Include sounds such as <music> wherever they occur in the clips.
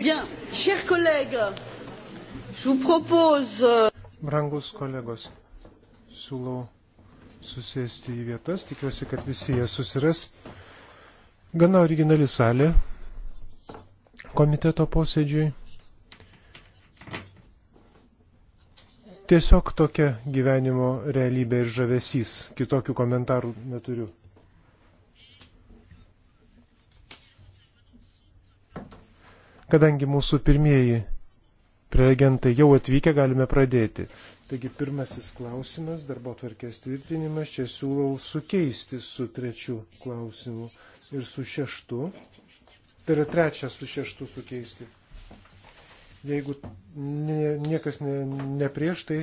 Bien, chers collègues, je vous propose. Euh, Brangus kolegos, siūlau susėsti į vietas, tikiuosi, kad visi jie susiras. Gana originali salė komiteto posėdžiui. Tiesiog tokia gyvenimo realybė ir žavesys. Kitokių komentarų neturiu. Kadangi mūsų pirmieji prelegentai jau atvykę, galime pradėti. Taigi pirmasis klausimas, darbo tvarkės tvirtinimas, čia siūlau sukeisti su trečiu klausimu ir su šeštu. Tai yra trečias su šeštu sukeisti. Jeigu niekas ne, neprieš, tai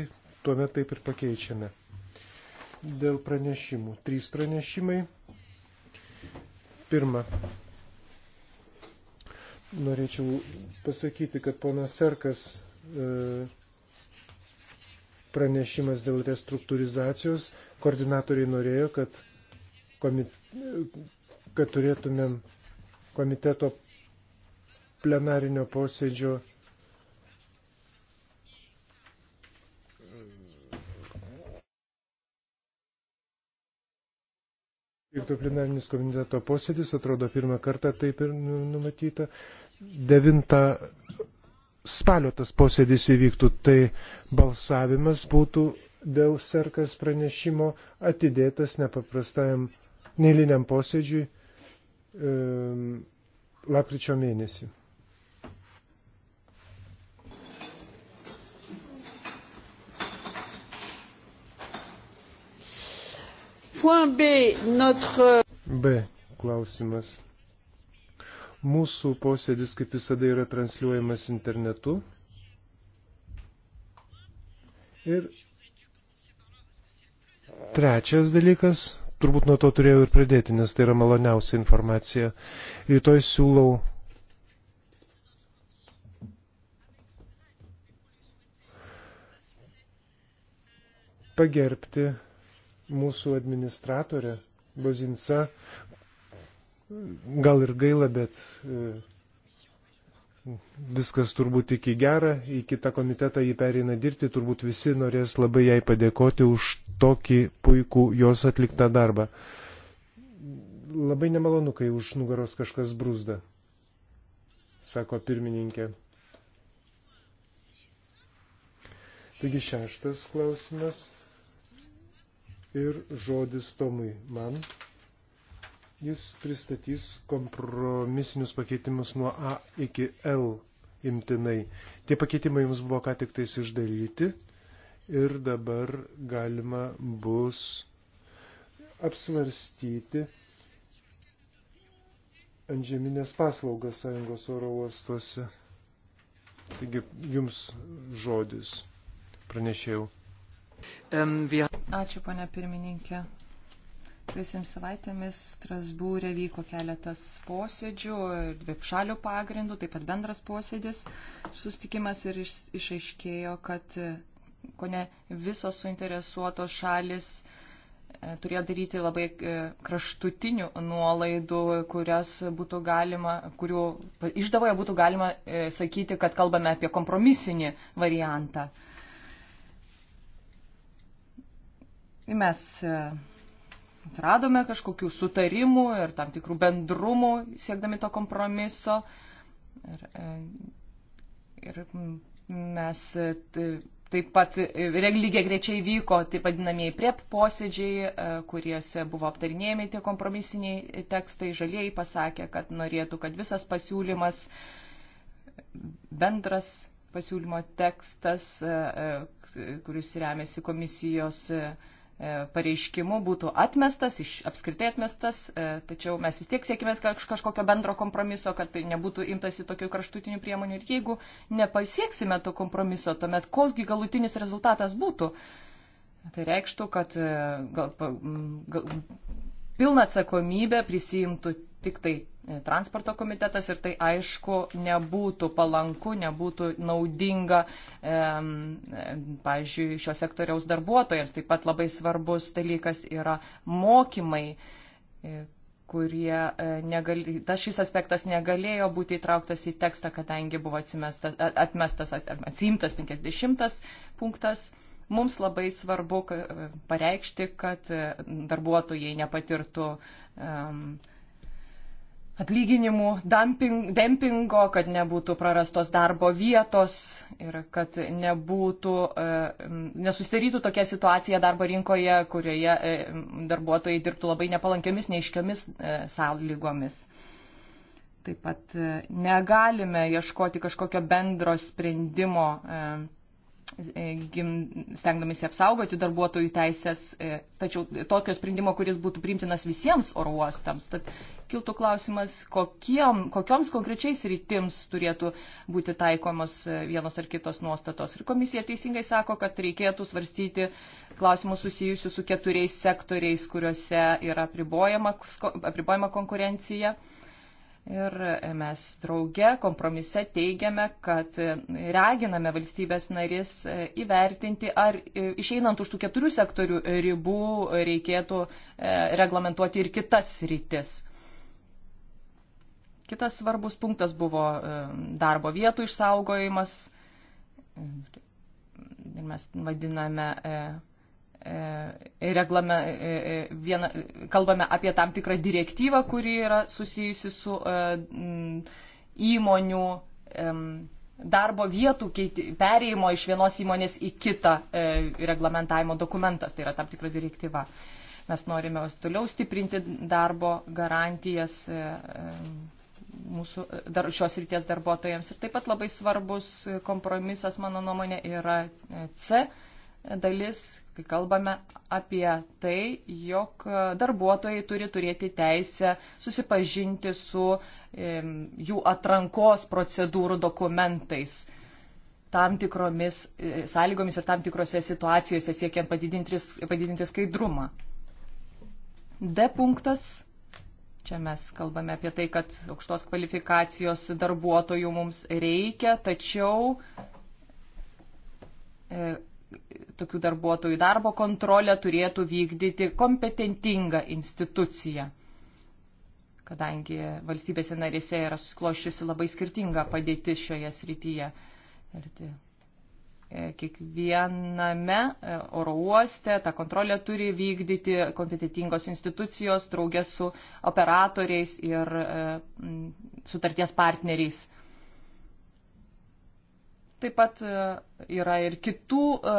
tuomet taip ir pakeičiame. Dėl pranešimų. Trys pranešimai. Pirma, norėčiau pasakyti, kad ponas Serkas e, pranešimas dėl restruktūrizacijos koordinatoriai norėjo, kad, komit, kad turėtumėm komiteto plenarinio posėdžio vyktų plenarinis komiteto posėdis, atrodo, pirmą kartą taip ir nu, numatyta. 9 spalio tas posėdis įvyktų, tai balsavimas būtų dėl serkas pranešimo atidėtas nepaprastajam neįliniam posėdžiui e, lapkričio mėnesį. Point B, notre... B. Klausimas. Mūsų posėdis, kaip visada, yra transliuojamas internetu. Ir trečias dalykas, turbūt nuo to turėjau ir pradėti, nes tai yra maloniausia informacija. Rytoj siūlau pagerbti mūsų administratorė Bozinsa. Gal ir gaila, bet e, viskas turbūt tik į gerą, į kitą komitetą jį pereina dirbti, turbūt visi norės labai jai padėkoti už tokį puikų jos atliktą darbą. Labai nemalonu, kai už nugaros kažkas brūzda, sako pirmininkė. Taigi šeštas klausimas ir žodis Tomui man. Jis pristatys kompromisinius pakeitimus nuo A iki L imtinai. Tie pakeitimai jums buvo ką tik tais išdaryti ir dabar galima bus apsvarstyti antžeminės paslaugas Sąjungos oro uostuose. Taigi jums žodis, pranešėjau. Um, wir... Ačiū, ponia pirmininkė. Visiems savaitėmis Strasbūrė vyko keletas posėdžių, dvipšalių pagrindų, taip pat bendras posėdis, sustikimas ir iš, išaiškėjo, kad ko ne visos suinteresuotos šalis e, turėjo daryti labai e, kraštutinių nuolaidų, kurias būtų galima, kurių išdavoje būtų galima e, sakyti, kad kalbame apie kompromisinį variantą. Mes e, atradome kažkokių sutarimų ir tam tikrų bendrumų siekdami to kompromiso. Ir, e, ir mes e, taip pat lygiai grečiai vyko taip vadinamieji priep posėdžiai, kuriuose buvo aptarinėjami tie kompromisiniai tekstai. Žalieji pasakė, kad norėtų, kad visas pasiūlymas, bendras pasiūlymo tekstas, kuris remiasi komisijos E, pareiškimu būtų atmestas, iš, apskritai atmestas, e, tačiau mes vis tiek siekime kažkokio bendro kompromiso, kad tai nebūtų imtasi tokių kraštutinių priemonių. Ir jeigu nepasieksime to kompromiso, tuomet kosgi galutinis rezultatas būtų, tai reikštų, kad e, gal, gal, pilną atsakomybę prisijimtų tik tai e, transporto komitetas ir tai aišku nebūtų palanku, nebūtų naudinga, e, pavyzdžiui, šio sektoriaus darbuotojams. Taip pat labai svarbus dalykas yra mokymai e, kurie e, negali, tas šis aspektas negalėjo būti įtrauktas į tekstą, kadangi buvo atmestas, atmestas atsimtas 50 punktas. Mums labai svarbu pareikšti, kad darbuotojai nepatirtų um, atlyginimų dumping, dempingo, kad nebūtų prarastos darbo vietos ir kad nebūtų, e, nesusidarytų tokia situacija darbo rinkoje, kurioje e, darbuotojai dirbtų labai nepalankiomis, neiškiomis e, sąlygomis. Taip pat negalime ieškoti kažkokio bendro sprendimo E, stengdamėsi apsaugoti darbuotojų teisės, e, tačiau tokio sprendimo, kuris būtų priimtinas visiems oro uostams. Tad kiltų klausimas, kokiem, kokioms konkrečiais rytims turėtų būti taikomos e, vienos ar kitos nuostatos. Ir komisija teisingai sako, kad reikėtų svarstyti klausimus susijusius su keturiais sektoriais, kuriuose yra apribojama, apribojama konkurencija. Ir mes drauge kompromise teigiame, kad raginame valstybės narės e, įvertinti, ar e, išeinant už tų keturių sektorių ribų reikėtų e, reglamentuoti ir kitas rytis. Kitas svarbus punktas buvo darbo vietų išsaugojimas. Ir mes vadiname E, reglame, e, e, viena, kalbame apie tam tikrą direktyvą, kuri yra susijusi su įmonių darbo vietų perėjimo iš vienos įmonės į kitą reglamentavimo dokumentas, tai yra tam tikra direktyva. Mes norime toliau stiprinti darbo garantijas mūsų dar, šios ryties darbuotojams. Ir taip pat labai svarbus kompromisas, mano nuomonė, yra C dalis, kai kalbame apie tai, jog darbuotojai turi turėti teisę susipažinti su jų atrankos procedūrų dokumentais tam tikromis e, sąlygomis ir tam tikrose situacijose siekiant padidinti, padidinti skaidrumą. D punktas. Čia mes kalbame apie tai, kad aukštos kvalifikacijos darbuotojų mums reikia, tačiau e, tokių darbuotojų darbo kontrolę turėtų vykdyti kompetentinga institucija, kadangi valstybėse narėse yra susikloščiusi labai skirtinga padėtis šioje srityje. Ir tai kiekviename e, oro uoste tą kontrolę turi vykdyti kompetitingos institucijos draugės su operatoriais ir e, sutarties partneriais Taip pat e, yra ir kitų e,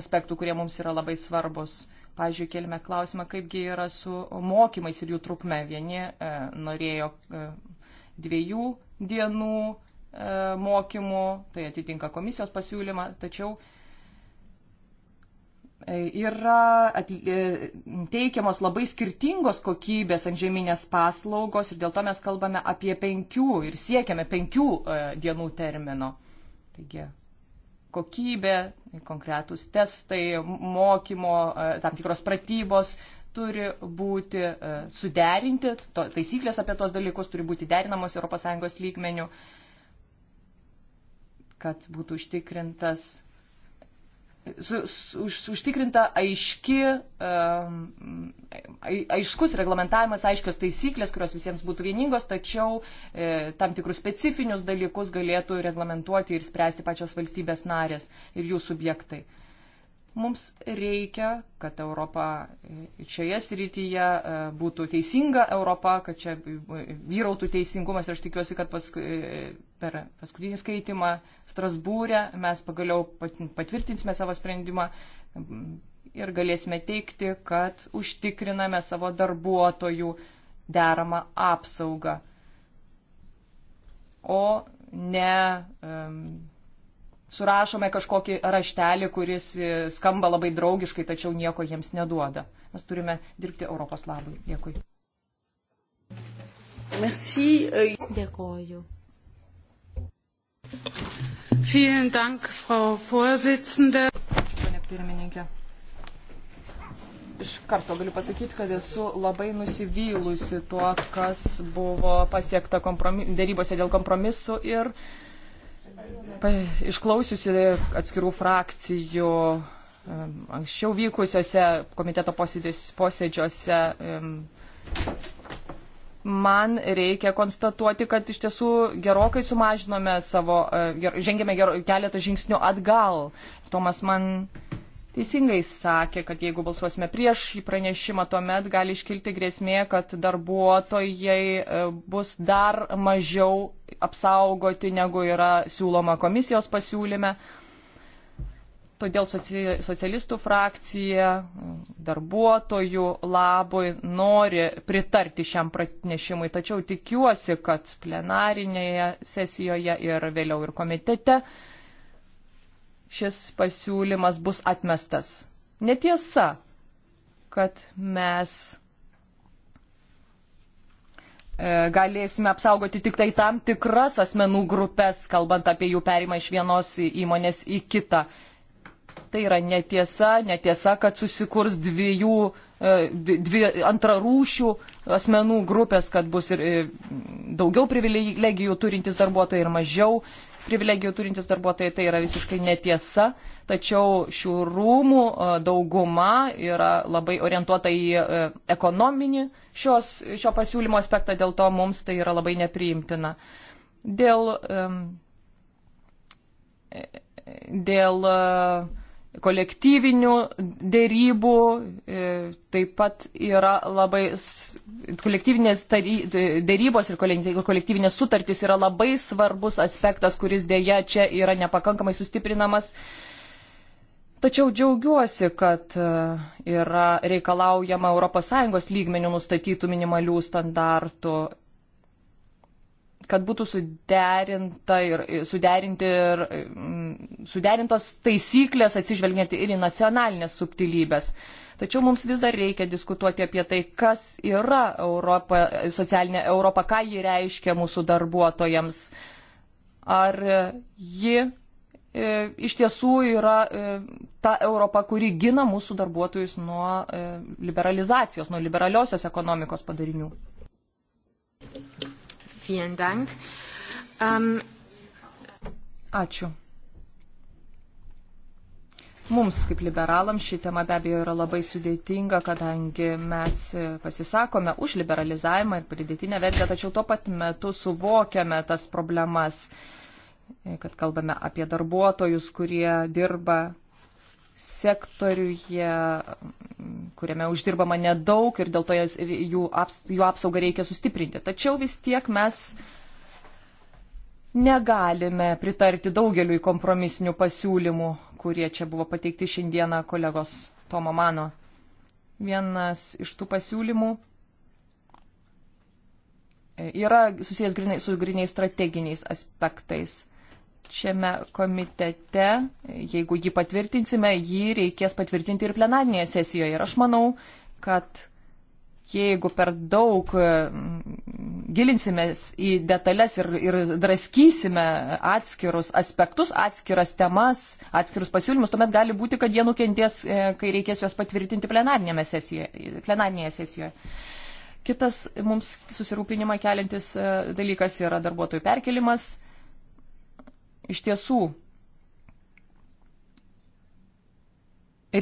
aspektų, kurie mums yra labai svarbus. Pavyzdžiui, kelime klausimą, kaipgi yra su mokymais ir jų trukme. Vieni e, norėjo dviejų dienų mokymų, tai atitinka komisijos pasiūlymą, tačiau yra teikiamos labai skirtingos kokybės antžeminės paslaugos ir dėl to mes kalbame apie penkių ir siekiame penkių dienų termino. Taigi kokybė, konkretūs testai, mokymo, e, tam tikros pratybos turi būti e, suderinti, to, taisyklės apie tos dalykus turi būti derinamos ES lygmenių, kad būtų užtikrintas su, su, užtikrinta aiški, um, aiškus reglamentavimas, aiškios taisyklės, kurios visiems būtų vieningos, tačiau e, tam tikrus specifinius dalykus galėtų reglamentuoti ir spręsti pačios valstybės narės ir jų subjektai. Mums reikia, kad Europa e, šioje srityje e, būtų teisinga Europa, kad čia e, vyrautų teisingumas ir aš tikiuosi, kad paskui, per paskutinį skaitimą Strasbūrė mes pagaliau patvirtinsime savo sprendimą ir galėsime teikti, kad užtikriname savo darbuotojų deramą apsaugą, o ne um, surašome kažkokį raštelį, kuris e, skamba labai draugiškai, tačiau nieko jiems neduoda. Mes turime dirbti Europos labui. Dėkui. Merci. E, Dėkoju. Vielen Dank, Frau Vorsitzende. Pane pirmininkė. Iš karto galiu pasakyti, kad esu labai nusivylusi tuo, kas buvo pasiekta kompromis, dėrybose dėl kompromisu ir uh, Išklausiusi atskirų frakcijų anksčiau vykusiuose komiteto posėdžiuose, man reikia konstatuoti, kad iš tiesų gerokai sumažinome savo, e, žengėme keletą žingsnių atgal. Tomas man teisingai sakė, kad jeigu balsuosime prieš šį pranešimą, tuomet gali iškilti grėsmė, kad darbuotojai e, bus dar mažiau apsaugoti, negu yra siūloma komisijos pasiūlyme. Todėl socialistų frakcija darbuotojų labui nori pritarti šiam pranešimui, tačiau tikiuosi, kad plenarinėje sesijoje ir vėliau ir komitete šis pasiūlymas bus atmestas. Netiesa, kad mes E, galėsime apsaugoti tik tai tam tikras asmenų grupės, kalbant apie jų perimą iš vienos įmonės į kitą. Tai yra netiesa, netiesa, kad susikurs dviejų, e, dvi antrarūšių asmenų grupės, kad bus ir e, daugiau privilegijų turintys darbuotojai ir mažiau privilegijų turintys darbuotojai, tai yra visiškai netiesa, tačiau šių rūmų e, dauguma yra labai orientuota į e, ekonominį šios, šio pasiūlymo aspektą, dėl to mums tai yra labai nepriimtina. Dėl, e, dėl kolektyvinių dėrybų, e, taip pat yra labai, kolektyvinės dėrybos ir kolektyvinės sutartys yra labai svarbus aspektas, kuris dėja čia yra nepakankamai sustiprinamas. Tačiau džiaugiuosi, kad e, yra reikalaujama ES lygmenių nustatytų minimalių standartų kad būtų suderinta ir, suderinti ir, mm, suderintos taisyklės atsižvelgiant ir į nacionalinės subtilybės. Tačiau mums vis dar reikia diskutuoti apie tai, kas yra Europa, socialinė Europa, ką ji reiškia mūsų darbuotojams. Ar ji e, iš tiesų yra e, ta Europa, kuri gina mūsų darbuotojus nuo e, liberalizacijos, nuo liberaliosios ekonomikos padarinių. Vielen Dank. Um... Ačiū. Mums, kaip liberalams, ši tema be abejo yra labai sudėtinga, kadangi mes pasisakome už liberalizavimą ir pridėtinę vertę, tačiau tuo pat metu suvokiame tas problemas, kad kalbame apie darbuotojus, kurie dirba sektoriuje, kuriame uždirbama nedaug ir dėl to jas, jų, aps, jų apsaugą reikia sustiprinti. Tačiau vis tiek mes negalime pritarti daugeliui kompromisinių pasiūlymų, kurie čia buvo pateikti šiandieną kolegos Tomo Mano. Vienas iš tų pasiūlymų yra susijęs grinai, su griniais strateginiais aspektais šiame komitete, jeigu jį patvirtinsime, jį reikės patvirtinti ir plenarinėje sesijoje. Ir aš manau, kad jeigu per daug mm, gilinsimės į detalės ir, ir draskysime atskirus aspektus, atskiras temas, atskirus pasiūlymus, tuomet gali būti, kad jie nukentės, e, kai reikės juos patvirtinti plenarinėje sesijoje. Plenarinėje sesijoje. Kitas mums susirūpinimą keliantis e, dalykas yra darbuotojų perkelimas iš tiesų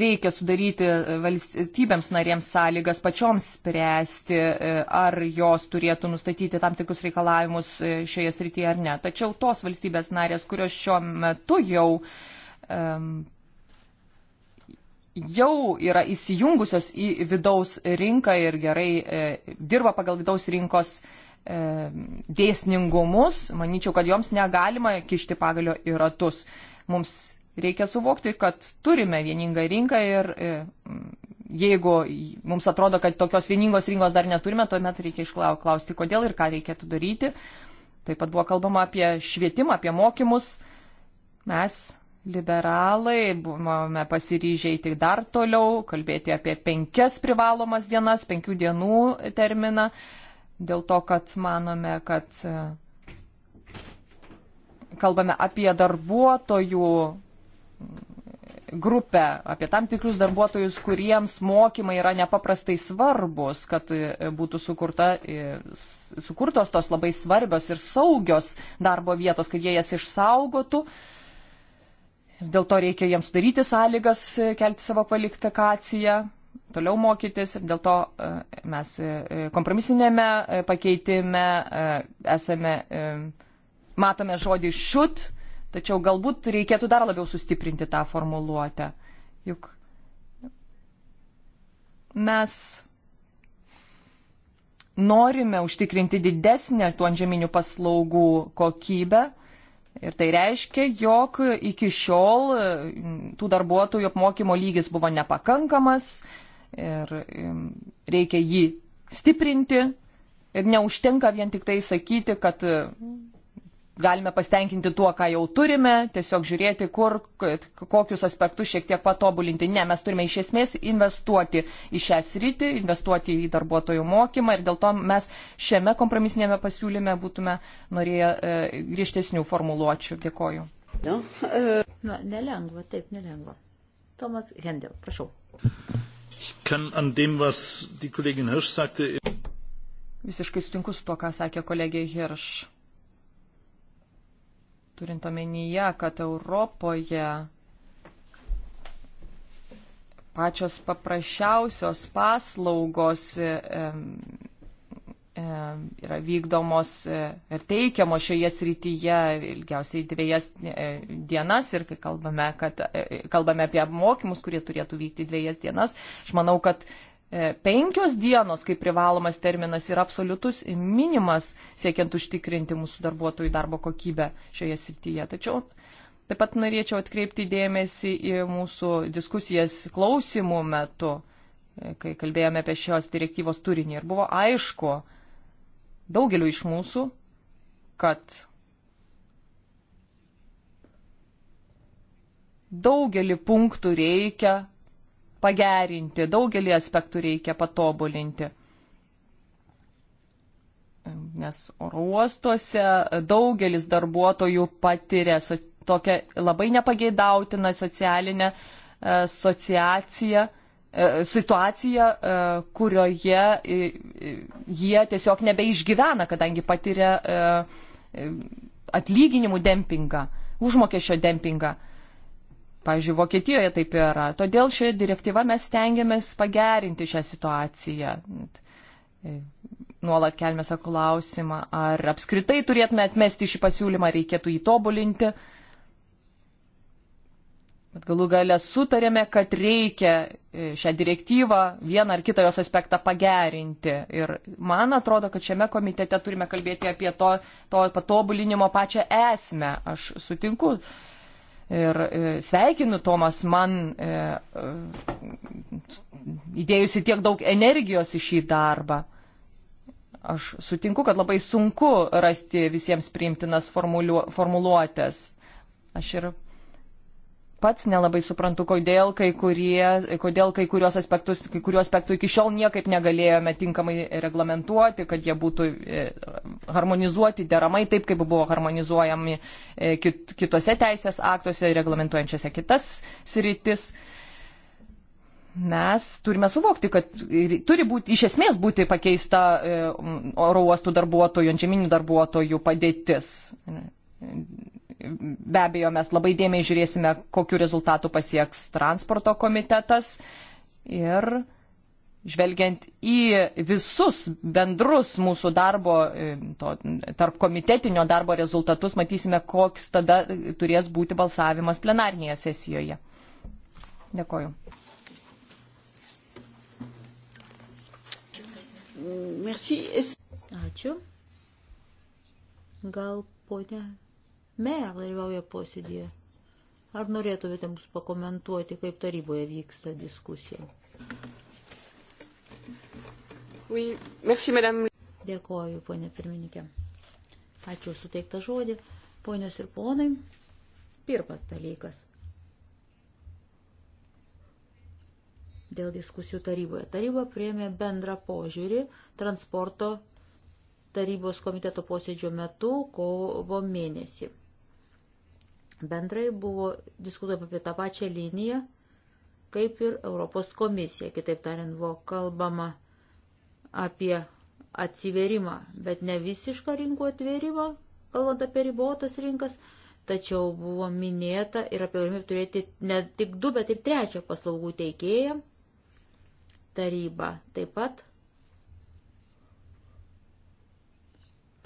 reikia sudaryti e, valstybėms narėms sąlygas pačioms spręsti, e, ar jos turėtų nustatyti tam tikrus reikalavimus e, šioje srityje ar ne. Tačiau tos valstybės narės, kurios šiuo metu jau, um, jau yra įsijungusios į vidaus rinką ir gerai e, dirba pagal vidaus rinkos e, E, dėsningumus, manyčiau, kad joms negalima kišti pagalio į ratus. Mums reikia suvokti, kad turime vieningą rinką ir e, jeigu mums atrodo, kad tokios vieningos rinkos dar neturime, tuomet reikia išklausti, kodėl ir ką reikėtų daryti. Taip pat buvo kalbama apie švietimą, apie mokymus. Mes, liberalai, buvome pasiryžę eiti dar toliau, kalbėti apie penkias privalomas dienas, penkių dienų terminą dėl to, kad manome, kad e, kalbame apie darbuotojų grupę, apie tam tikrus darbuotojus, kuriems mokymai yra nepaprastai svarbus, kad e, būtų sukurta, e, sukurtos tos labai svarbios ir saugios darbo vietos, kad jie jas išsaugotų. Dėl to reikia jiems sudaryti sąlygas kelti savo kvalifikaciją, toliau mokytis ir dėl to e, mes e, kompromisinėme e, pakeitime esame, matome žodį šut, tačiau galbūt reikėtų dar labiau sustiprinti tą formuluotę. Juk mes norime užtikrinti didesnę tų antžeminių paslaugų kokybę Ir tai reiškia, jog iki šiol e, tų darbuotojų apmokymo lygis buvo nepakankamas ir reikia jį stiprinti. Ir neužtenka vien tik tai sakyti, kad galime pastenkinti tuo, ką jau turime, tiesiog žiūrėti, kur, kokius aspektus šiek tiek patobulinti. Ne, mes turime iš esmės investuoti į šią sritį, investuoti į darbuotojų mokymą ir dėl to mes šiame kompromisinėme pasiūlyme būtume norėję e, griežtesnių formuluočių. Dėkoju. No, uh... <laughs> Na, nelengva, taip, nelengva. Tomas Hendel, prašau. Dem, sagte... Visiškai sutinku su to, ką sakė kolegė Hirš turint omenyje, kad Europoje pačios paprasčiausios paslaugos yra vykdomos e, ir teikiamos šioje srityje ilgiausiai dviejas e, dienas ir kai kalbame, kad, e, kalbame apie apmokymus, kurie turėtų vykti dviejas dienas, aš manau, kad E, penkios dienos kaip privalomas terminas yra absoliutus minimas, siekiant užtikrinti mūsų darbuotojų darbo kokybę šioje srityje. Tačiau taip pat norėčiau atkreipti dėmesį į mūsų diskusijas klausimų metu, e, kai kalbėjome apie šios direktyvos turinį. Ir buvo aišku daugeliu iš mūsų, kad daugelį punktų reikia pagerinti, daugelį aspektų reikia patobulinti. Nes oro uostuose daugelis darbuotojų patiria so, tokią labai nepageidautiną socialinę asociaciją, e, e, situaciją, e, kurioje jie tiesiog nebeišgyvena, kadangi patiria atlyginimų dempingą, užmokesčio dempingą. Pavyzdžiui, Vokietijoje taip yra. Todėl šią direktyvą mes stengiamės pagerinti šią situaciją. E, nuolat kelme savo klausimą, ar apskritai turėtume atmesti šį pasiūlymą, reikėtų jį tobulinti. Bet galų galę sutarėme, kad reikia e, šią direktyvą, vieną ar kitą jos aspektą pagerinti. Ir man atrodo, kad šiame komitete turime kalbėti apie to, to patobulinimo pačią esmę. Aš sutinku Ir e, sveikinu Tomas man e, įdėjusi tiek daug energijos į šį darbą. Aš sutinku, kad labai sunku rasti visiems priimtinas formuluotės. Aš ir pats nelabai suprantu, kodėl kai, kurie, kodėl kai kurios aspektus, kai kurių aspektų iki šiol niekaip negalėjome tinkamai reglamentuoti, kad jie būtų e, harmonizuoti deramai taip, kaip buvo harmonizuojami e, kit, kitose teisės aktuose reglamentuojančiose kitas sritis. Mes turime suvokti, kad turi būti, iš esmės būti pakeista e, oro uostų darbuotojų, antžeminių darbuotojų padėtis Be abejo, mes labai dėmiai žiūrėsime, kokiu rezultatu pasieks transporto komitetas. Ir žvelgiant į visus bendrus mūsų darbo, e, to, tarp komitetinio darbo rezultatus, matysime, koks tada turės būti balsavimas plenarnėje sesijoje. Dėkoju. Merci. Ačiū. Gal ponia merą dalyvauja posėdėje. Ar norėtumėte mums pakomentuoti, kaip taryboje vyksta diskusija? Oui, merci, madame. Dėkoju, ponė pirmininkė. Ačiū suteiktą žodį. Ponios ir ponai, pirmas dalykas. Dėl diskusijų taryboje. Taryba priėmė bendrą požiūrį transporto tarybos komiteto posėdžio metu kovo mėnesį. Bendrai buvo diskutuojama apie tą pačią liniją, kaip ir Europos komisija. Kitaip tariant, buvo kalbama apie atsiverimą, bet ne visišką rinkų atvėrimą, kalbant apie ribotas rinkas, tačiau buvo minėta ir apie galimybę turėti ne tik du, bet ir trečią paslaugų teikėją. Taryba taip pat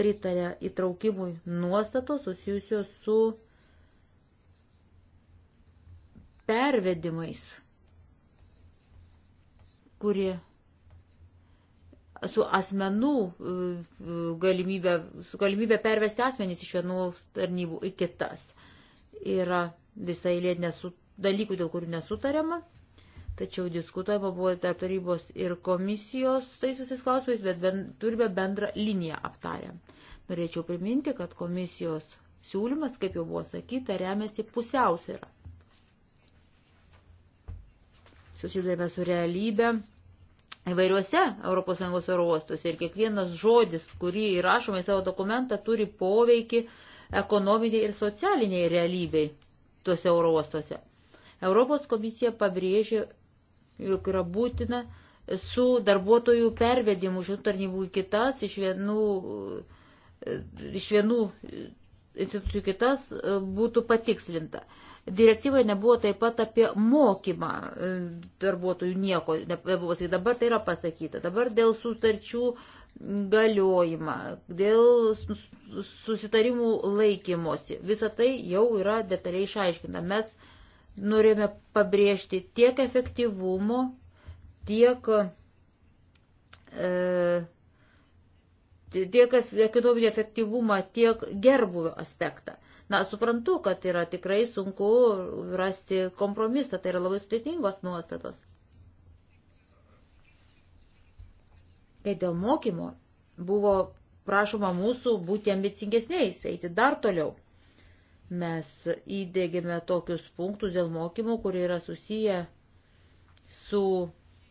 pritarė įtraukimui nuostatos susijusios su pervedimais, kurie su asmenų e, galimybė, su galimybė pervesti asmenys iš vienų tarnybų į kitas. Yra visai lė nesu, dalykų, dėl kurių nesutariama, tačiau diskutuojama buvo tarp tarybos ir komisijos tais visais klausimais, bet ben, turime bendrą liniją aptarę. Norėčiau priminti, kad komisijos siūlymas, kaip jau buvo sakyta, remiasi pusiausvėra susidurime su realybė įvairiuose ES oro uostuose ir kiekvienas žodis, kurį įrašome į savo dokumentą, turi poveikį ekonominiai ir socialiniai realybei tuose oro uostuose. Europos komisija pabrėžė, jog yra būtina su darbuotojų pervedimu šių tarnybų į kitas, iš vienų, iš vienų institucijų kitas būtų patikslinta. Direktyvoje nebuvo taip pat apie mokymą e, darbuotojų nieko nebuvo pasakyta. Dabar tai yra pasakyta. Dabar dėl sutarčių galiojimą, dėl susitarimų laikymosi. Visa tai jau yra detaliai išaiškinta. Mes norėjome pabrėžti tiek efektyvumo, tiek. E, tiek ekonominį efektyvumą, tiek gerbuvio aspektą. Na, suprantu, kad yra tikrai sunku rasti kompromisą, tai yra labai sudėtingos nuostatos. Kai dėl mokymo buvo prašoma mūsų būti ambicingesniais, eiti dar toliau. Mes įdėgėme tokius punktus dėl mokymų, kurie yra susiję su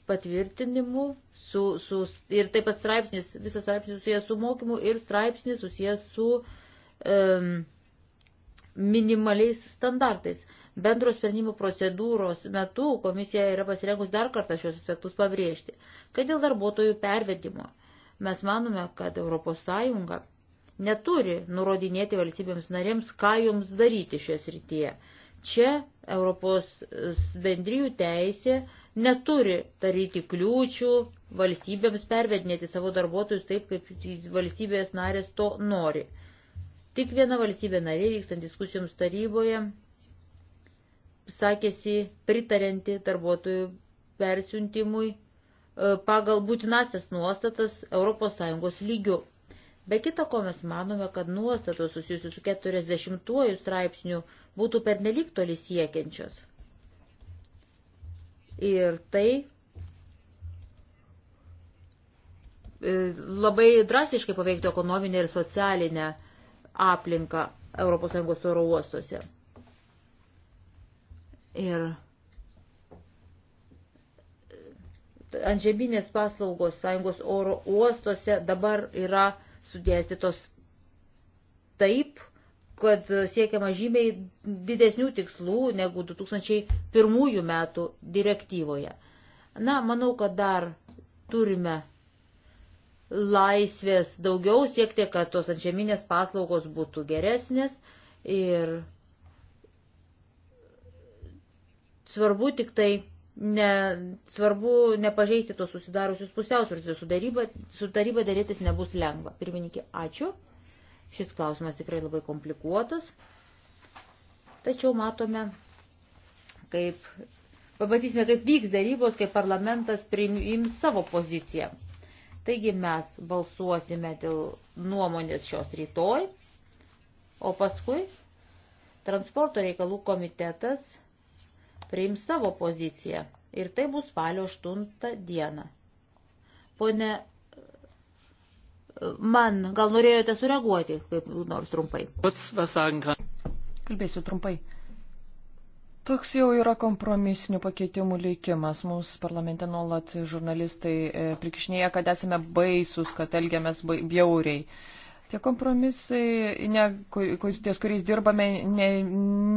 patvirtinimu, su, su, ir taip pat straipsnis, visas straipsnis susijęs su mokymu ir straipsnis susijęs su um, minimaliais standartais. Bendro sprendimų procedūros metu komisija yra pasirengus dar kartą šios aspektus pabrėžti, kad dėl darbuotojų pervedimo mes manome, kad ES neturi nurodinėti valstybėms narėms, ką joms daryti šioje srityje. Čia Europos bendrijų teisė neturi daryti kliūčių valstybėms pervedinėti savo darbuotojus taip, kaip valstybės narės to nori. Tik viena valstybė narė vykstant diskusijoms taryboje sakėsi pritarinti darbuotojų persiuntimui e, pagal būtinasias nuostatas ES lygių. Be kita ko mes manome, kad nuostatos susijusius su 40 straipsniu būtų pernelyg toli siekiančios. Ir tai e, labai drastiškai paveiktų ekonominę ir socialinę uh, aplinką ES oro uostuose. Ir antžeminės paslaugos sąjungos oro uostuose dabar yra sudėstytos taip, kad siekiama žymiai didesnių tikslų negu 2001 metų direktyvoje. Na, manau, kad dar turime laisvės daugiau, siekti, kad tos antžeminės paslaugos būtų geresnės ir svarbu tik tai ne, svarbu nepažeisti tos susidariusius pusiausvyrus. Su, daryba, su taryba dėrėtis nebus lengva. Pirmininkė, ačiū. Šis klausimas tikrai labai komplikuotas. Tačiau matome, kaip. Pamatysime, kaip vyks darybos, kai parlamentas priims savo poziciją. Taigi mes balsuosime dėl nuomonės šios rytoj, o paskui transporto reikalų komitetas priims savo poziciją ir tai bus spalio 8 dieną. Pone Man, gal norėjote sureaguoti, kaip nors trumpai? Pats, kas sakant. Kalbėsiu trumpai. Toks jau yra kompromisinių pakeitimų likimas. Mums parlamente nuolat žurnalistai e, prikišnėja, kad esame baisus, kad elgiamės bjauriai. Tie kompromisai, ne, kur, ties kuriais dirbame, ne,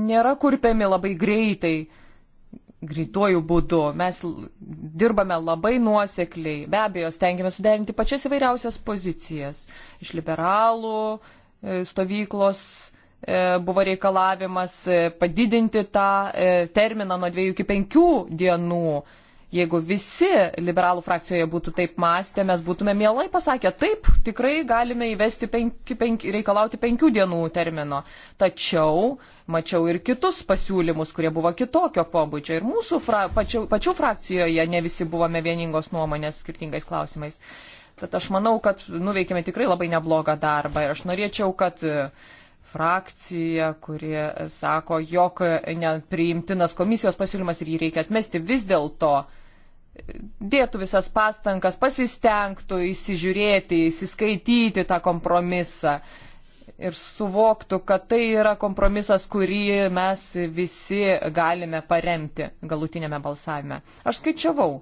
nėra kurpiami labai greitai, greituoju būdu. Mes dirbame labai nuosekliai. Be abejo, stengiamės suderinti pačias įvairiausias pozicijas. Iš liberalų e, stovyklos E, buvo reikalavimas e, padidinti tą e, terminą nuo dviejų iki penkių dienų. Jeigu visi liberalų frakcijoje būtų taip mąstę, mes būtume mielai pasakę, taip, tikrai galime įvesti penki, penki, reikalauti penkių dienų termino. Tačiau mačiau ir kitus pasiūlymus, kurie buvo kitokio pobūdžio. Ir mūsų fra, pačių, pačių frakcijoje ne visi buvome vieningos nuomonės skirtingais klausimais. Tad aš manau, kad nuveikėme tikrai labai neblogą darbą ir aš norėčiau, kad uh, frakcija, kurie sako, jog nepriimtinas komisijos pasiūlymas ir jį reikia atmesti, vis dėlto dėtų visas pastangas, pasistengtų įsižiūrėti, įsiskaityti tą kompromisą ir suvoktų, kad tai yra kompromisas, kurį mes visi galime paremti galutinėme balsavime. Aš skaičiavau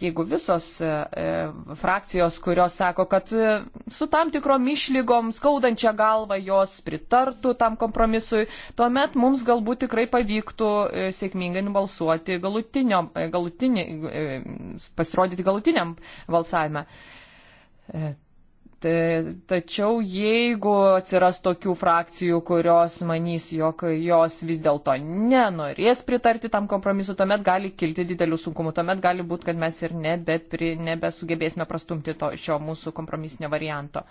jeigu visos e, e, frakcijos, kurios sako, kad e, su tam tikrom išlygom skaudančia galva jos pritartų tam kompromisui, tuomet mums galbūt tikrai pavyktų sėkmingai nubalsuoti galutinio, galutinį, pasirodyti galutiniam balsavime. Tai, tačiau jeigu atsiras tokių frakcijų, kurios manys, jog jos vis dėlto nenorės pritarti tam kompromisu, tuomet gali kilti didelių sunkumų, tuomet gali būti, kad mes ir nebepri, nebesugebėsime prastumti to, šio mūsų kompromisinio varianto.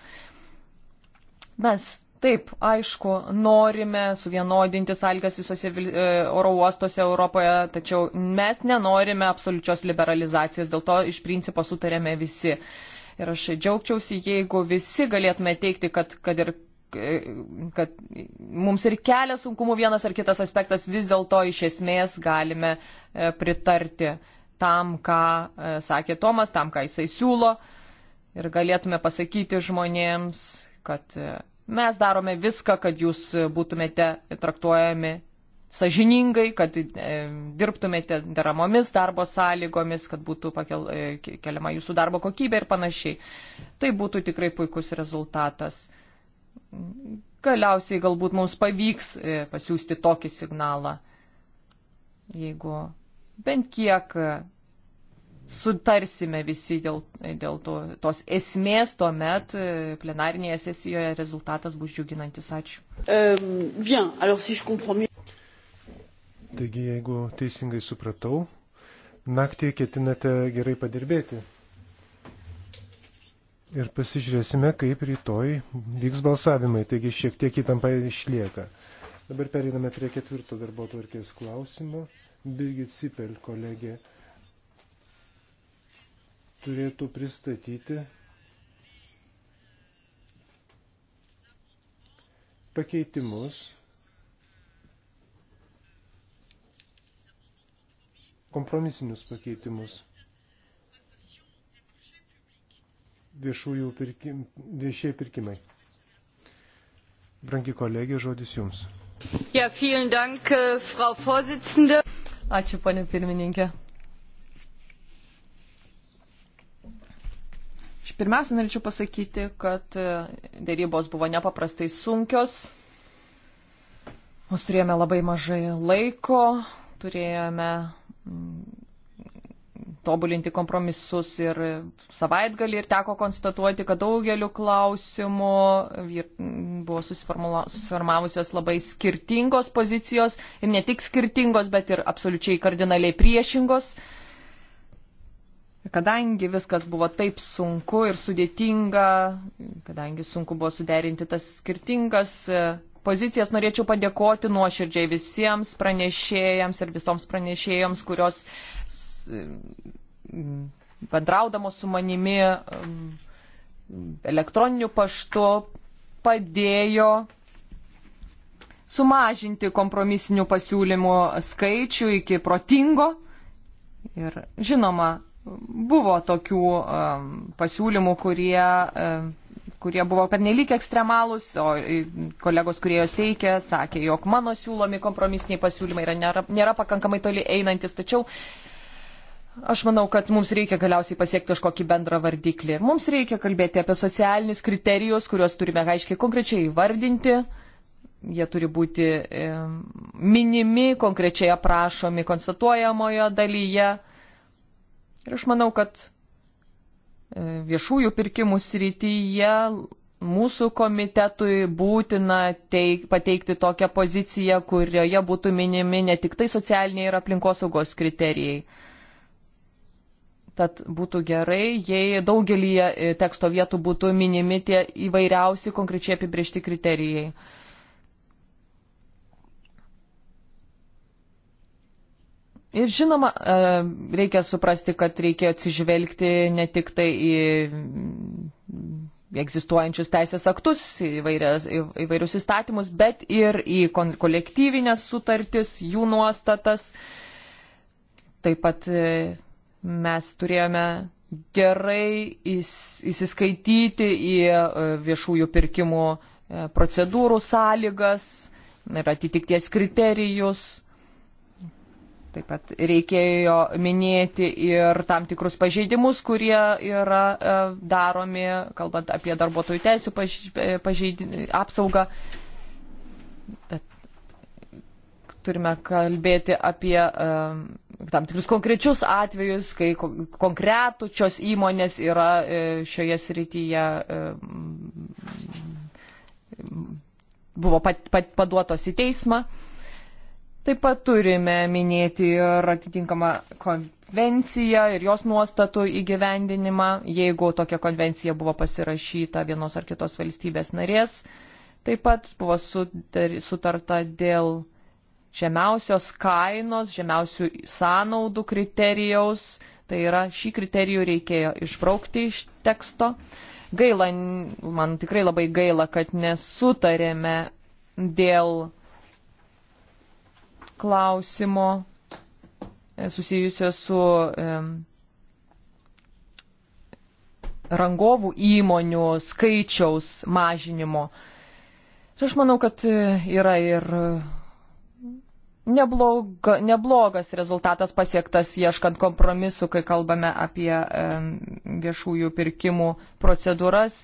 Mes taip, aišku, norime suvienodinti sąlygas visose e, oro uostose Europoje, tačiau mes nenorime absoliučios liberalizacijos, dėl to iš principo sutarėme visi. Uh, Ir aš džiaugčiausi, jeigu visi galėtume teikti, kad, kad ir e, kad mums ir kelia sunkumų vienas ar kitas aspektas, vis dėlto iš esmės galime e, pritarti tam, ką e, sakė Tomas, tam, ką jisai siūlo. Ir galėtume pasakyti žmonėms, kad mes darome viską, kad jūs būtumėte traktuojami sažiningai, kad e, dirbtumėte deramomis darbo sąlygomis, kad būtų pakel, e, keliama jūsų darbo kokybė ir panašiai. Tai būtų tikrai puikus rezultatas. Galiausiai galbūt mums pavyks e, pasiūsti tokį signalą, jeigu bent kiek sutarsime visi dėl, dėl to, tos esmės, tuomet plenarinėje sesijoje rezultatas bus džiuginantis. Ačiū. Um, bien, alors, si Taigi, jeigu teisingai supratau, naktį ketinate gerai padirbėti. Ir pasižiūrėsime, kaip rytoj vyks balsavimai, taigi šiek tiek įtampa išlieka. Dabar periname prie ketvirto darbo tvarkės klausimo. Birgit Sipel kolegė turėtų pristatyti pakeitimus kompromisinius pakeitimus. Viešųjų pirkim, viešieji pirkimai. Brangi kolegė, žodis jums. Ja, dank, äh, Frau Ačiū, ponė pirmininkė. Pirmiausia, norėčiau pasakyti, kad e, dėrybos buvo nepaprastai sunkios. Mes turėjome labai mažai laiko, turėjome tobulinti kompromisus ir savaitgalį ir teko konstatuoti, kad daugeliu klausimų buvo susiformavusios labai skirtingos pozicijos ir ne tik skirtingos, bet ir absoliučiai kardinaliai priešingos. Kadangi viskas buvo taip sunku ir sudėtinga, kadangi sunku buvo suderinti tas skirtingas pozicijas norėčiau padėkoti nuoširdžiai visiems pranešėjams ir visoms pranešėjoms, kurios mm, bendraudamos su manimi mm, elektroniniu paštu padėjo sumažinti kompromisinių pasiūlymų skaičių iki protingo. Ir žinoma, buvo tokių um, pasiūlymų, kurie um, kurie buvo pernelyg ekstremalūs, o kolegos, kurie juos teikė, sakė, jog mano siūlomi kompromisiniai pasiūlymai yra, nėra, nėra pakankamai toli einantis, tačiau Aš manau, kad mums reikia galiausiai pasiekti kažkokį bendrą vardiklį. Mums reikia kalbėti apie socialinius kriterijus, kuriuos turime aiškiai konkrečiai įvardinti. Jie turi būti e, minimi, konkrečiai aprašomi konstatuojamojo dalyje. Ir aš manau, kad viešųjų pirkimų srityje mūsų komitetui būtina teik, pateikti tokią poziciją, kurioje būtų minimi ne tik tai socialiniai ir aplinkosaugos kriterijai. Tad būtų gerai, jei daugelį e, teksto vietų būtų minimi tie įvairiausi konkrečiai apibriešti kriterijai. Ir žinoma, e, reikia suprasti, kad reikia atsižvelgti ne tik tai į egzistuojančius teisės aktus, įvairias, įvairius įstatymus, bet ir į kolektyvinės sutartis, jų nuostatas. Taip pat e, mes turėjome gerai įsiskaityti į e, viešųjų pirkimų procedūrų sąlygas ir atitikties kriterijus Taip pat reikėjo minėti ir tam tikrus pažeidimus, kurie yra e, daromi, kalbant apie darbuotojų teisų e, pažeid... apsaugą. Bet turime kalbėti apie e, tam tikrus konkrečius atvejus, kai konkretų šios įmonės yra šioje srityje buvo pat, pat, paduotos į teismą. Taip pat turime minėti ir atitinkamą konvenciją ir jos nuostatų įgyvendinimą, jeigu tokia konvencija buvo pasirašyta vienos ar kitos valstybės narės. Taip pat buvo sutarta dėl žemiausios kainos, žemiausių sąnaudų kriterijaus. Tai yra, šį kriterijų reikėjo išbraukti iš teksto. Gaila, man tikrai labai gaila, kad nesutarėme dėl klausimo e, susijusio su rangovų įmonių skaičiaus mažinimo. Ir tai aš manau, kad e, yra ir nebloga, neblogas rezultatas pasiektas ieškant kompromisu, kai kalbame apie viešųjų pirkimų procedūras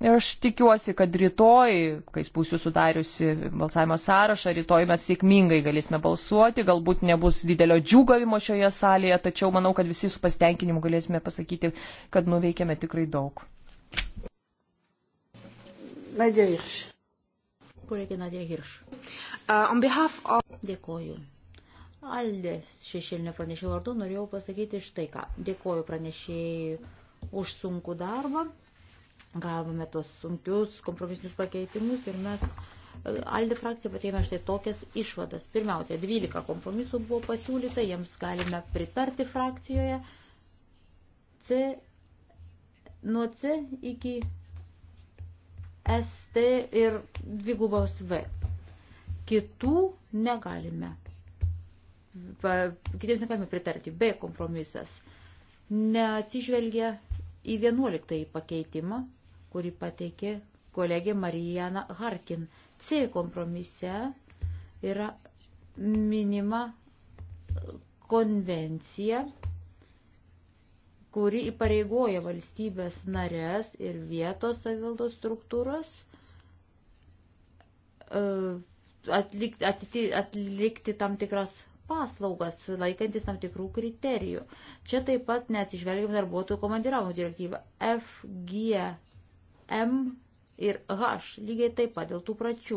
Ir aš tikiuosi, kad rytoj, kai būsiu sudariusi balsavimo sąrašą, rytoj mes sėkmingai galėsime balsuoti, galbūt nebus didelio džiūgavimo šioje salėje, tačiau manau, kad visi su pasitenkinimu galėsime pasakyti, kad nuveikėme tikrai daug. Nadė Hirš. Kolegė Nadė Hirš. Uh, on behalf of... Dėkoju. Aldė šešėlinio pranešėjo vardu norėjau pasakyti štai ką. Dėkoju pranešėjai už sunkų darbą Gavome tuos sunkius kompromisinius pakeitimus ir mes Aldi frakcija patėmė štai tokias išvadas. Pirmiausia, 12 kompromisų buvo pasiūlyta, jiems galime pritarti frakcijoje. C, nuo C iki ST ir dvigubos V. Kitų negalime. Kitiems negalime pritarti. B kompromisas neatsižvelgia į 11 pakeitimą kurį pateikė kolegė Marijana Harkin. C kompromise yra minima konvencija, kuri įpareigoja valstybės narės ir vietos savivaldos struktūros e, atlikti, atiti, atlikti tam tikras paslaugas, laikantis tam tikrų kriterijų. Čia taip pat neatsižvelgiam darbuotojų komandiravimo direktyvą. FG M ir H, lygiai taip pat dėl tų pračių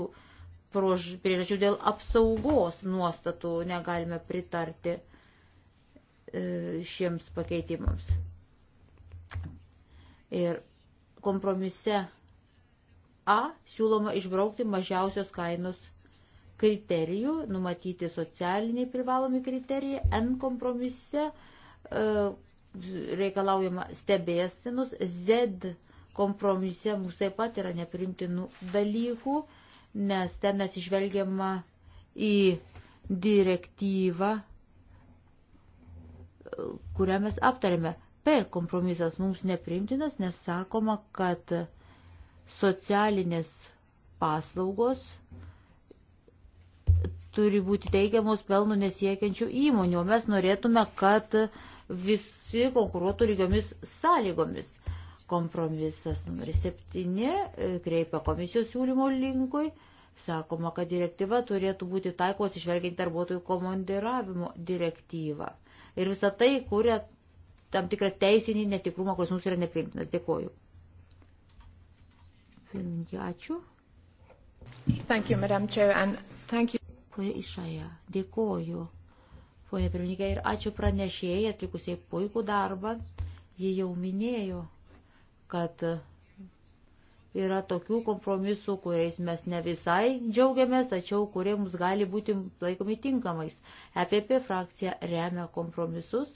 priežasčių, dėl apsaugos nuostatų negalime pritarti e, šiems pakeitimams. Ir kompromise A siūloma išbraukti mažiausios kainos kriterijų, numatyti socialiniai privalomi kriterijai, N kompromise e, reikalaujama stebėsinus, Z kompromise Kompromise mums taip pat yra neprimtinų dalykų, nes ten atsižvelgiama į direktyvą, kurią mes aptarėme. P kompromisas mums neprimtinas, nes sakoma, kad socialinės paslaugos turi būti teikiamos pelno nesiekiančių įmonių, o mes norėtume, kad visi konkuruotų lygiomis sąlygomis. Kompromisas numeris 7 e, kreipia komisijos siūlymo linkui. Sakoma, kad direktyva turėtų būti taiko atsižvelgiant darbuotojų komandiravimo direktyvą. Ir visa tai kuria tam tikrą teisinį netikrumą, kuris mums yra neprimtinas. Dėkoju. Pirmininkė, ačiū. Thank you, Madam Chair, and thank you. Pone Išaja, dėkoju. Pone pirmininkė, ir ačiū pranešėjai atlikusiai puikų darbą. Ji jau minėjo kad yra tokių kompromisų, kuriais mes ne visai džiaugiamės, tačiau kurie mums gali būti laikomi tinkamais. EPP frakcija remia kompromisus.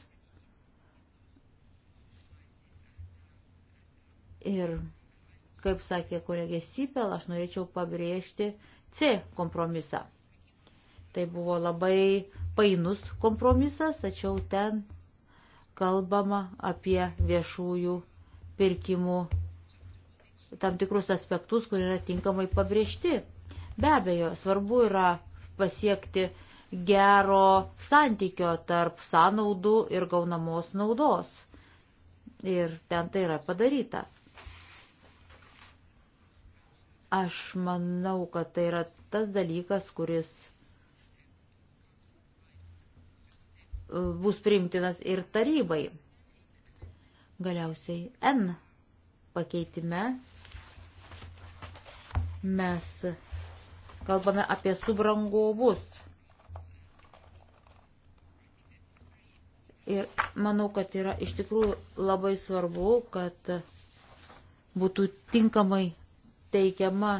Ir, kaip sakė kolegė Sipel, aš norėčiau pabrėžti C kompromisą. Tai buvo labai painus kompromisas, tačiau ten kalbama apie viešųjų pirkimų tam tikrus aspektus, kur yra tinkamai pabrėžti. Be abejo, svarbu yra pasiekti gero santykio tarp sąnaudų ir gaunamos naudos. Ir ten tai yra padaryta. Aš manau, kad tai yra tas dalykas, kuris bus priimtinas ir tarybai. Galiausiai N pakeitime mes kalbame apie subrangovus. Ir manau, kad yra iš tikrųjų labai svarbu, kad būtų tinkamai teikiama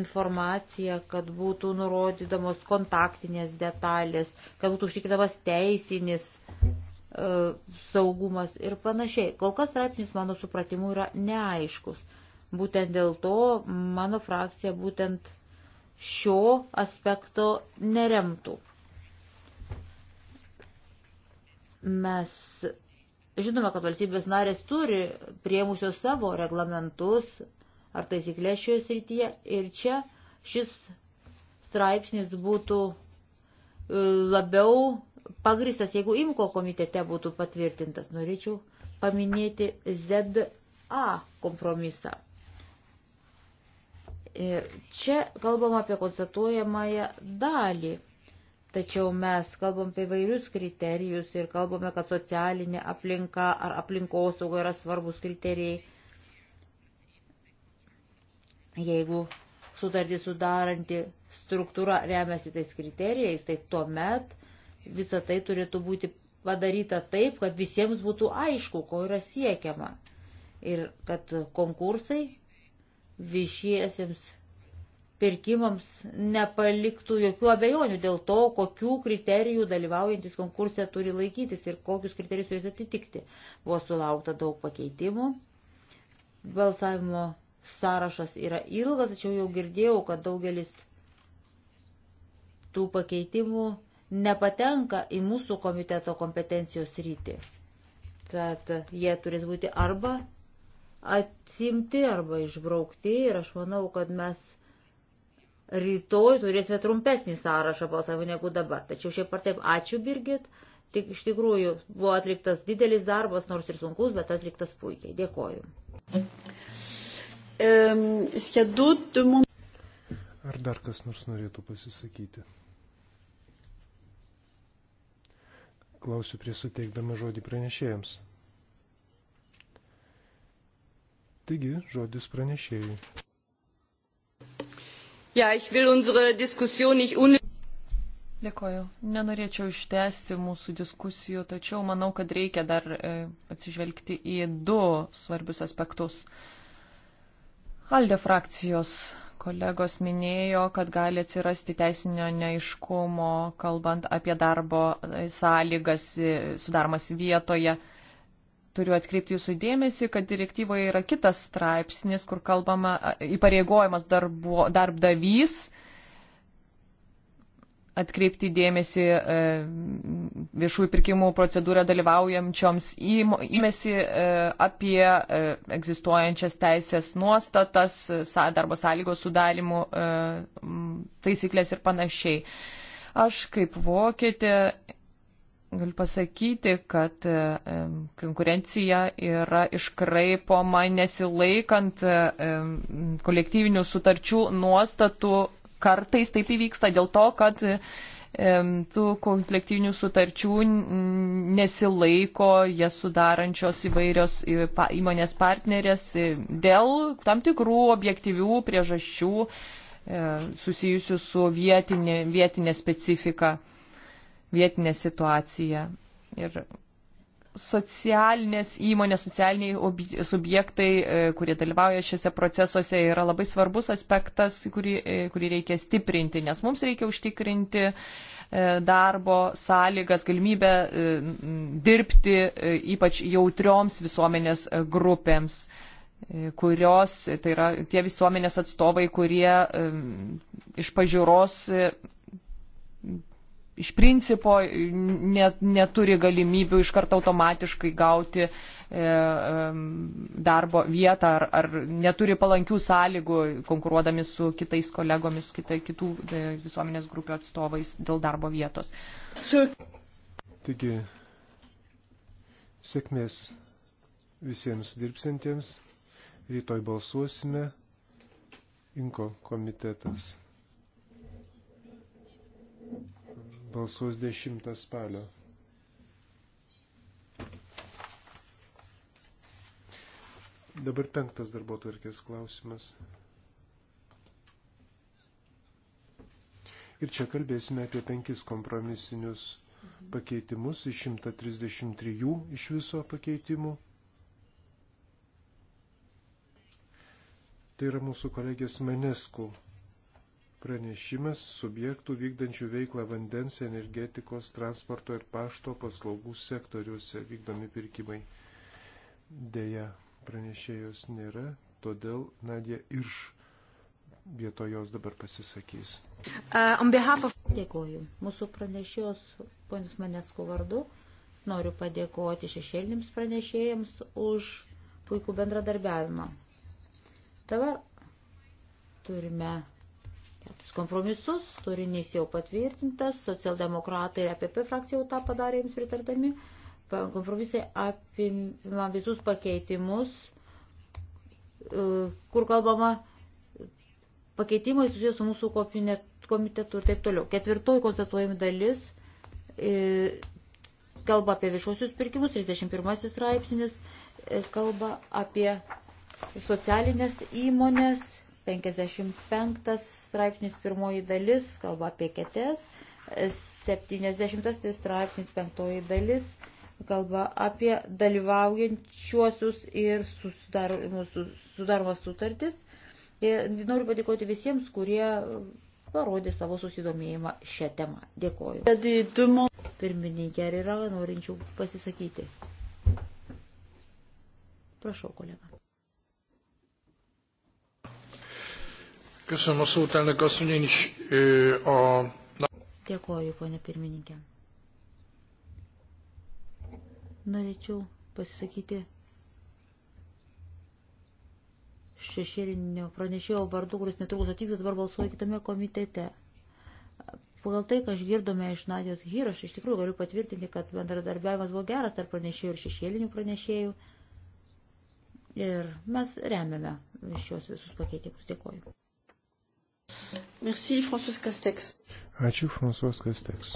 informacija, kad būtų nurodydamos kontaktinės detalės, kad būtų užtikrinamas teisinis E, saugumas ir panašiai. Kol kas straipsnis mano supratimu yra neaiškus. Būtent dėl to mano frakcija būtent šio aspekto neremtų. Mes žinome, kad valstybės narės turi priemusios savo reglamentus ar taisyklės šioje srityje ir čia šis straipsnis būtų e, labiau pagristas, jeigu imko komitete būtų patvirtintas. Norėčiau paminėti ZA kompromisą. Ir čia kalbam apie konstatuojamąją dalį. Tačiau mes kalbam apie vairius kriterijus ir kalbame, kad socialinė aplinka ar aplinkosauga yra svarbus kriterijai. Jeigu sutartį sudaranti struktūra remiasi tais kriterijais, tai tuomet visa tai turėtų būti padaryta taip, kad visiems būtų aišku, ko yra siekiama. Ir kad konkursai viešiesiems pirkimams nepaliktų jokių abejonių dėl to, kokių kriterijų dalyvaujantis konkursė turi laikytis ir kokius kriterijus turės atitikti. Buvo sulaukta daug pakeitimų. Balsavimo sąrašas yra ilgas, tačiau jau girdėjau, kad daugelis tų pakeitimų nepatenka į mūsų komiteto kompetencijos rytį. Tad jie turės būti arba atsimti, arba išbraukti ir aš manau, kad mes rytoj turėsime trumpesnį sąrašą balsavimų negu dabar. Tačiau šiaip ar taip, ačiū Birgit, tik iš tikrųjų buvo atliktas didelis darbas, nors ir sunkus, bet atliktas puikiai. Dėkoju. Ar dar kas nors norėtų pasisakyti? klausiu prie suteikdama žodį pranešėjams. Taigi, žodis pranešėjai. Ja, ich will unsere Diskussion nicht un... Dėkoju. Nenorėčiau ištesti mūsų diskusijų, tačiau manau, kad reikia dar e, atsižvelgti į du svarbius aspektus. Alde frakcijos Kolegos minėjo, kad gali atsirasti teisinio neiškumo, kalbant apie darbo sąlygas sudarmas vietoje. Turiu atkreipti jūsų dėmesį, kad direktyvoje yra kitas straipsnis, kur kalbama įpareigojimas darbo, darbdavys atkreipti dėmesį e, viešųjų pirkimų procedūrą dalyvaujančioms įmesi e, apie e, egzistuojančias teisės nuostatas, darbo sąlygos sudalimų taisyklės ir panašiai. Aš kaip vokietė galiu pasakyti, kad konkurencija yra iškraipoma nesilaikant kolektyvinių sutarčių nuostatų kartais taip įvyksta dėl to, kad tų kolektyvinių sutarčių nesilaiko jas sudarančios įvairios įmonės partnerės e, dėl tam tikrų objektyvių priežasčių e, susijusių su vietinė, vietinė specifika, vietinė situacija. Ir socialinės įmonės, socialiniai subjektai, e, kurie dalyvauja šiuose procesuose, yra labai svarbus aspektas, kurį, e, kurį reikia stiprinti, nes mums reikia užtikrinti e, darbo sąlygas, galimybę dirbti ypač jautrioms visuomenės grupėms kurios, tai yra tie visuomenės atstovai, kurie iš pažiūros iš principo net, neturi galimybių iš karto automatiškai gauti e, darbo vietą ar, ar neturi palankių sąlygų konkuruodami su kitais kolegomis, kita, kitų e, visuomenės grupių atstovais dėl darbo vietos. Taigi, sėkmės visiems dirbsintiems. Rytoj balsuosime. Inko komitetas. balsuos 10 spalio. Dabar penktas darbo tvarkės klausimas. Ir čia kalbėsime apie penkis kompromisinius mhm. pakeitimus iš 133 iš viso pakeitimų. Tai yra mūsų kolegės Maneskų pranešimas subjektų vykdančių veiklą vandens, energetikos, transporto ir pašto paslaugų sektoriuose vykdomi pirkimai. Deja, pranešėjos nėra, todėl Nadė iš vietojos dabar pasisakys. Uh, of... Dėkuoju. Mūsų pranešėjos ponius Manesko vardu noriu padėkoti šešėlinims pranešėjams už puikų bendradarbiavimą. Dabar turime keturis kompromisus, turinys jau patvirtintas, socialdemokratai ir APP frakcija jau tą padarė jums pritardami. Kompromisai apima visus pakeitimus, e, kur kalbama pakeitimai susijęs su mūsų komitetu ir taip toliau. Ketvirtoji konstatuojami dalis e, kalba apie viešuosius pirkimus, 31 straipsnis e, kalba apie socialinės įmonės 55 straipsnis pirmoji dalis, kalba apie ketės, 70 straipsnis penktoji dalis, kalba apie dalyvaujančiuosius ir nu, sudaromas sutartis. Ir noriu padėkoti visiems, kurie parodė savo susidomėjimą šią temą. Dėkoju. Pirmininkė, ar yra norinčių pasisakyti? Prašau, kolega. Köszönöm a szót, elnök asszony, én is a... Dėkoju, ponė pirmininkė. Norėčiau pasisakyti šešėlinio pranešėjo vardu, kuris netrukus atvyks, dabar balsuoja kitame komitete. Pagal tai, ką išgirdome iš Nadijos Hyraš, iš tikrųjų galiu patvirtinti, kad bendradarbiavimas buvo geras tarp pranešėjų ir šešėlinių pranešėjų. Ir mes remiame šios visus pakeitimus. Dėkoju. Merci, François Castex. Ačiū, François Castex.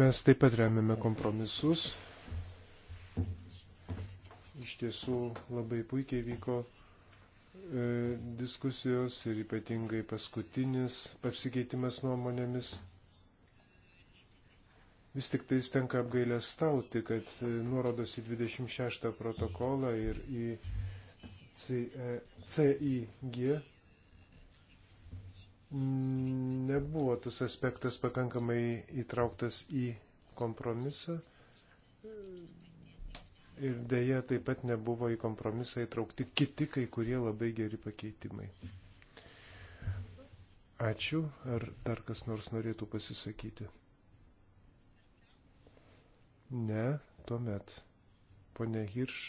Mes taip pat remiame kompromisus. Iš tiesų labai puikiai vyko e, diskusijos ir ypatingai paskutinis pasikeitimas nuomonėmis. Vis tik tais tenka apgailę stauti, kad e, nuorodos į 26 protokolą ir į CIG e nebuvo tas aspektas pakankamai įtrauktas į kompromisą ir dėja taip pat nebuvo į kompromisą įtraukti kiti kai kurie labai geri pakeitimai. Ačiū. Ar dar kas nors norėtų pasisakyti? Ne, tuomet. Pone Hirš.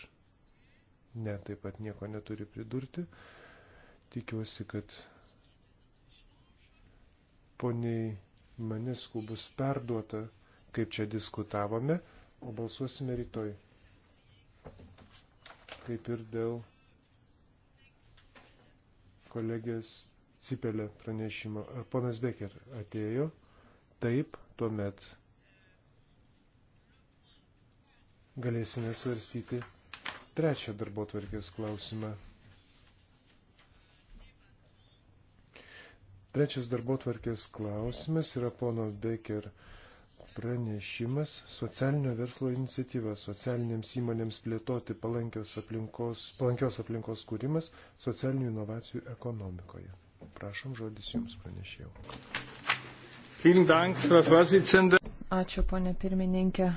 Ne, taip pat nieko neturi pridurti. Tikiuosi, kad poniai Manisku bus perduota, kaip čia diskutavome, o balsuosime rytoj. Kaip ir dėl kolegės Cipelė pranešimo. Ar ponas Becker atėjo? Taip, tuomet galėsime svarstyti trečią darbo tvarkės klausimą. Trečias darbo tvarkės klausimas yra pono Becker pranešimas socialinio verslo iniciatyva socialinėms įmonėms plėtoti palankios aplinkos, palankios aplinkos kūrimas socialinių inovacijų ekonomikoje. Prašom žodis Jums pranešėjau. Ačiū, ponė pirmininkė.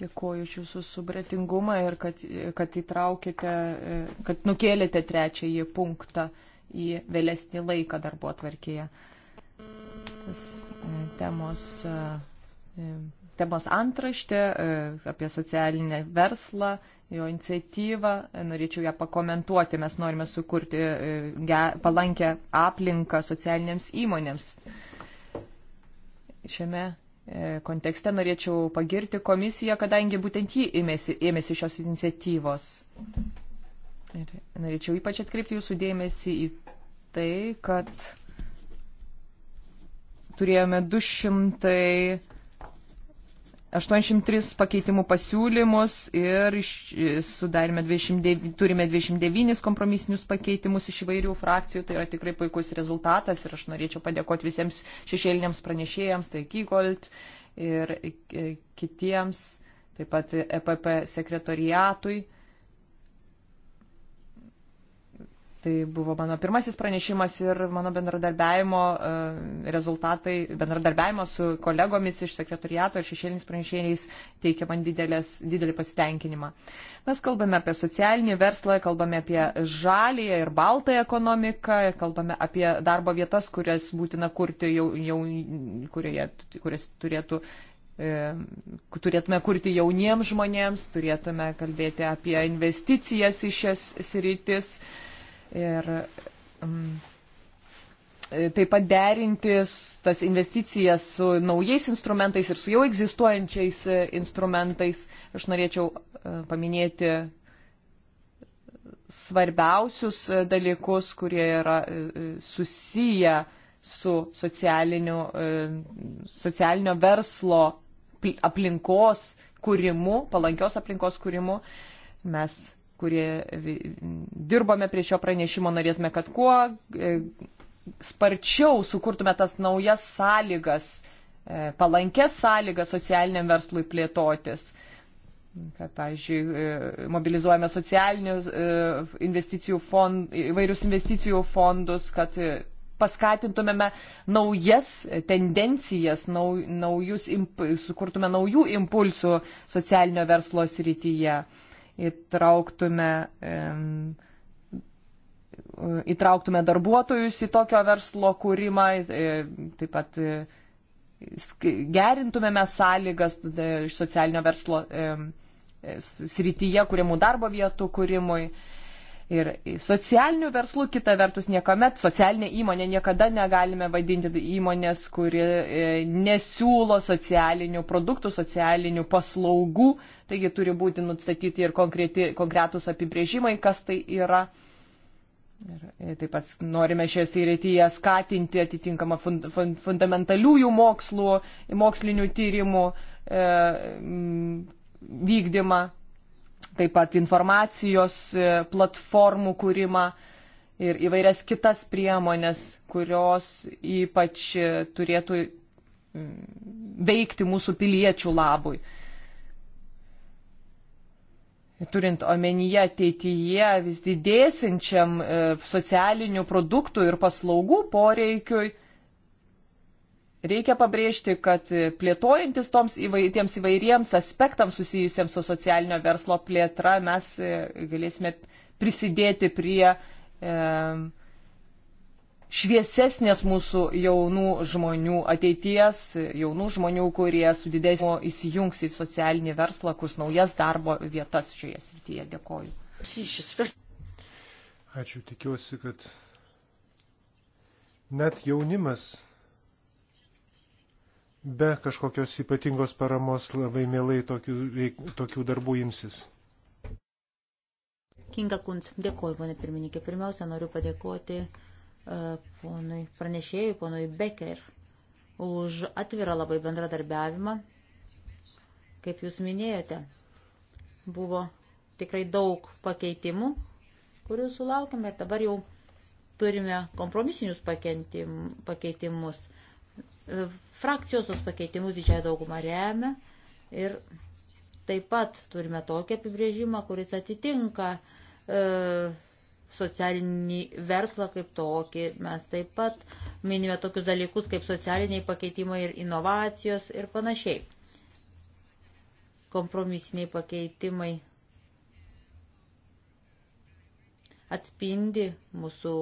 Dėkuoju iš jūsų subratingumą ir kad, kad įtraukite, e, kad nukėlėte trečiąjį punktą į vėlesnį laiką darbo atvarkėje. Tas e, temos, e, temos antraštė apie socialinę verslą, jo iniciatyvą, norėčiau ją pakomentuoti. Mes norime sukurti palankę aplinką socialinėms įmonėms. Šiame E, kontekste norėčiau pagirti komisiją, kadangi būtent ji ėmėsi, ėmėsi šios iniciatyvos. Ir norėčiau ypač atkreipti jūsų dėmesį į tai, kad turėjome 200 83 pakeitimų pasiūlymus ir iš, e, sudarėme 29, turime 29 kompromisinius pakeitimus iš įvairių frakcijų. Tai yra tikrai puikus rezultatas ir aš norėčiau padėkoti visiems šešėliniams pranešėjams, tai Kygolt ir e, kitiems, taip pat EPP sekretoriatui. Tai buvo mano pirmasis pranešimas ir mano bendradarbiavimo e, rezultatai, bendradarbiavimas su kolegomis iš sekretoriato ir šešėlinis pranešėjais teikia man didelės, didelį pasitenkinimą. Mes kalbame apie socialinį verslą, kalbame apie žalėją ir baltąją ekonomiką, kalbame apie darbo vietas, kurias būtina kurti jau, jau kurioje, kurias turėtų e, turėtume kurti jauniems žmonėms, turėtume kalbėti apie investicijas į šias sritis, Ir mm, taip pat derinti tas investicijas su naujais instrumentais ir su jau egzistuojančiais e, instrumentais. Aš norėčiau e, paminėti e, svarbiausius dalykus, kurie yra susiję su socialinio verslo aplinkos kūrimu, palankios aplinkos kūrimu. Mes kurie dirbome prie šio pranešimo, norėtume, kad kuo e, sparčiau sukurtume tas naujas sąlygas, e, palankės sąlygas socialiniam verslui plėtotis. Kad, pavyzdžiui, e, mobilizuojame socialinius investicijų fond, įvairius investicijų fondus, kad paskatintumėme naujas tendencijas, nau, naujus, imp, sukurtume naujų impulsų socialinio verslo srityje. Uh, įtrauktume, įtrauktume darbuotojus į tokio verslo kūrimą, e, taip pat e, gerintumėme sąlygas e, socialinio verslo srityje kūrimų darbo vietų kūrimui ir socialinių verslų, kita vertus niekuomet, socialinė įmonė niekada negalime vadinti įmonės, kuri e, nesiūlo socialinių produktų, socialinių paslaugų, taigi turi būti nustatyti ir konkreti, konkretus apibrėžimai, kas tai yra. Ir e, taip pat norime šioje srityje skatinti atitinkamą fund, fund, fundamentaliųjų mokslų, mokslinių tyrimų e, vykdymą taip pat informacijos e, platformų kūrimą ir įvairias kitas priemonės, kurios ypač e, turėtų veikti mūsų piliečių labui. Turint omenyje ateityje vis didėsinčiam e, socialinių produktų ir paslaugų poreikiui, Reikia pabrėžti, kad plėtojantis toms įvai, tiems įvairiems aspektams susijusiems su socialinio verslo plėtra, mes e, galėsime prisidėti prie e, šviesesnės mūsų jaunų žmonių ateities, jaunų žmonių, kurie su didesniu įsijungs į socialinį verslą, kurs naujas darbo vietas šioje srityje. Dėkoju. Ačiū, tikiuosi, kad net jaunimas be kažkokios ypatingos paramos labai mielai tokių, tokių darbų imsis. Kinga Kunt, dėkoju, ponė pirmininkė. Pirmiausia, noriu padėkoti uh, ponui pranešėjui, ponui Becker, už atvirą labai bendradarbiavimą. Kaip jūs minėjote, buvo tikrai daug pakeitimų, kurių sulaukime ir dabar jau turime kompromisinius pakeitimus Frakcijos tos pakeitimus didžiąją daugumą remia ir taip pat turime tokį apibrėžimą, kuris atitinka e, socialinį verslą kaip tokį. Mes taip pat minime tokius dalykus kaip socialiniai pakeitimai ir inovacijos ir panašiai. Kompromisiniai pakeitimai atspindi mūsų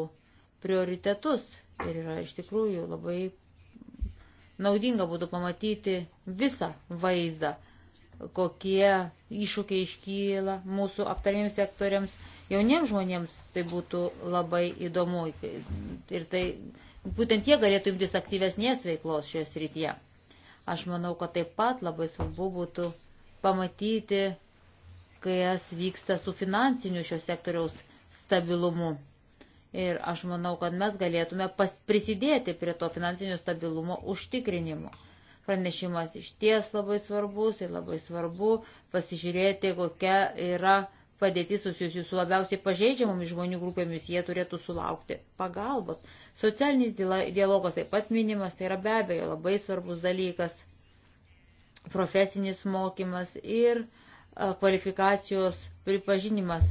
prioritetus ir yra iš tikrųjų labai naudinga būtų pamatyti visą vaizdą, kokie iššūkiai iškyla mūsų aptariniams sektoriams. Jauniems žmonėms tai būtų labai įdomu ir tai būtent jie galėtų imtis aktyvesnės veiklos šioje srityje. Aš manau, kad taip pat labai svarbu būtų pamatyti, kai jas vyksta su finansiniu šio sektoriaus stabilumu. Ir aš manau, kad mes galėtume pas, prisidėti prie to finansinio stabilumo užtikrinimo. Pranešimas iš ties labai svarbus ir labai svarbu pasižiūrėti, kokia yra padėtis susijusi su labiausiai pažeidžiamomis žmonių grupėmis, jie turėtų sulaukti pagalbos. Socialinis dialogas taip pat minimas, tai yra be abejo labai svarbus dalykas. Profesinis mokymas ir kvalifikacijos pripažinimas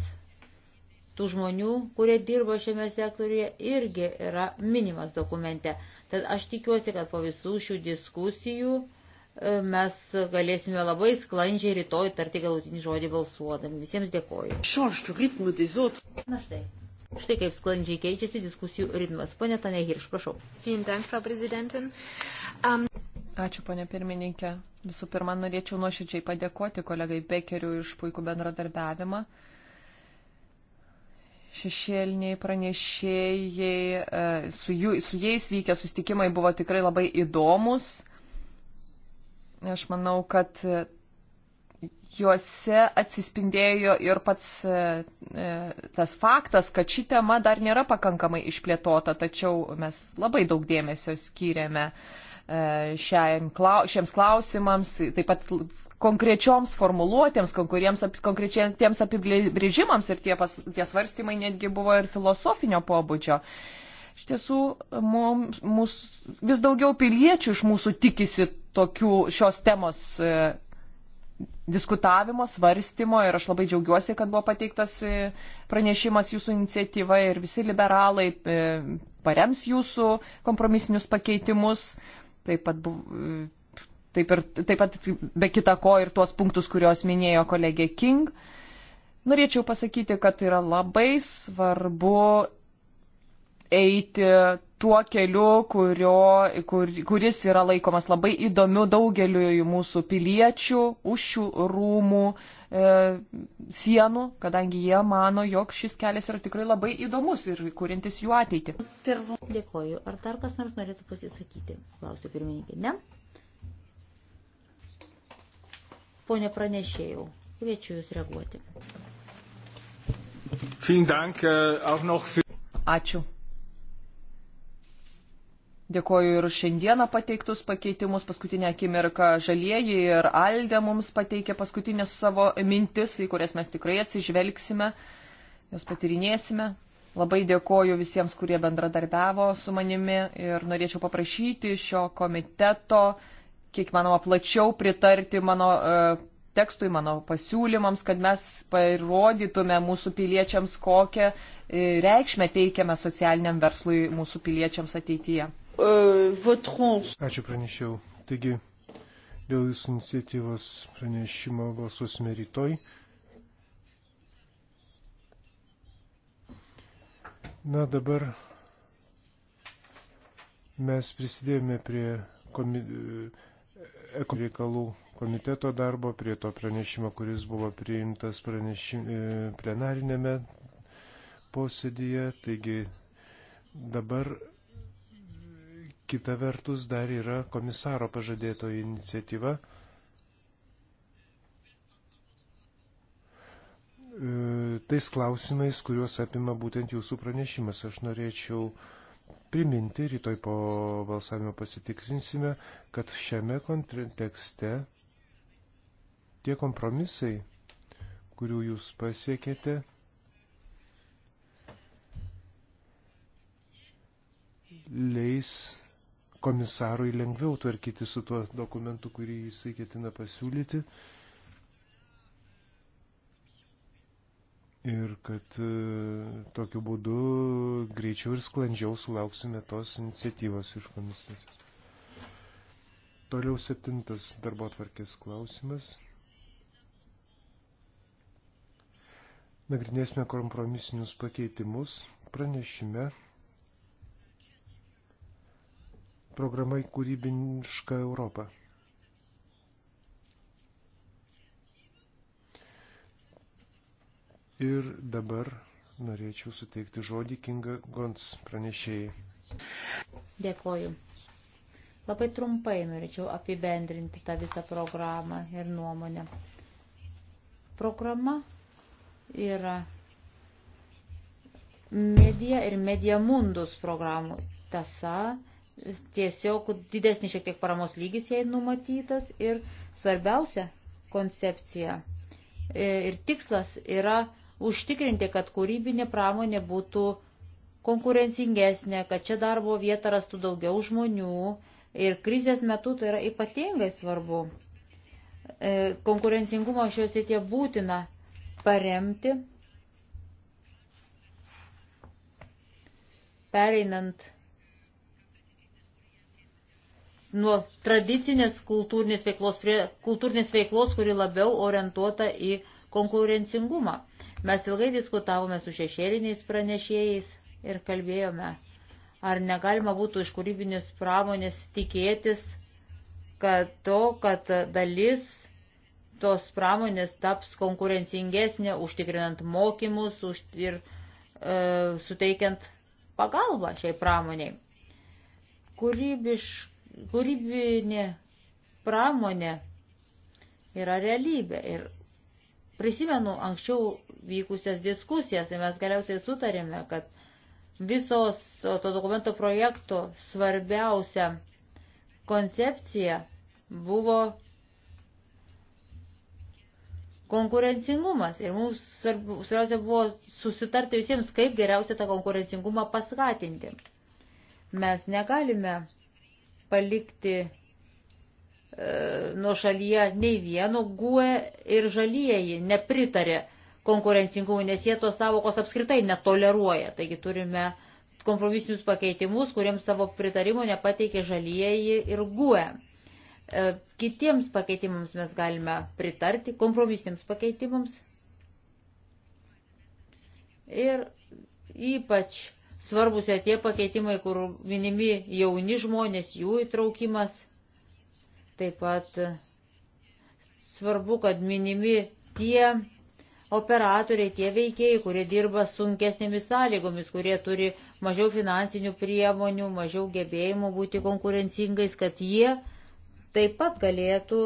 tų žmonių, kurie dirbo šiame sektoriuje, irgi yra minimas dokumente. Tad aš tikiuosi, kad po visų šių diskusijų e, mes galėsime labai sklandžiai rytoj tarti galutinį žodį balsuodami. Visiems dėkoju. Na štai. Štai kaip sklandžiai keičiasi diskusijų ritmas. Pane Tane Hirš, prašau. Ačiū, ponė pirmininkė. Visų pirma, norėčiau nuoširdžiai padėkoti kolegai Bekeriu iš puikų bendradarbiavimą šešėliniai pranešėjai, e, su, jų, su jais vykę sustikimai buvo tikrai labai įdomus. Aš manau, kad e, juose atsispindėjo ir pats e, tas faktas, kad ši tema dar nėra pakankamai išplėtota, tačiau mes labai daug dėmesio skiriame uh, šiems klausimams, taip pat konkrečioms formuluotėms, konkrečiems apibrėžimams ir tie, pas, tie svarstymai netgi buvo ir filosofinio pobūdžio. Iš tiesų, mums, mūs, vis daugiau piliečių iš mūsų tikisi tokių šios temos e, diskutavimo, svarstymo ir aš labai džiaugiuosi, kad buvo pateiktas e, pranešimas jūsų iniciatyva ir visi liberalai e, parems jūsų kompromisinius pakeitimus. E, Taip pat, buv, taip ir, taip pat be kita ko ir tuos punktus, kuriuos minėjo kolegė King. Norėčiau pasakyti, kad yra labai svarbu eiti tuo keliu, kurio, kur, kuris yra laikomas labai įdomiu daugeliu mūsų piliečių už šių rūmų e, sienų, kadangi jie mano, jog šis kelias yra tikrai labai įdomus ir kūrintis jų ateitį. Pirmu. Dėkoju. Ar dar kas nors norėtų pasisakyti? Klausiu pirmininkai. Ne? Pone pranešėjau, kviečiu Jūs reaguoti. Äh, Ačiū. Dėkoju ir šiandieną pateiktus pakeitimus. Paskutinę akimirką žalieji ir Aldė mums pateikė paskutinės savo mintis, į kurias mes tikrai atsižvelgsime, jos patirinėsime. Labai dėkoju visiems, kurie bendradarbiavo su manimi ir norėčiau paprašyti šio komiteto, kiek manoma, plačiau pritarti mano e, tekstui, mano pasiūlymams, kad mes parodytume mūsų piliečiams, kokią e, reikšmę teikiame socialiniam verslui mūsų piliečiams ateityje. Euh, Ačiū pranešiau. Taigi, dėl jūsų iniciatyvos pranešimo balsuosime rytoj. Na dabar mes prisidėjome prie komi... E, reikalų komiteto darbo, prie to pranešimo, kuris buvo priimtas pranešim... E, plenarinėme posėdyje. Taigi dabar Kita vertus dar yra komisaro pažadėtoji iniciatyva. E, tais klausimais, kuriuos apima būtent jūsų pranešimas, aš norėčiau priminti, rytoj po balsavimo pasitiksinsime, kad šiame kontekste tie kompromisai, kurių jūs pasiekėte, leis komisarui lengviau tvarkyti su tuo dokumentu, kurį jisai ketina pasiūlyti. Ir kad e, tokiu būdu greičiau ir sklandžiau sulauksime tos iniciatyvos iš komisijos. Toliau septintas darbo tvarkės klausimas. Nagrinėsime kompromisinius pakeitimus pranešime programa Kūrybiniška Europa. Ir dabar norėčiau suteikti žodį Kinga Gons pranešėjai. Dėkoju. Labai trumpai norėčiau apibendrinti tą visą programą ir nuomonę. Programa yra Media ir Media Mundus programų tasa tiesiog didesnis šiek tiek paramos lygis jai numatytas ir svarbiausia koncepcija e, ir tikslas yra užtikrinti, kad kūrybinė pramonė būtų konkurencingesnė, kad čia darbo vietą rastų daugiau žmonių ir krizės metu tai yra ypatingai svarbu. E, konkurencingumo šios tėtie būtina paremti, pereinant nuo tradicinės kultūrinės veiklos prie kultūrinės veiklos, kuri labiau orientuota į konkurencingumą. Mes ilgai diskutavome su šešėliniais pranešėjais ir kalbėjome, ar negalima būtų iš kūrybinės pramonės tikėtis, kad to, kad dalis tos pramonės taps konkurencingesnė, užtikrinant mokymus už, ir e, suteikiant pagalbą šiai pramoniai. Kūrybiškai kūrybinė pramonė yra realybė. Ir prisimenu anksčiau vykusias diskusijas ir mes galiausiai sutarėme, kad visos to dokumento projekto svarbiausia koncepcija buvo konkurencingumas. Ir mums svarbiausia buvo susitarti visiems, kaip geriausia tą konkurencingumą paskatinti. Mes negalime palikti e, nuo šalyje nei vieno guė ir žalieji nepritarė konkurencingumui, nes jie tos savokos apskritai netoleruoja. Taigi turime kompromisinius pakeitimus, kuriems savo pritarimo nepateikė žalieji ir guė. E, kitiems pakeitimams mes galime pritarti, kompromisiniams pakeitimams. Ir ypač svarbus yra tie pakeitimai, kur minimi jauni žmonės, jų įtraukimas. Taip pat svarbu, kad minimi tie operatoriai, tie veikėjai, kurie dirba sunkesnėmis sąlygomis, kurie turi mažiau finansinių priemonių, mažiau gebėjimų būti konkurencingais, kad jie taip pat galėtų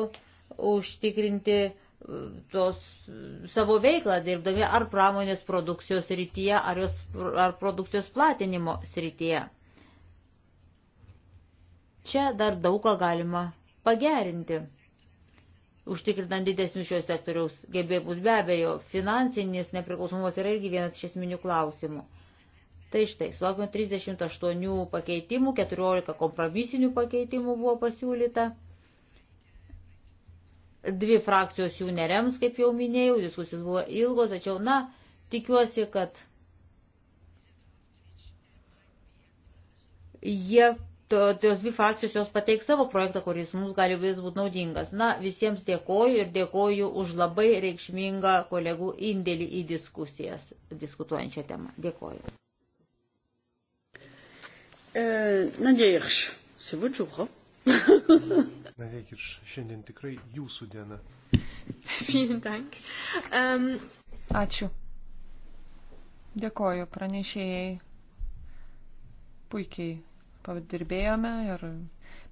užtikrinti tos savo veiklą dirbdami ar pramonės produkcijos rytyje, ar, jos, ar produkcijos platinimo srityje. Čia dar daug ką galima pagerinti. Užtikrinant didesnius šios sektoriaus gebėjimus, be abejo, finansinis nepriklausomumas yra irgi vienas iš esminių klausimų. Tai štai, sulaukime 38 pakeitimų, 14 kompromisinių pakeitimų buvo pasiūlyta. Dvi frakcijos jų nerems, kaip jau minėjau, diskusijos buvo ilgos, tačiau, na, tikiuosi, kad jie, to, tos dvi frakcijos jos pateiks savo projektą, kuris mums gali vis būti naudingas. Na, visiems dėkoju ir dėkoju už labai reikšmingą kolegų indėlį į diskusijas diskutuojančią temą. Dėkoju. Euh, Nadia Hirsch, c'est votre jour. Hein Na reikia ir šiandien tikrai jūsų diena. Dank. Um... Ačiū. Dėkoju pranešėjai. Puikiai padirbėjome ir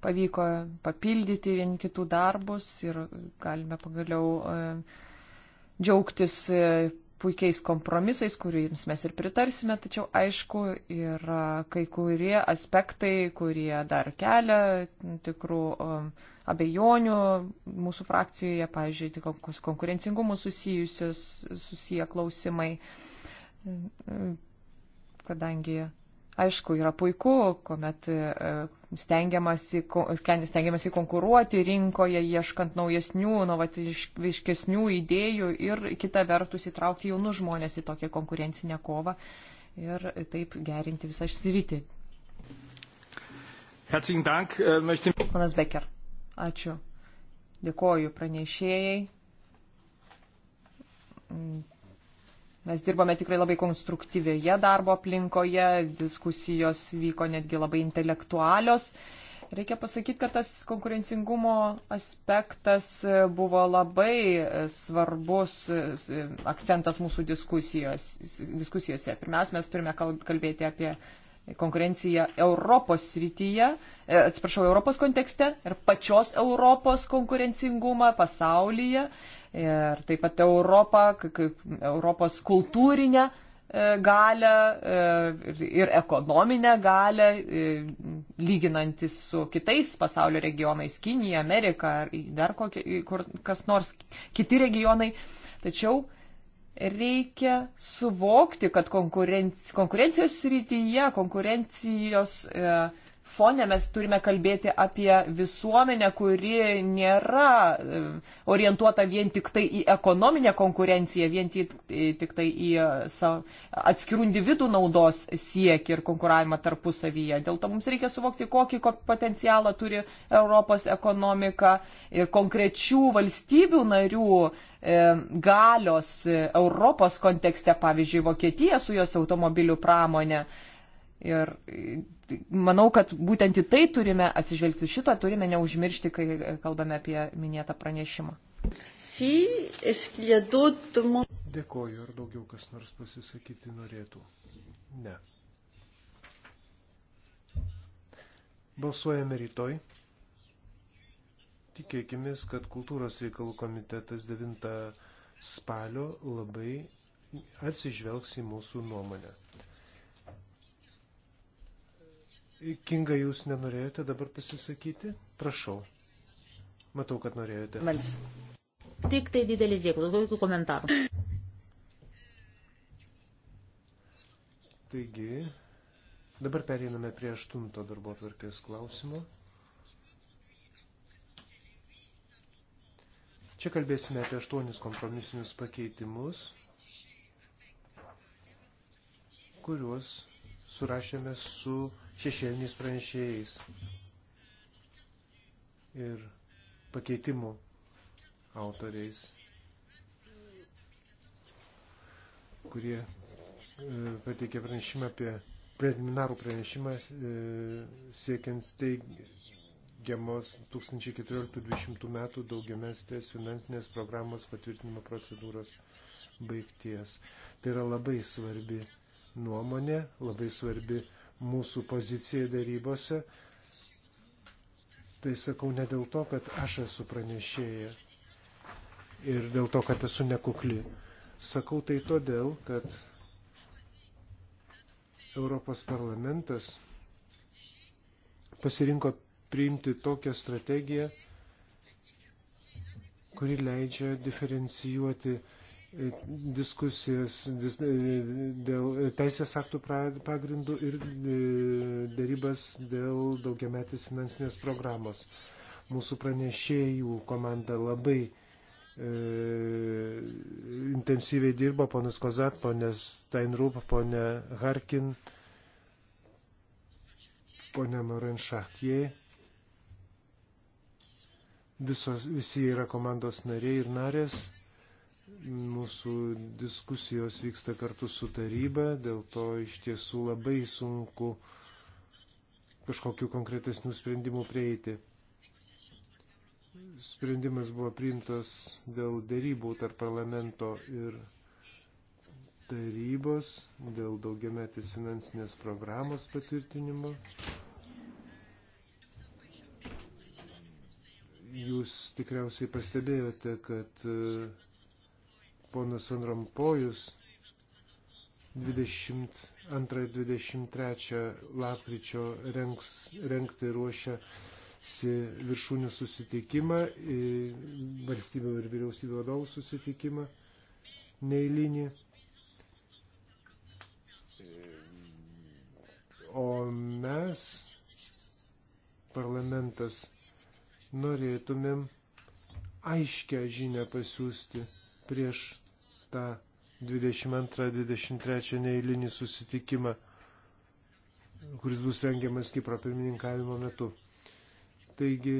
pavyko papildyti vieni kitų darbus ir galime pagaliau e, džiaugtis e, puikiais kompromisais, kuriems mes ir pritarsime, tačiau aišku, yra kai kurie aspektai, kurie dar kelia tikrų um, abejonių mūsų frakcijoje, pavyzdžiui, su konkurencingumu susijusios susiję klausimai, kadangi Aišku, yra puiku, kuomet e, stengiamasi, stengiamasi konkuruoti rinkoje, ieškant naujesnių, novatiškesnių idėjų ir kita vertus įtraukti jaunus žmonės į tokią konkurencinę kovą ir taip gerinti visą sritį. Äh, Ponas Becker, ačiū. Dėkoju pranešėjai Mes dirbome tikrai labai konstruktyvioje darbo aplinkoje, diskusijos vyko netgi labai intelektualios. Reikia pasakyti, kad tas konkurencingumo aspektas buvo labai svarbus akcentas mūsų diskusijos, diskusijose. Pirmiausia, mes turime kalbėti apie konkurencija Europos srityje, e, atsiprašau, Europos kontekste ir pačios Europos konkurencingumą pasaulyje ir taip pat Europą kaip Europos kultūrinę e, galę e, ir ekonominę galę, e, lyginantis su kitais pasaulio regionais - Kinija, Amerika ar dar kokie, kur, kas nors kiti regionai. Tačiau reikia suvokti, kad konkurenci, konkurencijos srityje, konkurencijos e, fone mes turime kalbėti apie visuomenę, kuri nėra e, orientuota vien tik tai į ekonominę konkurenciją, vien e, tik tai į e, atskirų individų naudos siekį ir konkuravimą tarpusavyje. Dėl to mums reikia suvokti, kokį potencialą turi Europos ekonomika ir konkrečių valstybių narių galios Europos kontekste, pavyzdžiui, Vokietija su jos automobilių pramonė. Ir manau, kad būtent į tai turime atsižvelgti, šito turime neužmiršti, kai kalbame apie minėtą pranešimą. Dėkoju, ar daugiau kas nors pasisakyti norėtų? Ne. Balsuojame rytoj. Tikėkime, kad kultūros reikalų komitetas 9 spalio labai atsižvelgs į mūsų nuomonę. Kinga, jūs nenorėjote dabar pasisakyti? Prašau. Matau, kad norėjote. Mans. Tik tai didelis dėkui, daugiau jokių komentarų. Taigi, dabar pereiname prie aštunto darbo tvarkės klausimo. Čia kalbėsime apie aštuonis kompromisinius pakeitimus, kuriuos surašėme su šešėliniais pranešėjais ir pakeitimų autoriais, kurie e, pateikė pranešimą apie preliminarų pranešimą e, siekiant teigiamos 2014-2020 metų daugiamestės finansinės programos patvirtinimo procedūros baigties. Tai yra labai svarbi nuomonė, labai svarbi mūsų pozicija darybose. Tai sakau ne dėl to, kad aš esu pranešėja ir dėl to, kad esu nekukli. Sakau tai todėl, kad Europos parlamentas pasirinko priimti tokią strategiją, kuri leidžia diferencijuoti uh, diskusijas dis, dėl teisės aktų pagrindų ir e, darybas dėl daugiametės finansinės programos. Mūsų pranešėjų komanda labai e, intensyviai dirba, ponas Kozat, ponas Steinrup, ponė Harkin, ponė Morenšatie. Visos, visi yra komandos nariai ir narės. Mūsų diskusijos vyksta kartu su taryba, dėl to iš tiesų labai sunku kažkokiu konkretesnių sprendimų prieiti. Sprendimas buvo priimtas dėl dėrybų tarp parlamento ir tarybos dėl daugiametės finansinės programos patvirtinimo. Jūs tikriausiai pastebėjote, kad ponas Van Rompojus 22 ir 23 lapkričio renks, renkti ruošiasi viršūnių susitikimą, valstybių ir vyriausybių vadovų susitikimą neįlinį. O mes, parlamentas, norėtumėm aiškę žinę pasiūsti prieš tą 22-23 neįlinį susitikimą, kuris bus rengiamas Kipro pirmininkavimo metu. Taigi,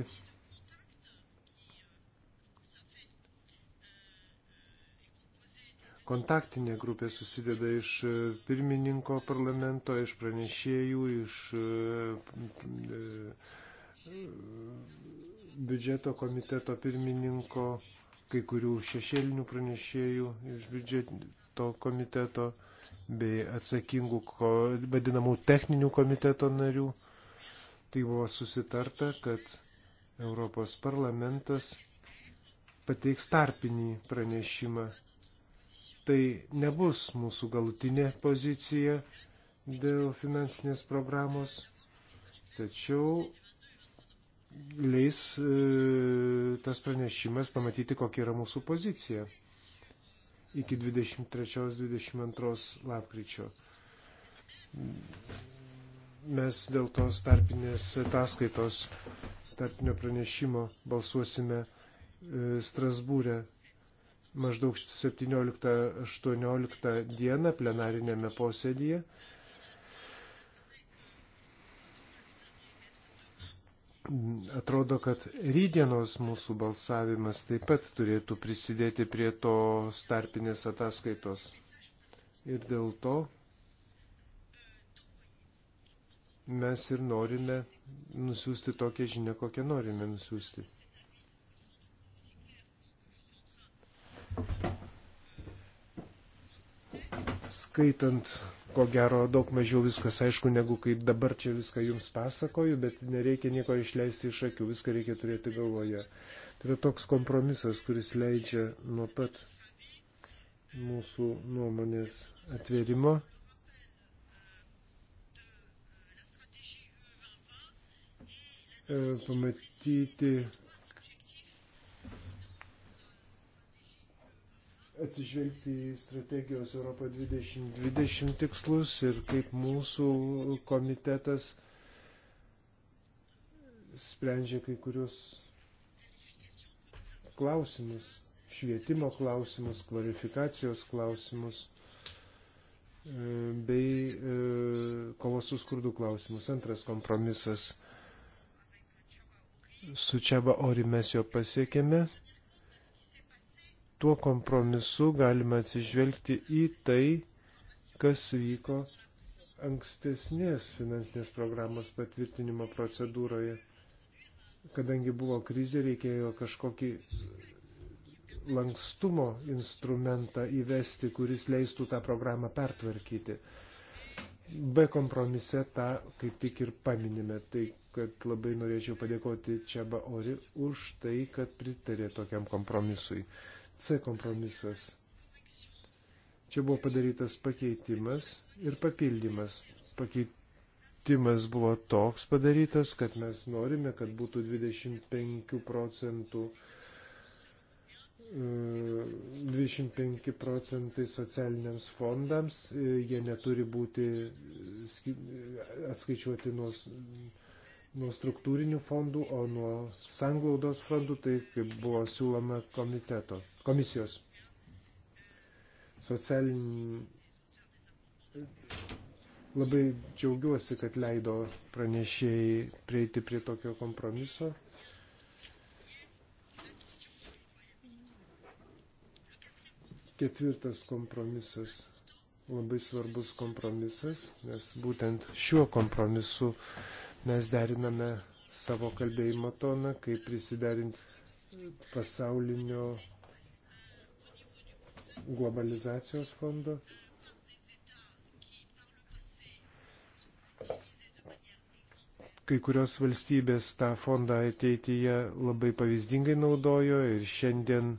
kontaktinė grupė susideda iš e, pirmininko parlamento, iš pranešėjų, iš e, e, biudžeto komiteto pirmininko kai kurių šešėlinių pranešėjų iš biudžeto komiteto bei atsakingų ko, vadinamų techninių komiteto narių. Tai buvo susitarta, kad Europos parlamentas pateiks tarpinį pranešimą. Tai nebus mūsų galutinė pozicija dėl finansinės programos, tačiau leis e, tas pranešimas pamatyti, kokia yra mūsų pozicija iki 23-22 lapkričio. Mes dėl tos tarpinės ataskaitos, tarpinio pranešimo balsuosime e, Strasbūrė maždaug 17-18 dieną plenarinėme posėdėje. Atrodo, kad rydienos mūsų balsavimas taip pat turėtų prisidėti prie tos tarpinės ataskaitos. Ir dėl to mes ir norime nusiųsti tokią žinią, kokią norime nusiųsti. Skaitant ko gero daug mažiau viskas aišku, negu kaip dabar čia viską jums pasakoju, bet nereikia nieko išleisti iš akių, viską reikia turėti galvoje. Tai yra toks kompromisas, kuris leidžia nuo pat mūsų nuomonės atvėrimo. E, pamatyti atsižvelgti į strategijos Europą 2020 tikslus ir kaip mūsų komitetas sprendžia kai kurios klausimus, švietimo klausimus, kvalifikacijos klausimus e, bei e, kovos su skurdu klausimus. Antras kompromisas su Čiaba Ori mes jo pasiekėme tuo kompromisu galime atsižvelgti į tai, kas vyko ankstesnės finansinės programos patvirtinimo procedūroje. Kadangi buvo krizė, reikėjo kažkokį lankstumo instrumentą įvesti, kuris leistų tą programą pertvarkyti. B kompromise tą kaip tik ir paminime. Tai kad labai norėčiau padėkoti Čiaba Ori už tai, kad pritarė tokiam kompromisui. C kompromisas. Čia buvo padarytas pakeitimas ir papildymas. Pakeitimas buvo toks padarytas, kad mes norime, kad būtų 25 procentų 25 e, procentai socialiniams fondams, e, jie neturi būti atskaičiuoti nuo nuo struktūrinių fondų, o nuo sanglaudos fondų, tai kaip buvo siūloma komiteto, komisijos. Socialin... Labai džiaugiuosi, kad leido pranešėjai prieiti prie tokio kompromiso. Ketvirtas kompromisas labai svarbus kompromisas, nes būtent šiuo kompromisu uh, Mes deriname savo kalbėjimo toną, kaip prisiderinti pasaulinio globalizacijos fondo. Kai kurios valstybės tą fondą ateityje labai pavyzdingai naudojo ir šiandien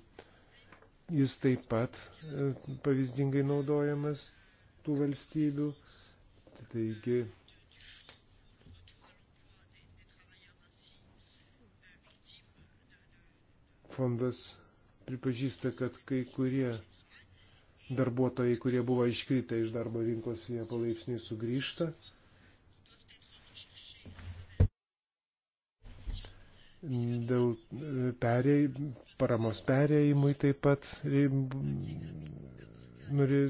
jis taip pat e, pavyzdingai naudojamas tų valstybių. Taigi fondas pripažįsta, kad kai kurie darbuotojai, kurie buvo iškritę iš darbo rinkos, jie palaipsniui sugrįžta. Dėl e, perėj, paramos perėjimui taip pat norė,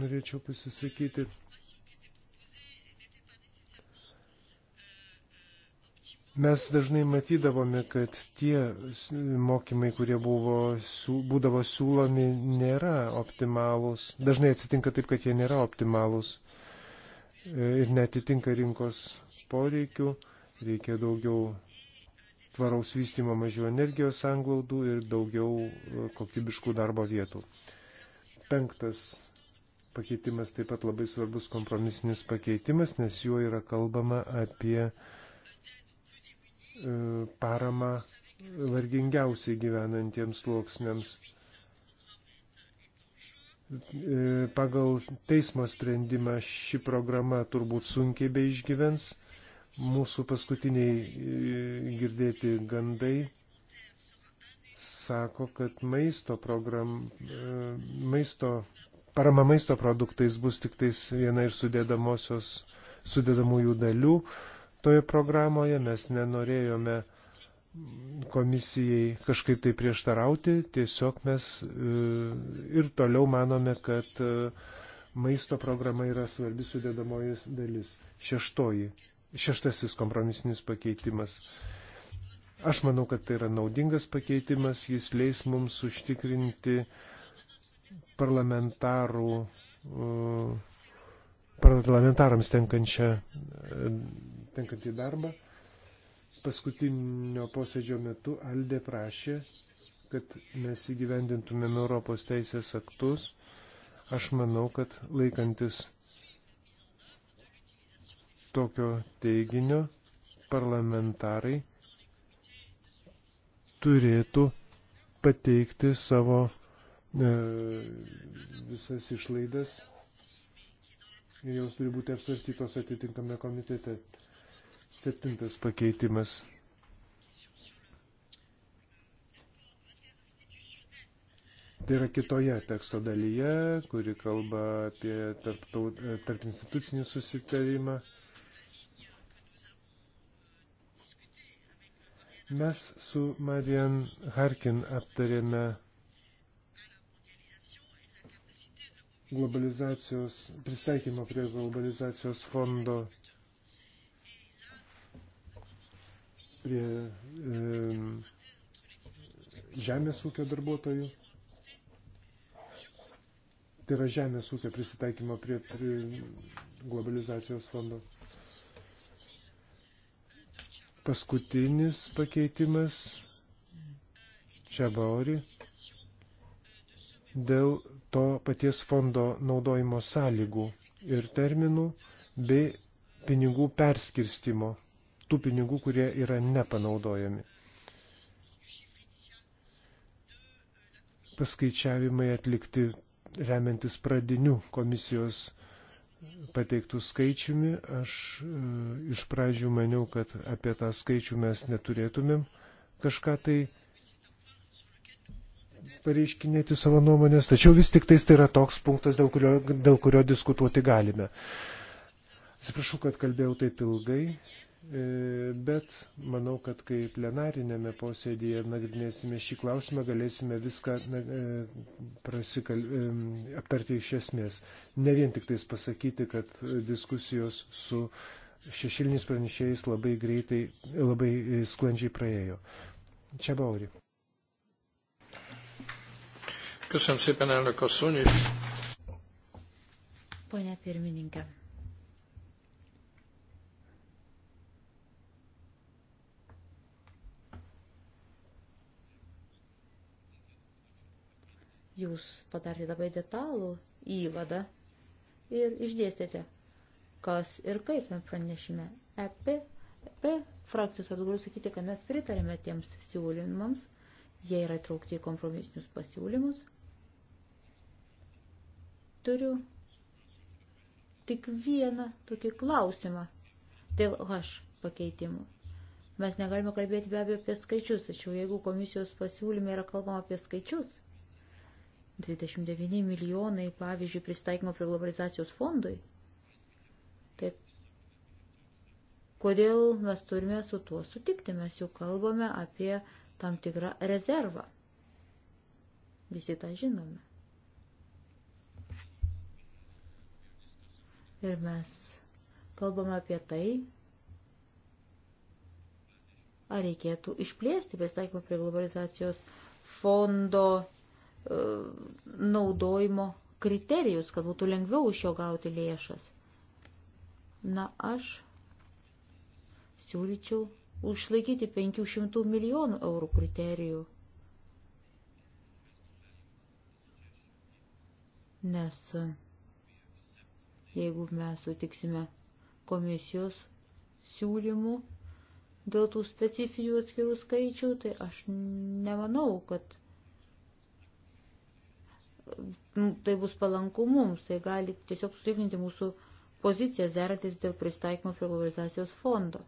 norėčiau pasisakyti. Mes dažnai matydavome, kad tie mokymai, kurie buvo, būdavo siūlomi, nėra optimalūs. Dažnai atsitinka taip, kad jie nėra optimalūs e, ir netitinka rinkos poreikių. Reikia daugiau tvaraus vystimo, mažiau energijos anglaudų ir daugiau e, kokybiškų darbo vietų. Penktas pakeitimas taip pat labai svarbus kompromisinis pakeitimas, nes juo yra kalbama apie E, paramą vargingiausiai gyvenantiems sluoksniams. E, pagal teismo sprendimą ši programa turbūt sunkiai bei išgyvens. Mūsų paskutiniai e, girdėti gandai sako, kad maisto, program, maisto parama maisto produktais bus tik tais viena iš sudėdamųjų dalių toje programoje, mes nenorėjome komisijai kažkaip tai prieštarauti, tiesiog mes e, ir toliau manome, kad e, maisto programa yra svarbi sudėdamoji dalis. Šeštoji, šeštasis kompromisinis pakeitimas. Aš manau, kad tai yra naudingas pakeitimas, jis leis mums užtikrinti parlamentarų uh, parlamentarams tenkančią, tenkantį darbą. Paskutinio posėdžio metu Aldė prašė, kad mes įgyvendintumėm Europos teisės aktus. Aš manau, kad laikantis tokio teiginio parlamentarai turėtų pateikti savo e, visas išlaidas jos turi būti apsvarstytos atitinkame komitete. Septintas pakeitimas. Tai yra kitoje teksto dalyje, kuri kalba apie tarp, tarp institucinį susitarimą. Mes su Marian Harkin aptarėme globalizacijos, pristaikymo prie globalizacijos fondo, prie e, žemės ūkio darbuotojų. Tai yra žemės ūkio prisitaikymo prie, prie globalizacijos fondo. Paskutinis pakeitimas Čabaori dėl to paties fondo naudojimo sąlygų ir terminų bei pinigų perskirstimo, tų pinigų, kurie yra nepanaudojami. Paskaičiavimai atlikti remiantis pradiniu komisijos pateiktų skaičiumi. Aš e, iš pradžių maniau, kad apie tą skaičių mes neturėtumėm kažką tai pareiškinėti savo nuomonės, tačiau vis tik tais tai yra toks punktas, dėl kurio, dėl kurio diskutuoti galime. Atsiprašau, kad kalbėjau taip ilgai, e, bet manau, kad kai plenarinėme posėdėje nagrinėsime šį klausimą, galėsime viską e, prasikal... E, aptarti iš esmės. Ne vien tik tais pasakyti, kad diskusijos su šešiliniais pranešėjais labai greitai, labai sklandžiai praėjo. Čia bauri. Köszönöm szépen, elnök asszony, és... Pone pirmininkė. Jūs padarėte labai detalų įvadą ir išdėstėte, kas ir kaip tam pranešime. EP, EP frakcijos vardu galiu sakyti, kad mes pritarėme tiems siūlymams, jie yra traukti į kompromisinius pasiūlymus – Turiu tik vieną tokį klausimą dėl H pakeitimų. Mes negalime kalbėti be abejo apie skaičius, tačiau jeigu komisijos pasiūlyme yra kalbama apie skaičius, 29 milijonai, pavyzdžiui, pristaikymo prie globalizacijos fondui, tai kodėl mes turime su tuo sutikti, mes jau kalbame apie tam tikrą rezervą. Visi tą žinome. Ir mes kalbame apie tai, ar reikėtų išplėsti pristaikymą prie globalizacijos fondo e, naudojimo kriterijus, kad būtų lengviau iš jo gauti lėšas. Na, aš siūlyčiau užlaikyti 500 milijonų eurų kriterijų. Nes jeigu mes sutiksime komisijos siūlymų dėl tų specifinių atskirų skaičių, tai aš nemanau, kad nu, tai bus palanku mums, tai gali tiesiog sutikrinti mūsų pozicijas derantis dėl pristaikymo prie globalizacijos fondo.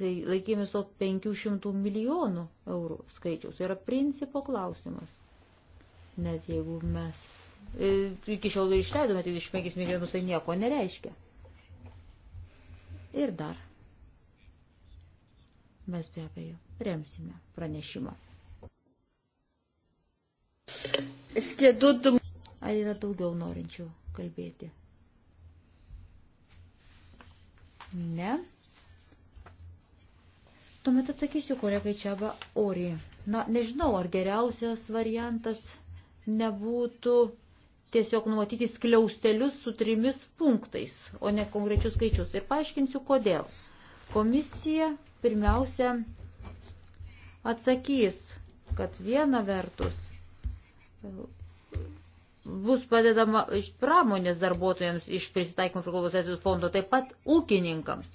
Laikėmės to 500 milijonų eurų skaičiaus. Tai yra principo klausimas. Net jeigu mes E, iki šiol ir išleidome 35 milijonus, tai nieko nereiškia. Ir dar. Mes be abejo remsime pranešimą. Ar yra daugiau norinčių kalbėti? Ne. Tuomet atsakysiu kolegai Čiaba Ori. Na, nežinau, ar geriausias variantas nebūtų tiesiog numatyti skliaustelius su trimis punktais, o ne konkrečius skaičius. Ir paaiškinsiu, kodėl. Komisija pirmiausia atsakys, kad viena vertus bus padedama iš pramonės darbuotojams iš prisitaikymo priklausančių fondo, taip pat ūkininkams.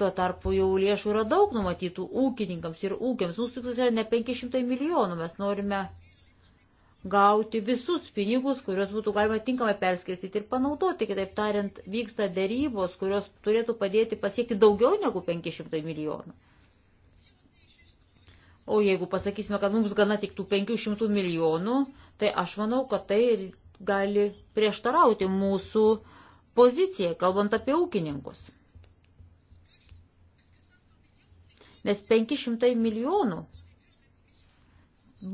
Tuo tarpu jau lėšų yra daug numatytų ūkininkams ir ūkiams. Mūsų tikslas yra ne 500 milijonų, mes norime gauti visus pinigus, kuriuos būtų galima tinkamai perskirstyti ir panaudoti. Kitaip tariant, vyksta dėrybos, kurios turėtų padėti pasiekti daugiau negu 500 milijonų. O jeigu pasakysime, kad mums gana tik tų 500 milijonų, tai aš manau, kad tai gali prieštarauti mūsų pozicijai, kalbant apie ūkininkus. Nes 500 milijonų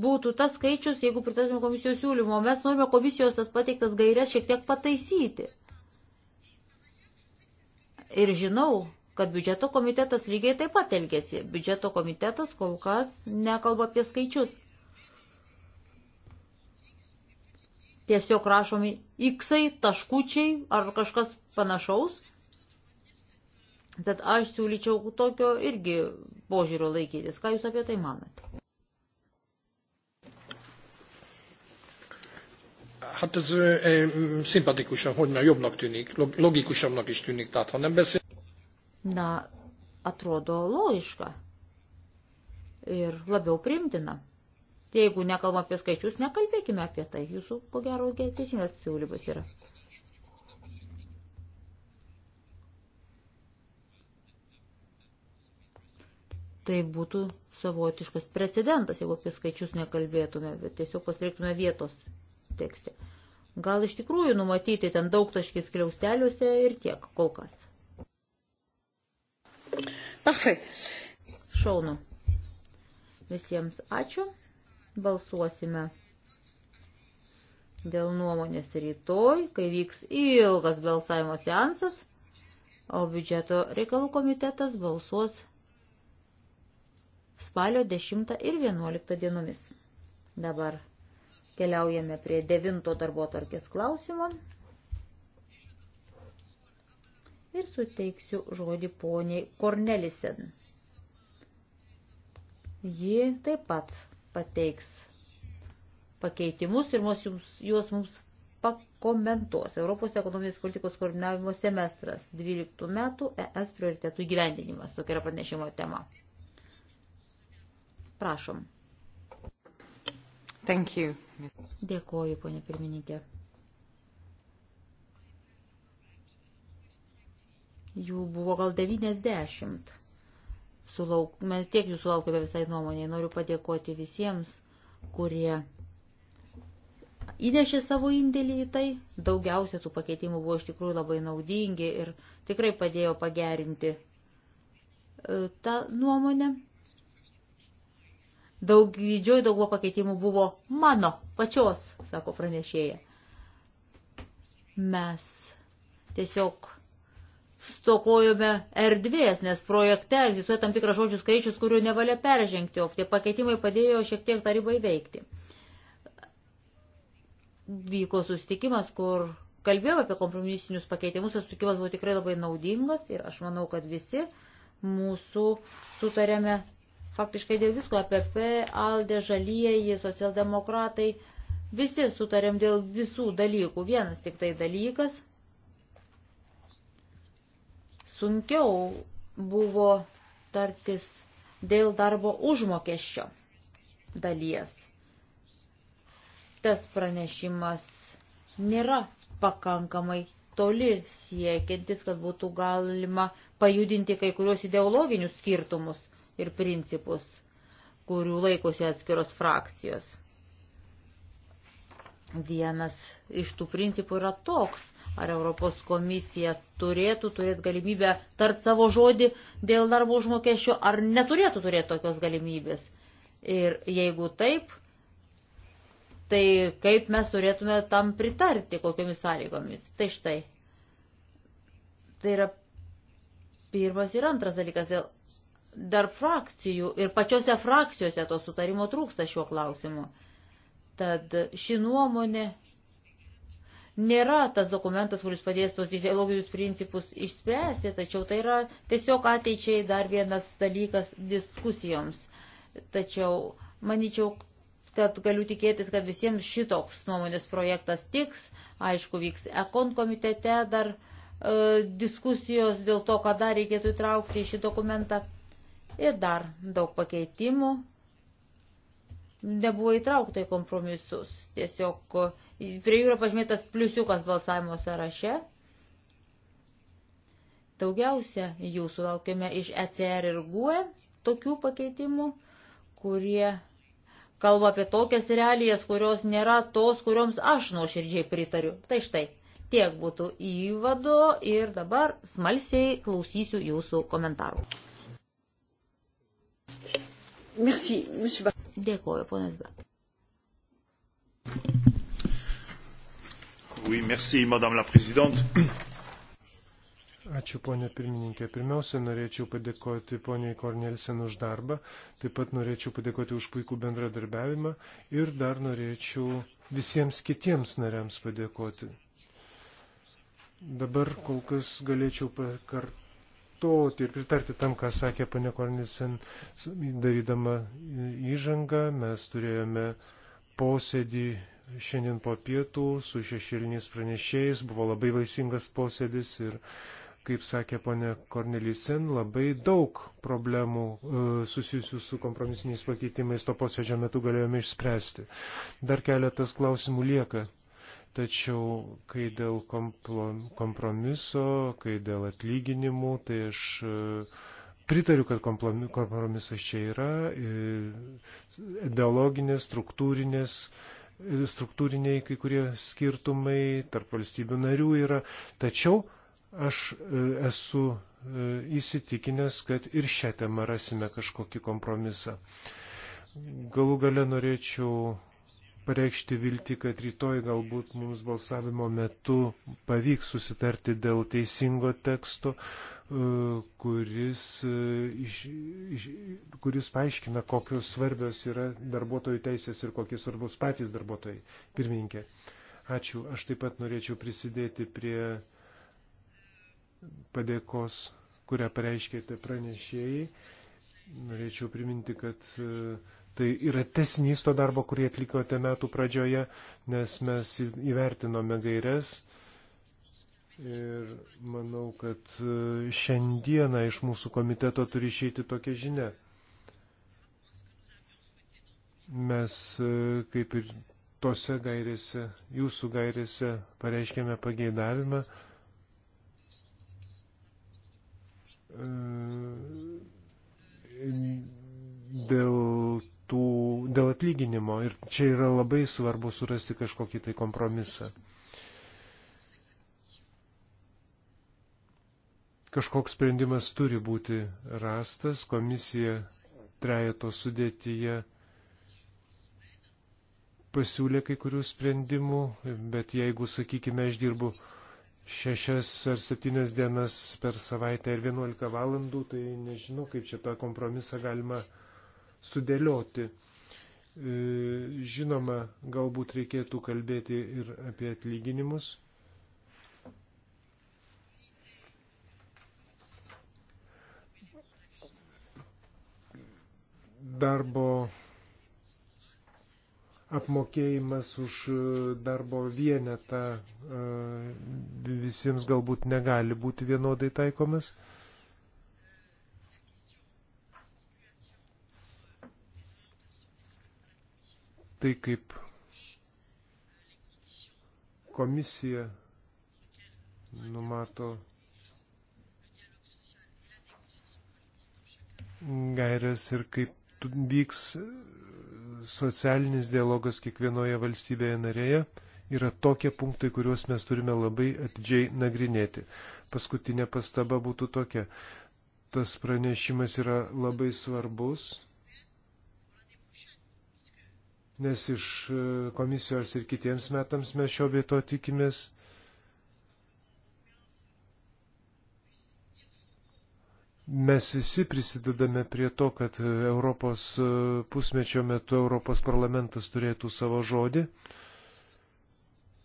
būtų tas skaičius, jeigu pritartume komisijos siūlymo. Mes norime komisijos tas pateiktas gairias šiek tiek pataisyti. Ir žinau, kad biudžeto komitetas lygiai taip pat elgėsi. Biudžeto komitetas kol kas nekalba apie skaičius. Tiesiog rašomi iksai, taškučiai ar kažkas panašaus. Tad aš siūlyčiau tokio irgi požiūrio laikytis. Ką Jūs apie tai manate? Hát ez ö, ö, szimpatikusan, hogy ne jobbnak tűnik, log, logikusabbnak is tűnik, tehát ha nem beszél. Na, atrodo logiška ir labiau primtina. Jeigu nekalbam apie skaičius, nekalbėkime apie tai. Jūsų, ko gero, teisingas siūlymas yra. Tai būtų savotiškas precedentas, jeigu apie skaičius nekalbėtume, bet tiesiog pasireiktume vietos tekste. Gal iš tikrųjų numatyti ten daug taškis kliausteliuose ir tiek kol kas. Parfait. Šaunu. Visiems ačiū. Balsuosime dėl nuomonės rytoj, kai vyks ilgas balsavimo seansas, o biudžeto reikalų komitetas balsuos spalio 10 ir 11 dienomis. Dabar Keliaujame prie devinto darbo tarkės klausimo. Ir suteiksiu žodį poniai Kornelisen. Ji taip pat pateiks pakeitimus ir mus, jums, juos mums pakomentuos. Europos ekonominės politikos koordinavimo semestras 12 metų ES prioritetų įgyvendinimas. Tokia yra pranešimo tema. Prašom. Thank you. Dėkoju, ponė pirmininkė. Jų buvo gal 90. Sulauk, mes tiek jų sulaukėme visai nuomonėje. Noriu padėkoti visiems, kurie įnešė savo indėlį į tai. Daugiausia tų pakeitimų buvo iš tikrųjų labai naudingi ir tikrai padėjo pagerinti e, tą nuomonę. Daug, didžioji dauguma pakeitimų buvo mano pačios, sako pranešėja. Mes tiesiog stokojome erdvės, nes projekte egzistuoja tam tikras žodžių skaičius, kurių nevalia peržengti, o tie pakeitimai padėjo šiek tiek tarybai veikti. Vyko sustikimas, kur kalbėjome apie kompromisinius pakeitimus, tas sustikimas buvo tikrai labai naudingas ir aš manau, kad visi mūsų sutarėme faktiškai dėl visko APP, ALDE, žalieji, socialdemokratai, visi sutarėm dėl visų dalykų. Vienas tik tai dalykas. Sunkiau buvo tartis dėl darbo užmokesčio dalies. Tas pranešimas nėra pakankamai toli siekiantis, kad būtų galima pajudinti kai kurios ideologinius skirtumus ir principus, kurių laikosi atskiros frakcijos. Vienas iš tų principų yra toks, ar Europos komisija turėtų turėti galimybę tart savo žodį dėl darbo užmokesčio, ar neturėtų turėti tokios galimybės. Ir jeigu taip, tai kaip mes turėtume tam pritarti, kokiamis sąlygomis. Tai štai. Tai yra pirmas ir antras dalykas dėl dar frakcijų ir pačiose frakcijose to sutarimo trūksta šiuo klausimu. Tad ši nuomonė nėra tas dokumentas, kuris padės tos ideologinius principus išspręsti, tačiau tai yra tiesiog ateičiai dar vienas dalykas diskusijoms. Tačiau manyčiau, kad galiu tikėtis, kad visiems šitoks nuomonės projektas tiks, aišku, vyks ekon komitete dar e, diskusijos dėl to, ką dar reikėtų įtraukti į šį dokumentą ir dar daug pakeitimų nebuvo įtraukta į kompromisus. Tiesiog e, prie jų yra pažymėtas pliusiukas balsavimo sąraše. Daugiausia jų sulaukėme iš ECR ir GUE tokių pakeitimų, kurie kalba apie tokias realijas, kurios nėra tos, kurioms aš nuoširdžiai pritariu. Tai štai, tiek būtų įvado ir dabar smalsiai klausysiu jūsų komentarų. Merci, monsieur Bach. Dėkuoju, ponas Bach. Oui, merci, madame la présidente. Ačiū, ponė pirmininkė. Pirmiausia, norėčiau padėkoti poniai Kornelsen už darbą, taip pat norėčiau padėkoti už puikų bendradarbiavimą ir dar norėčiau visiems kitiems nariams padėkoti. Dabar kol kas galėčiau pakart pakartoti ir pritarti tam, ką sakė pane Kornisen, darydama įžangą. Mes turėjome posėdį šiandien po pietų su šešėliniais pranešėjais, buvo labai vaisingas posėdis ir, kaip sakė pane Kornelisen, labai daug problemų e, susijusių su kompromisiniais pakeitimais to posėdžio metu galėjome išspręsti. Dar keletas klausimų lieka Tačiau, kai dėl kompromiso, kai dėl atlyginimų, tai aš e, pritariu, kad kompromisas čia yra e, ideologinės, struktūrinės, e, struktūriniai kai kurie skirtumai tarp valstybių narių yra. Tačiau aš esu įsitikinęs, kad ir šią temą rasime kažkokį kompromisą. Galų gale norėčiau pareikšti vilti, kad rytoj galbūt mums balsavimo metu pavyks susitarti dėl teisingo teksto, e, kuris, e, iš, iš, kuris paaiškina, kokios svarbios yra darbuotojų teisės ir kokie svarbus patys darbuotojai. Pirmininkė, ačiū. Aš taip pat norėčiau prisidėti prie padėkos, kurią pareiškėte pranešėjai. Norėčiau priminti, kad e, Tai yra tesnys to darbo, kurį atlikote metų pradžioje, nes mes įvertinome gairias ir manau, kad e, šiandieną iš mūsų komiteto turi išeiti tokia žinia. Mes e, kaip ir tose gairėse, jūsų gairėse pareiškėme pageidavimą e, dėl tų, dėl atlyginimo ir čia yra labai svarbu surasti kažkokį tai kompromisą. Kažkoks sprendimas turi būti rastas, komisija trejato sudėtyje pasiūlė kai kurių sprendimų, bet jeigu, sakykime, aš dirbu šešias ar septynias dienas per savaitę ir vienuolika valandų, tai nežinau, kaip čia tą kompromisą galima uh, sudėlioti. E, žinoma, galbūt reikėtų kalbėti ir apie atlyginimus. Darbo apmokėjimas už darbo vienetą e, visiems galbūt negali būti vienodai taikomas. tai, kaip komisija numato gairias ir kaip vyks socialinis dialogas kiekvienoje valstybėje narėje, yra tokie punktai, kuriuos mes turime labai atidžiai nagrinėti. Paskutinė pastaba būtų tokia. Tas pranešimas yra labai svarbus, nes iš e, komisijos ir kitiems metams mes šio vieto tikimės. Mes visi prisidedame prie to, kad Europos e, pusmečio metu Europos parlamentas turėtų savo žodį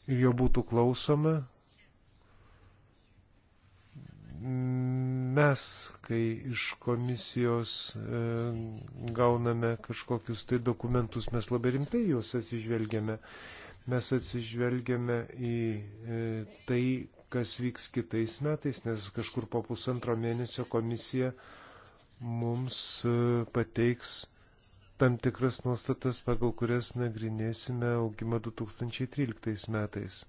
ir jo būtų klausoma mes, kai iš komisijos e, gauname kažkokius tai dokumentus, mes labai rimtai juos atsižvelgiame. Mes atsižvelgiame į e, tai, kas vyks kitais metais, nes kažkur po pusantro mėnesio komisija mums e, pateiks tam tikras nuostatas, pagal kurias nagrinėsime augimą 2013 metais.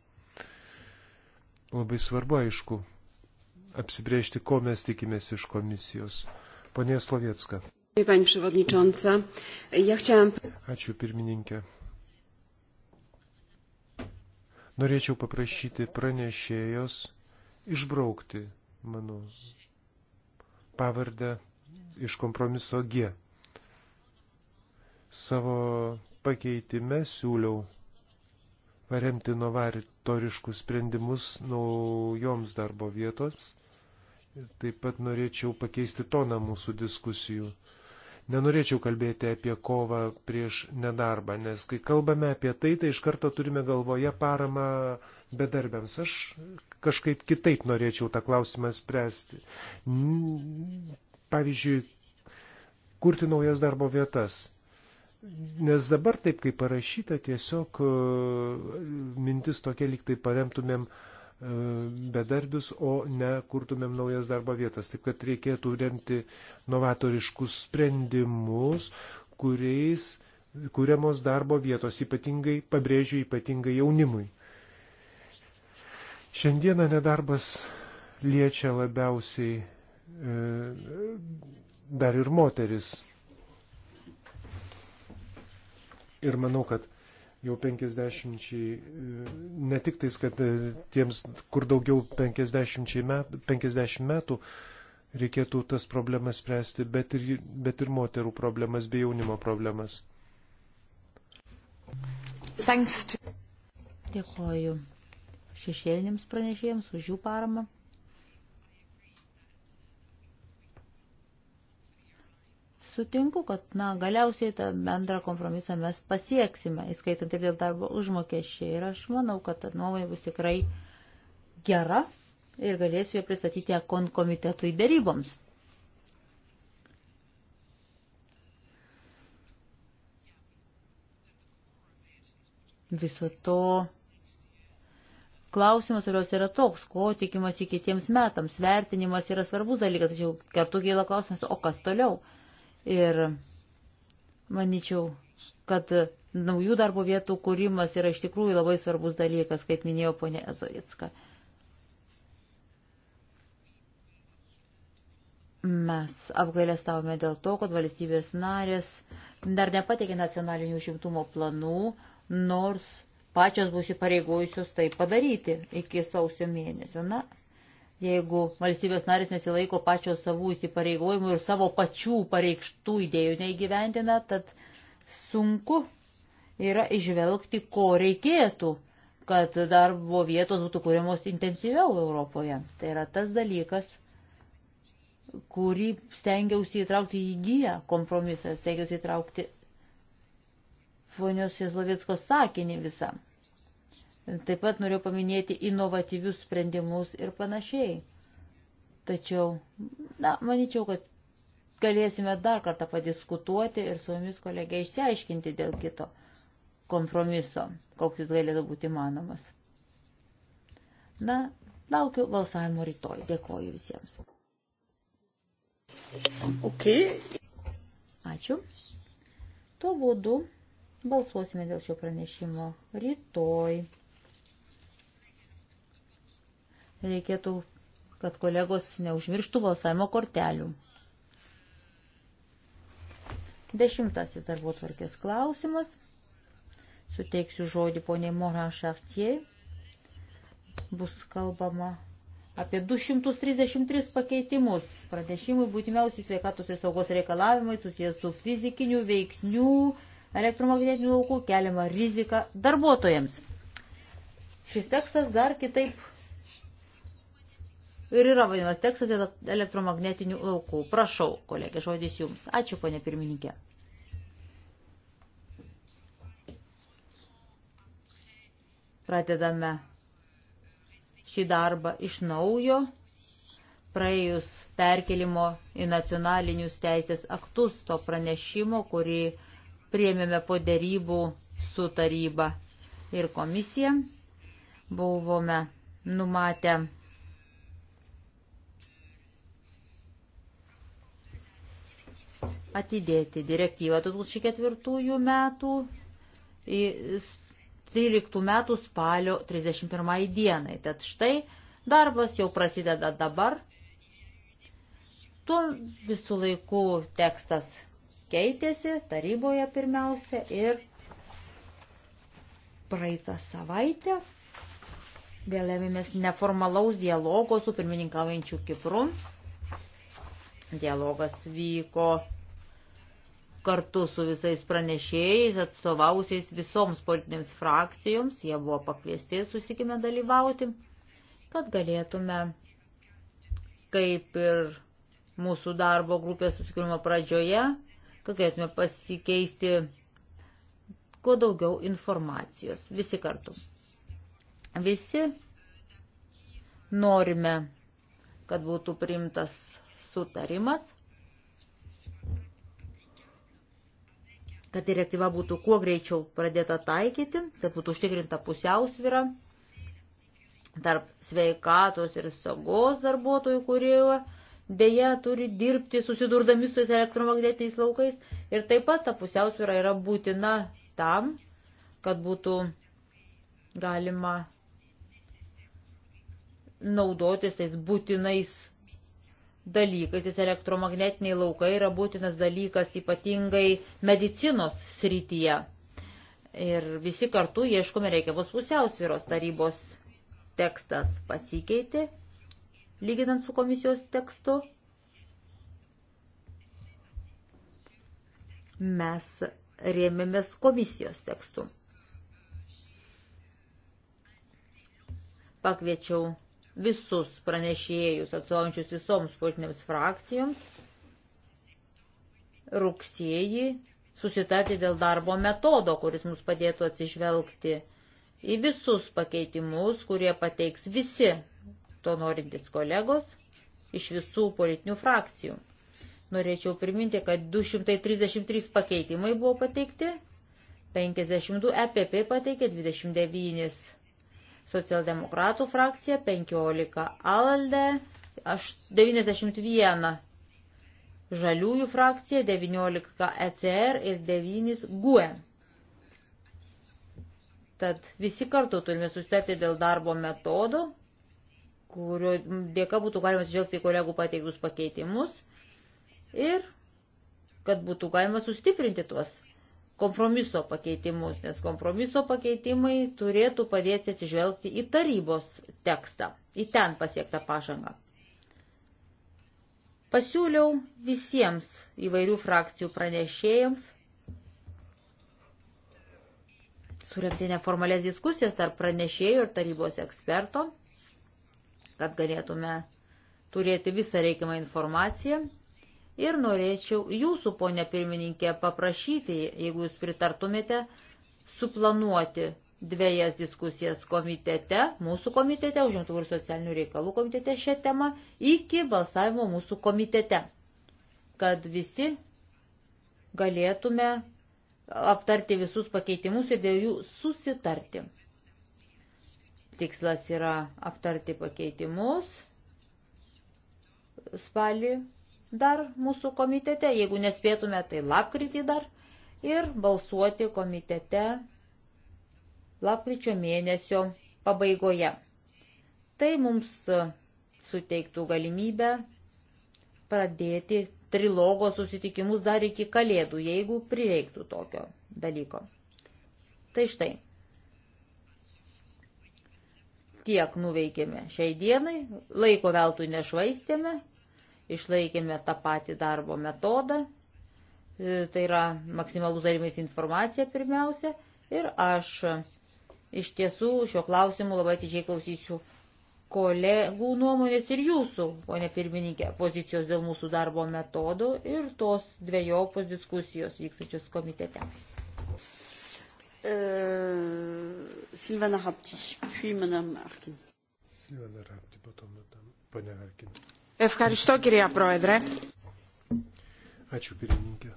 Labai svarbu, aišku, apsibriežti, ko mes tikimės iš komisijos. Pone Slovietska. Ačiū pirmininkė. Norėčiau paprašyti pranešėjos išbraukti mano pavardę iš kompromiso G. Savo pakeitime siūliau paremti novatoriškus sprendimus naujoms darbo vietos Taip pat norėčiau pakeisti toną mūsų diskusijų. Nenorėčiau kalbėti apie kovą prieš nedarbą, nes kai kalbame apie tai, tai iš karto turime galvoje paramą bedarbiams. Aš kažkaip kitaip norėčiau tą klausimą spręsti. Pavyzdžiui, kurti naujas darbo vietas. Nes dabar taip, kaip parašyta, tiesiog e, mintis tokia lyg tai paremtumėm uh, bedarbius, o ne kurtumėm naujas darbo vietas. Taip kad reikėtų remti novatoriškus sprendimus, kuriais kuriamos darbo vietos, ypatingai, pabrėžiu, ypatingai jaunimui. Šiandieną nedarbas liečia labiausiai e, dar ir moteris. Ir manau, kad jau 50, ne tik tais, kad e, tiems, kur daugiau 50 metų, 50 metų reikėtų tas problemas spręsti, bet ir, bet ir moterų problemas bei jaunimo problemas. To... Dėkoju šešėlinėms pranešėjams už jų paramą. sutinku, kad, na, galiausiai tą bendrą kompromisą mes pasieksime, įskaitant ir dėl darbo užmokesčiai. Ir aš manau, kad ta nuomonė bus tikrai gera ir galėsiu ją pristatyti ekon komitetui daryboms. Viso to klausimas, kurios yra toks, ko tikimasi kitiems metams. Vertinimas yra svarbus dalykas, tačiau kartu gėla klausimas, o kas toliau? Ir manyčiau, kad naujų darbo vietų kūrimas yra iš tikrųjų labai svarbus dalykas, kaip minėjo ponė Ezovicka. Mes apgailestavome dėl to, kad valstybės narės dar nepateikė nacionalinių užimtumo planų, nors pačios bus įpareigojusios tai padaryti iki sausio mėnesio. Na, jeigu valstybės narės nesilaiko pačios savų įsipareigojimų ir savo pačių pareikštų idėjų neįgyvendina, tad sunku yra išvelgti, ko reikėtų, kad darbo vietos būtų kūriamos intensyviau Europoje. Tai yra tas dalykas, kurį stengiausi įtraukti į gyją kompromisą, stengiausi įtraukti ponios Jezlovietskos sakinį visam. Taip pat noriu paminėti inovatyvius sprendimus ir panašiai. Tačiau, na, manyčiau, kad galėsime dar kartą padiskutuoti ir su jumis kolegiai išsiaiškinti dėl kito kompromiso, koks jis galėtų būti manomas. Na, laukiu balsavimo rytoj. Dėkoju visiems. Okay. Ačiū. Tuo būdu balsuosime dėl šio pranešimo rytoj. Reikėtų, kad kolegos neužmirštų balsavimo kortelių. Dešimtasis darbo tvarkės klausimas. Suteiksiu žodį poniai Moran Šaftie. Bus kalbama apie 233 pakeitimus. Pranešimui būtimiausi sveikatos ir saugos reikalavimai susijęs su fizikiniu veiksniu elektromagnetinių laukų keliama rizika darbuotojams. Šis tekstas dar kitaip ir yra vadinamas tekstas elektromagnetinių laukų. Prašau, kolegė, žodis jums. Ačiū, ponė pirmininkė. Pradedame šį darbą iš naujo, praėjus perkelimo į nacionalinius teisės aktus to pranešimo, kurį priėmėme po dėrybų su taryba ir komisija. Buvome numatę atidėti direktyvą 2004 metų į 13 metų spalio 31 dienai. Tad štai darbas jau prasideda dabar. Tuo visų laikų tekstas keitėsi taryboje pirmiausia ir praeitą savaitę vėl ėmėmės neformalaus dialogo su pirmininkaujančiu Kipru. Dialogas vyko kartu su visais pranešėjais, atstovausiais visoms politinėms frakcijoms, jie buvo pakviesti susitikime dalyvauti, kad galėtume, kaip ir mūsų darbo grupės susikūrimo pradžioje, kad galėtume pasikeisti kuo daugiau informacijos visi kartu. Visi norime, kad būtų priimtas sutarimas kad direktyva būtų kuo greičiau pradėta taikyti, kad būtų užtikrinta pusiausvyra tarp sveikatos ir saugos darbuotojų, kurie dėja turi dirbti susidurdami su tais elektromagnetiniais laukais. Ir taip pat ta pusiausvyra yra būtina tam, kad būtų galima naudotis tais būtinais dalykais. Jis elektromagnetiniai laukai yra būtinas dalykas ypatingai medicinos srityje. Ir visi kartu ieškome reikiamos pusiausvyros tarybos tekstas pasikeitė, lyginant su komisijos tekstu. Mes rėmėmės komisijos tekstu. Pakviečiau visus pranešėjus atstovaujančius visoms politinėms frakcijoms rugsėjį susitarti dėl darbo metodo, kuris mums padėtų atsižvelgti į visus pakeitimus, kurie pateiks visi to norintys kolegos iš visų politinių frakcijų. Norėčiau priminti, kad 233 pakeitimai buvo pateikti, 52 EPP pateikė, 29 socialdemokratų frakcija 15 ALDE, 91 žaliųjų frakcija, 19 ECR ir 9 GUE. Tad visi kartu turime susitarti dėl darbo metodo, kurio dėka būtų galima atsižvelgti į kolegų pateiktus pakeitimus ir kad būtų galima sustiprinti tuos kompromiso pakeitimus, nes kompromiso pakeitimai turėtų padėti atsižvelgti į tarybos tekstą, į ten pasiektą pažangą. Pasiūliau visiems įvairių frakcijų pranešėjams surengti neformalės diskusijas tarp pranešėjų ir tarybos eksperto, kad galėtume turėti visą reikiamą informaciją ir norėčiau jūsų, ponė pirmininkė, paprašyti, jeigu jūs pritartumėte, suplanuoti dviejas diskusijas komitete, mūsų komitete, užimtų ir socialinių reikalų komitete šią temą, iki balsavimo mūsų komitete, kad visi galėtume aptarti visus pakeitimus ir dėl jų susitarti. Tikslas yra aptarti pakeitimus spalį dar mūsų komitete, jeigu nespėtume, tai lapkritį dar ir balsuoti komitete lapkričio mėnesio pabaigoje. Tai mums suteiktų galimybę pradėti trilogo susitikimus dar iki kalėdų, jeigu prireiktų tokio dalyko. Tai štai. Tiek nuveikėme šiai dienai, laiko veltui nešvaistėme išlaikėme tą patį darbo metodą, e, tai yra maksimalus dalymas informacija pirmiausia. Ir aš iš tiesų šio klausimu labai atidžiai klausysiu kolegų nuomonės ir jūsų, ponė pirmininkė, pozicijos dėl mūsų darbo metodų ir tos dviejopos diskusijos vykstančios komitete. Uh, Silvana Rapti, puis Madame Arkin. Silvana Rapti, potom Madame Ponė Arkin. Ευχαριστώ κυρία Πρόεδρε. Ačiū pirmininkė.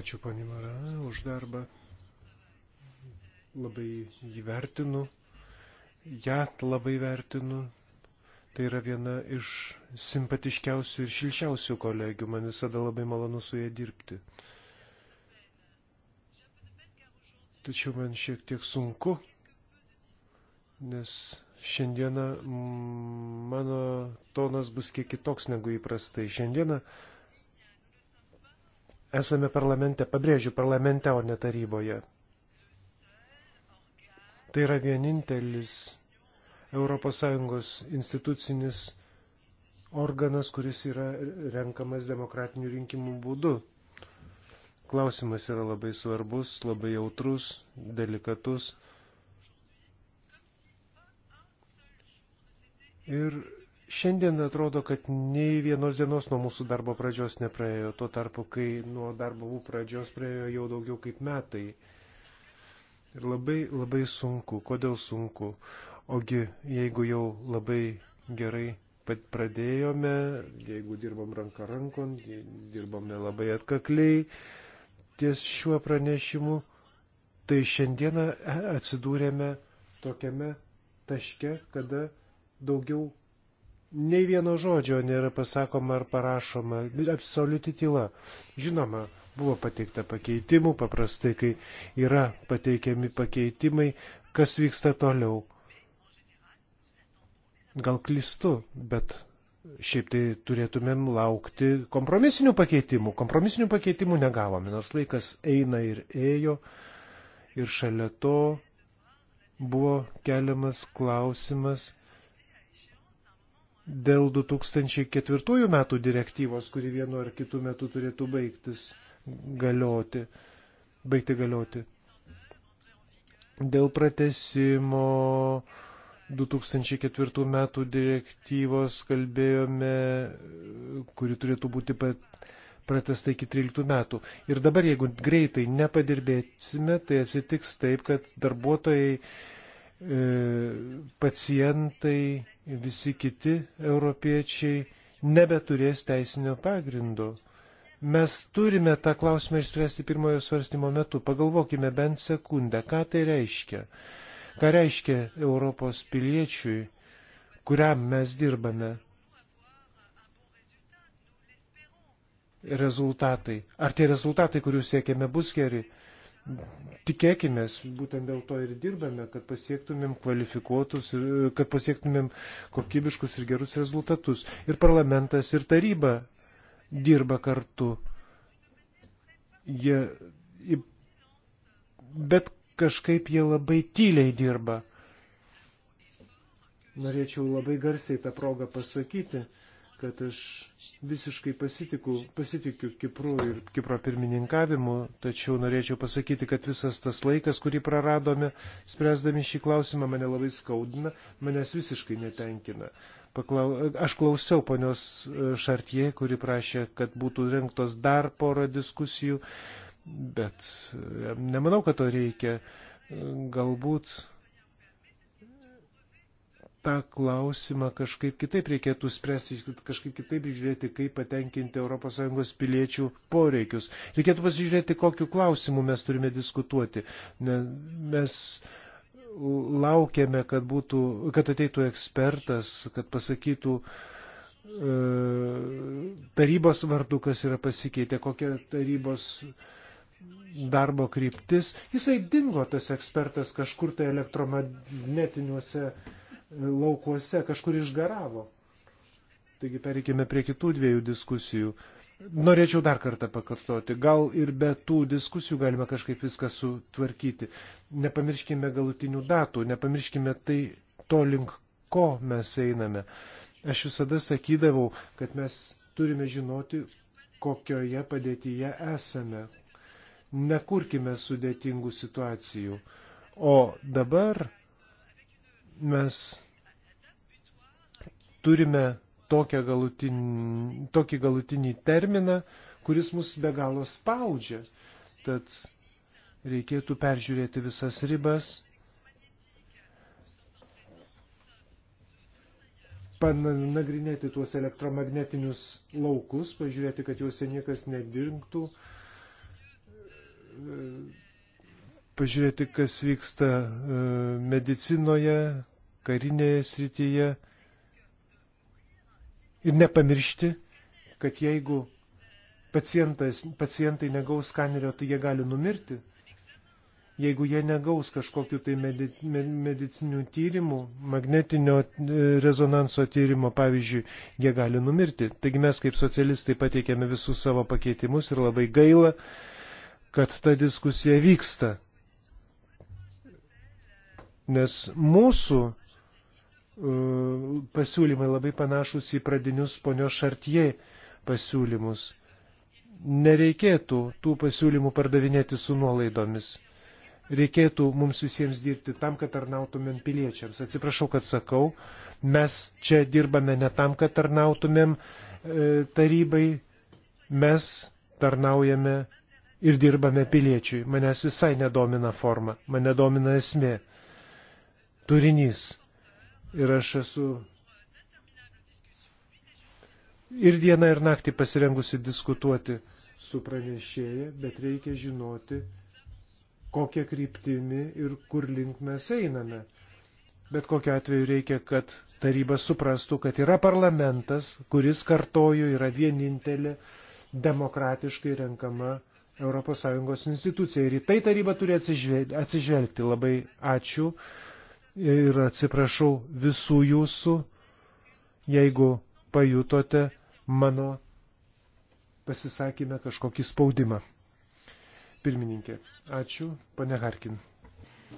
Ačiū pani Mara už darbą. Labai jį vertinu. Ja labai vertinu. Tai yra viena iš simpatiškiausių ir šilčiausių kolegių. Man visada labai malonu su ja dirbti. Tačiau man šiek tiek sunku nes šiandieną mano tonas bus kiek kitoks negu įprastai. Šiandieną esame parlamente, pabrėžiu, parlamente, o ne taryboje. Tai yra vienintelis ES institucinis organas, kuris yra renkamas demokratinių rinkimų būdu. Klausimas yra labai svarbus, labai jautrus, delikatus. Ir šiandien atrodo, kad nei vienos dienos nuo mūsų darbo pradžios nepraėjo, tuo tarpu, kai nuo darbo pradžios praėjo jau daugiau kaip metai. Ir labai, labai sunku. Kodėl sunku? Ogi, jeigu jau labai gerai pradėjome, jeigu dirbam ranką rankon, dirbam nelabai atkakliai ties šiuo pranešimu, tai šiandieną e, atsidūrėme tokiame taške, kada daugiau nei vieno žodžio nėra pasakoma ar parašoma, absoliuti tyla. Žinoma, buvo pateikta pakeitimų, paprastai, kai yra pateikiami pakeitimai, kas vyksta toliau. Gal klistu, bet šiaip tai turėtumėm laukti kompromisinių pakeitimų. Kompromisinių pakeitimų negavome, nors laikas eina ir ėjo. Ir šalia to buvo keliamas klausimas dėl 2004 metų direktyvos, kuri vienu ar kitu metu turėtų baigtis galioti, baigti galioti. Dėl pratesimo 2004 metų direktyvos kalbėjome, kuri turėtų būti pratesta iki 13 metų. Ir dabar, jeigu greitai nepadirbėsime, tai atsitiks taip, kad darbuotojai, e, pacientai visi kiti europiečiai nebeturės teisinio pagrindo. Mes turime tą klausimą išspręsti pirmojo svarstymo metu. Pagalvokime bent sekundę, ką tai reiškia. Ką reiškia Europos piliečiui, kuriam mes dirbame. Rezultatai. Ar tie rezultatai, kurių siekiame, bus geri? tikėkime, būtent dėl to ir dirbame, kad pasiektumėm kvalifikuotus, kad pasiektumėm kokybiškus ir gerus rezultatus. Ir parlamentas, ir taryba dirba kartu. Jie, bet kažkaip jie labai tyliai dirba. Norėčiau labai garsiai tą progą pasakyti, kad aš visiškai pasitikiu, pasitikiu Kipru ir Kipro pirmininkavimu, tačiau norėčiau pasakyti, kad visas tas laikas, kurį praradome, spręsdami šį klausimą, mane labai skaudina, manęs visiškai netenkina. Paklau... Aš klausiau ponios e, Šartie, kuri prašė, kad būtų rengtos dar porą diskusijų, bet e, nemanau, kad to reikia. E, galbūt tą klausimą kažkaip kitaip reikėtų spręsti, kažkaip kitaip žiūrėti, kaip patenkinti ES piliečių poreikius. Reikėtų pasižiūrėti, kokiu klausimu mes turime diskutuoti. Ne, mes laukiame, kad, būtų, kad ateitų ekspertas, kad pasakytų, e, Tarybos vardu, kas yra pasikeitę, kokia tarybos darbo kryptis. Jisai dingo tas ekspertas kažkur tai elektromagnetiniuose uh, laukuose kažkur išgaravo. Taigi pereikime prie kitų dviejų diskusijų. Norėčiau dar kartą pakartoti, gal ir be tų diskusijų galime kažkaip viską sutvarkyti. Nepamirškime galutinių datų, nepamirškime tai to link ko mes einame. Aš visada sakydavau, kad mes turime žinoti, kokioje padėtyje esame. Nekurkime sudėtingų situacijų. O dabar mes turime galutinį, tokį galutinį terminą, kuris mus be galo spaudžia. Tad reikėtų peržiūrėti visas ribas, panagrinėti tuos elektromagnetinius laukus, pažiūrėti, kad juose niekas nedirbtų, pažiūrėti, kas vyksta e, medicinoje, karinėje srityje. Ir nepamiršti, kad jeigu pacientai negaus skanerio, tai jie gali numirti. Jeigu jie negaus kažkokiu tai medicinių tyrimų, magnetinio e, rezonanso tyrimo, pavyzdžiui, jie gali numirti. Taigi mes kaip socialistai pateikėme visus savo pakeitimus ir labai gaila, kad ta diskusija vyksta. Nes mūsų E, pasiūlymai labai panašus į pradinius ponios Šartie pasiūlymus. Nereikėtų tų pasiūlymų pardavinėti su nuolaidomis. Reikėtų mums visiems dirbti tam, kad tarnautumėm piliečiams. Atsiprašau, kad sakau, mes čia dirbame ne tam, kad tarnautumėm e, tarybai, mes tarnaujame ir dirbame piliečiui. Manęs visai nedomina forma, mane domina esmė, turinys Ir aš esu ir dieną, ir naktį pasirengusi diskutuoti su pranešėja, bet reikia žinoti, kokią kryptimį ir kur link mes einame. Bet kokiu atveju reikia, kad taryba suprastų, kad yra parlamentas, kuris, kartoju, yra vienintelė demokratiškai renkama ES institucija. Ir į tai taryba turi atsižvelgti. Labai ačiū ir atsiprašau visų jūsų, jeigu pajutote mano pasisakymę kažkokį spaudimą. Pirmininkė, ačiū, pane Harkin.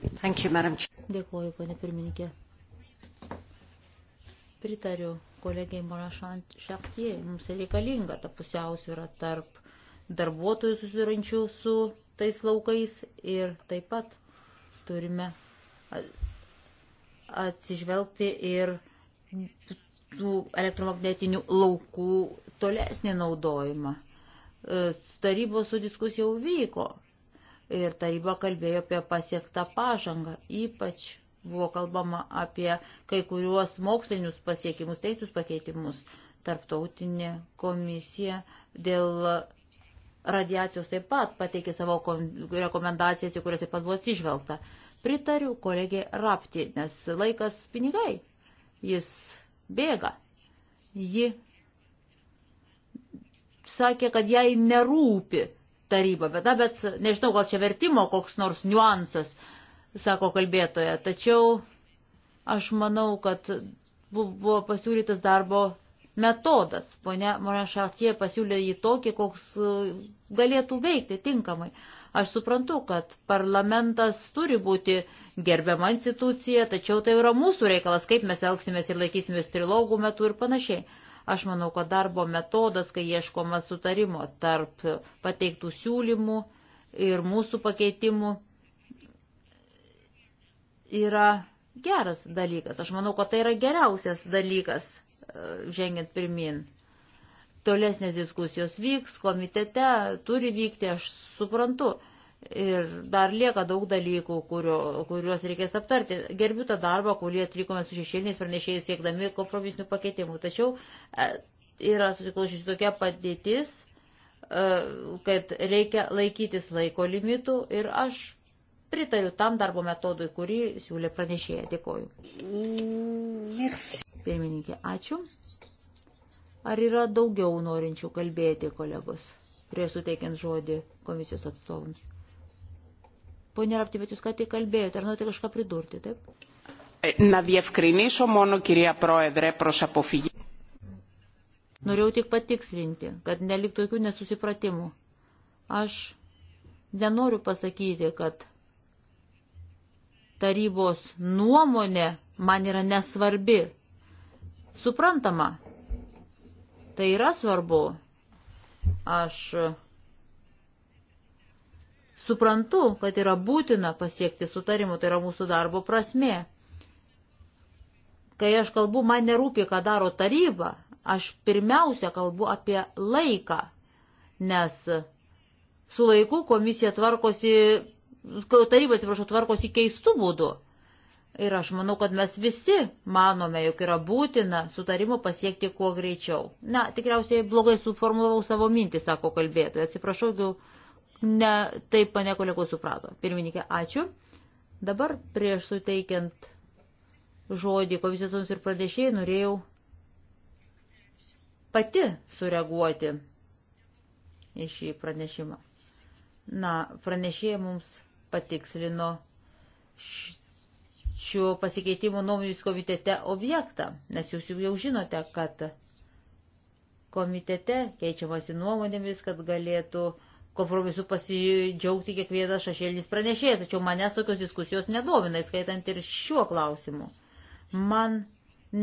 You, Dėkuoju, pane pirmininkė. Pritariu kolegijai Morašant Šeftie, mums reikalinga ta pusiausvyrą tarp darbuotojų susidurančių su tais laukais ir taip pat turime atsižvelgti ir tų elektromagnetinių laukų tolesnį naudojimą. E, tarybos su diskusija jau vyko ir taryba kalbėjo apie pasiektą pažangą, ypač buvo kalbama apie kai kuriuos mokslinius pasiekimus, teitus pakeitimus. Tarptautinė komisija dėl radiacijos taip pat pateikė savo rekomendacijas, į kurias taip pat buvo atsižvelgta. Pritariu kolegė Rapti, nes laikas pinigai, jis bėga. Ji sakė, kad jai nerūpi taryba, bet, na, bet nežinau, gal čia vertimo koks nors niuansas, sako kalbėtoja, tačiau aš manau, kad buvo pasiūlytas darbo metodas. Pone Morašartie pasiūlė jį tokį, koks galėtų veikti tinkamai. Uh, Aš suprantu, kad parlamentas turi būti gerbiama institucija, tačiau tai yra mūsų reikalas, kaip mes elgsimės ir laikysimės trilogų metu ir panašiai. Aš manau, kad darbo metodas, kai ieškoma sutarimo tarp pateiktų siūlymų ir mūsų pakeitimų, yra geras dalykas. Aš manau, kad tai yra geriausias dalykas e, žengiant pirmin. Tolesnės diskusijos vyks, komitete turi vykti, aš suprantu. Ir dar lieka daug dalykų, kurio, kuriuos reikės aptarti. Gerbiu tą darbą, kurį atlikome su šešėliniais pranešėjais siekdami kompromisinių pakeitimų. Tačiau e, yra susiklošusi tokia padėtis, e, kad reikia laikytis laiko limitų ir aš pritariu tam darbo metodui, kurį siūlė pranešėja. Dėkoju. Merci. Pirmininkė, ačiū. Ar yra daugiau norinčių kalbėti, kolegos, prieš suteikiant žodį komisijos atstovams? Pone Rapti, bet jūs ką tik kalbėjote, ar norite kažką pridurti, taip? Na dievkrinήσω μόνο, κυρία Πρόεδρε, προς αποφυγή. Norėjau tik patikslinti, kad neliktų jokių nesusipratimų. Aš nenoriu pasakyti, kad tarybos nuomonė man yra nesvarbi. Suprantama, Tai yra svarbu. Aš suprantu, kad yra būtina pasiekti sutarimų, tai yra mūsų darbo prasme. Kai aš kalbu, man nerūpi, ką daro taryba, aš pirmiausia kalbu apie laiką, nes su laiku komisija tvarkosi, taryba atsiprašau, tvarkosi keistų būdų. Ir aš manau, kad mes visi manome, jog yra būtina sutarimo pasiekti kuo greičiau. Na, tikriausiai blogai suformulavau savo mintį, sako kalbėtojai. Atsiprašau, jeigu ne, taip mane kolego suprato. Pirmininkė, ačiū. Dabar prieš suteikiant žodį komisijos ir pradėšiai norėjau pati sureaguoti į šį pranešimą. Na, pranešėjai mums patikslino. Š šio pasikeitimo nuomonės komitete objektą, nes jūs jau žinote, kad komitete keičiamasi nuomonėmis, kad galėtų kompromisu pasidžiaugti kiekvienas šešėlinis pranešėjas, tačiau manęs tokios diskusijos nedomina, skaitant ir šiuo klausimu. Man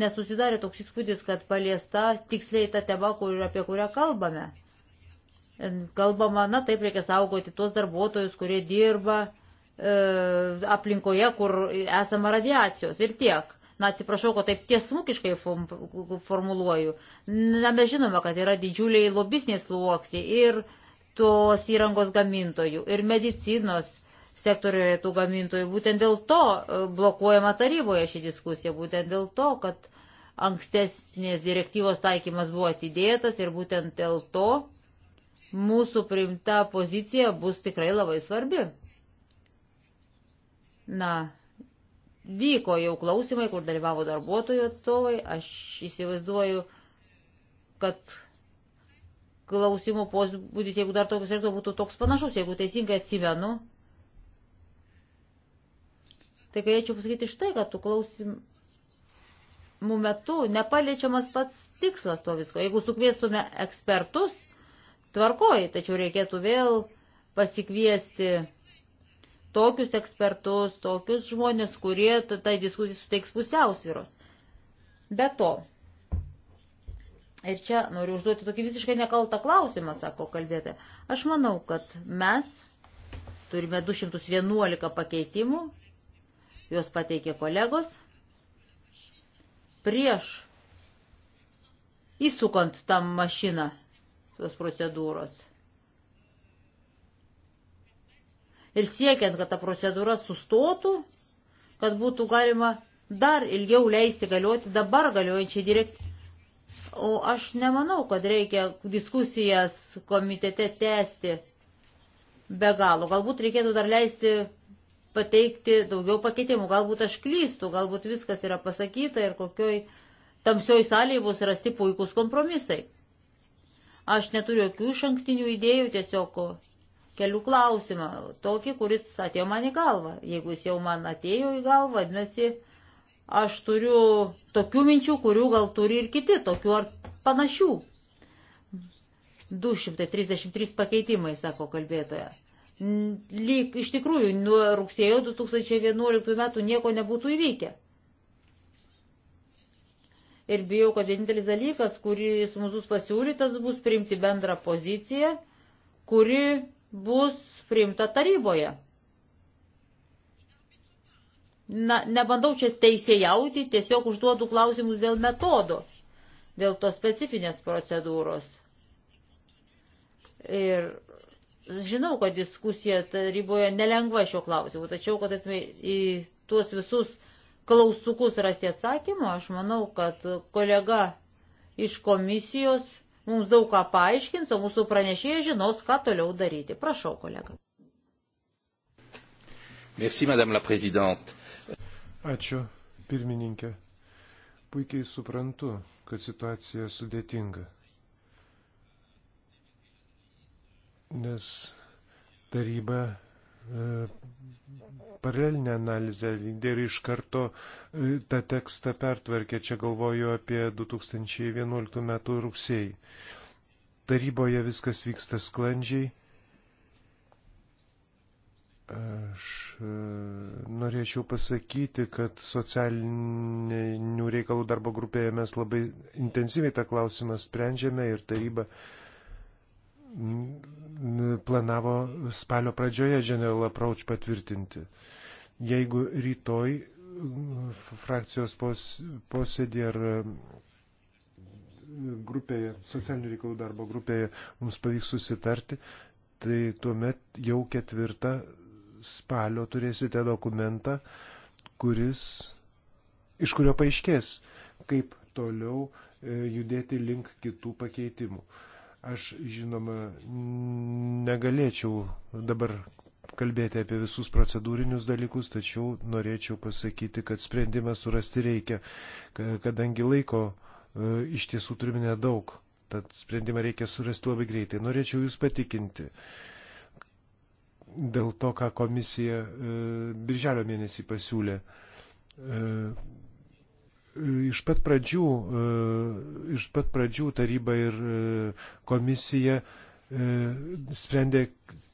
nesusidarė toks įspūdis, kad paliesta tiksliai ta tema, kur, apie kurią kalbame. Kalbama, na taip reikia saugoti tuos darbuotojus, kurie dirba E, aplinkoje, kur esama radiacijos ir tiek. Na, atsiprašau, kad taip tiesmukiškai formuluoju. Na, mes žinome, kad yra didžiuliai lobisniai sluoksniai ir tos įrangos gamintojų, ir medicinos sektoriuje tų gamintojų. Būtent dėl to e, blokuojama taryboje ši diskusija, būtent dėl to, kad ankstesnės direktyvos taikymas buvo atidėtas ir būtent dėl to mūsų priimta pozicija bus tikrai labai svarbi. Na, vyko jau klausimai, kur dalyvavo darbuotojų atstovai. Aš įsivaizduoju, kad klausimų posbūdis, jeigu dar toks reiktų, būtų toks panašus, jeigu teisingai atsimenu. Tai galėčiau pasakyti štai, kad tų klausimų metu nepaliečiamas pats tikslas to visko. Jeigu sukviestume ekspertus, tvarkoji, tačiau reikėtų vėl pasikviesti tokius ekspertus, tokius žmonės, kurie tai diskusijai suteiks pusiausvyros. Be to, ir čia noriu užduoti tokį visiškai nekaltą klausimą, sako kalbėtė, aš manau, kad mes turime 211 pakeitimų, juos pateikė kolegos, prieš įsukant tam mašiną tos procedūros. ir siekiant, kad ta procedūra sustotų, kad būtų galima dar ilgiau leisti galioti dabar galiojančiai direktyvai. O aš nemanau, kad reikia diskusijas komitete tęsti be galo. Galbūt reikėtų dar leisti pateikti daugiau pakeitimų. Galbūt aš klystu, galbūt viskas yra pasakyta ir kokioj tamsioj salėje bus rasti puikūs kompromisai. Aš neturiu jokių šankstinių idėjų, tiesiog kelių klausimą, tokį, kuris atėjo man į galvą. Jeigu jis jau man atėjo į galvą, vadinasi, aš turiu tokių minčių, kurių gal turi ir kiti, tokių ar panašių. 233 pakeitimai, sako kalbėtoja. Lyg iš tikrųjų nuo rugsėjo 2011 metų nieko nebūtų įvykę. Ir bijau, kad vienintelis dalykas, kuris mūsų pasiūlytas, bus priimti bendrą poziciją, kuri bus priimta taryboje. Na, nebandau čia teisėjauti, tiesiog užduodu klausimus dėl metodo, dėl tos specifinės procedūros. Ir žinau, kad diskusija taryboje nelengva šio klausimu, tačiau, kad atmė, į tuos visus klaustukus rasti atsakymą, aš manau, kad kolega iš komisijos mums daug ką paaiškins, o mūsų pranešėjai žinos, ką toliau daryti. Prašau, kolega. Merci, madame la présidente. Ačiū, pirmininkė. Puikiai suprantu, kad situacija sudėtinga. Nes taryba paralelinę analizę vykdė ir iš karto e, tą tekstą pertvarkė. Čia galvoju apie 2011 m. rugsėjį. Taryboje viskas vyksta sklandžiai. Aš e, norėčiau pasakyti, kad socialinių reikalų darbo grupėje mes labai intensyviai tą klausimą sprendžiame ir taryba planavo spalio pradžioje General Approach patvirtinti. Jeigu rytoj mm, frakcijos posėdį ar mm, grupėje, socialinių reikalų darbo grupėje mums pavyks susitarti, tai tuomet jau ketvirtą spalio turėsite dokumentą, kuris, iš kurio paaiškės, kaip toliau e, judėti link kitų pakeitimų. Aš, žinoma, negalėčiau dabar kalbėti apie visus procedūrinius dalykus, tačiau norėčiau pasakyti, kad sprendimą surasti reikia, kadangi laiko e, iš tiesų turime nedaug, tad sprendimą reikia surasti labai greitai. Norėčiau Jūs patikinti dėl to, ką komisija e, birželio mėnesį pasiūlė e, Iš pat pradžių, e, iš pat pradžių taryba ir e, komisija e, sprendė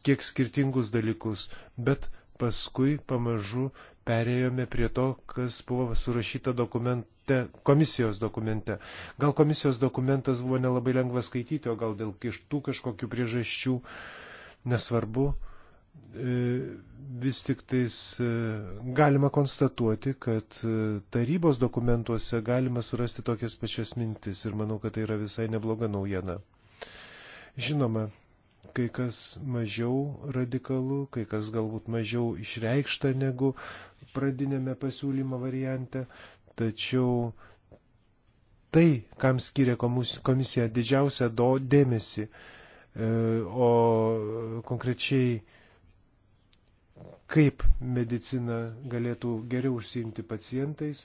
kiek skirtingus dalykus, bet paskui pamažu perėjome prie to, kas buvo surašyta dokumente, komisijos dokumente. Gal komisijos dokumentas buvo nelabai lengva skaityti, o gal dėl kištų kažkokių priežasčių, nesvarbu. E, vis tik tais e, galima konstatuoti, kad e, tarybos dokumentuose galima surasti tokias pačias mintis ir manau, kad tai yra visai nebloga naujiena. Žinoma, kai kas mažiau radikalų, kai kas galbūt mažiau išreikšta negu pradinėme pasiūlymo variante, tačiau tai, kam skiria komisija didžiausią do dėmesį, o konkrečiai kaip medicina galėtų geriau užsiimti pacientais,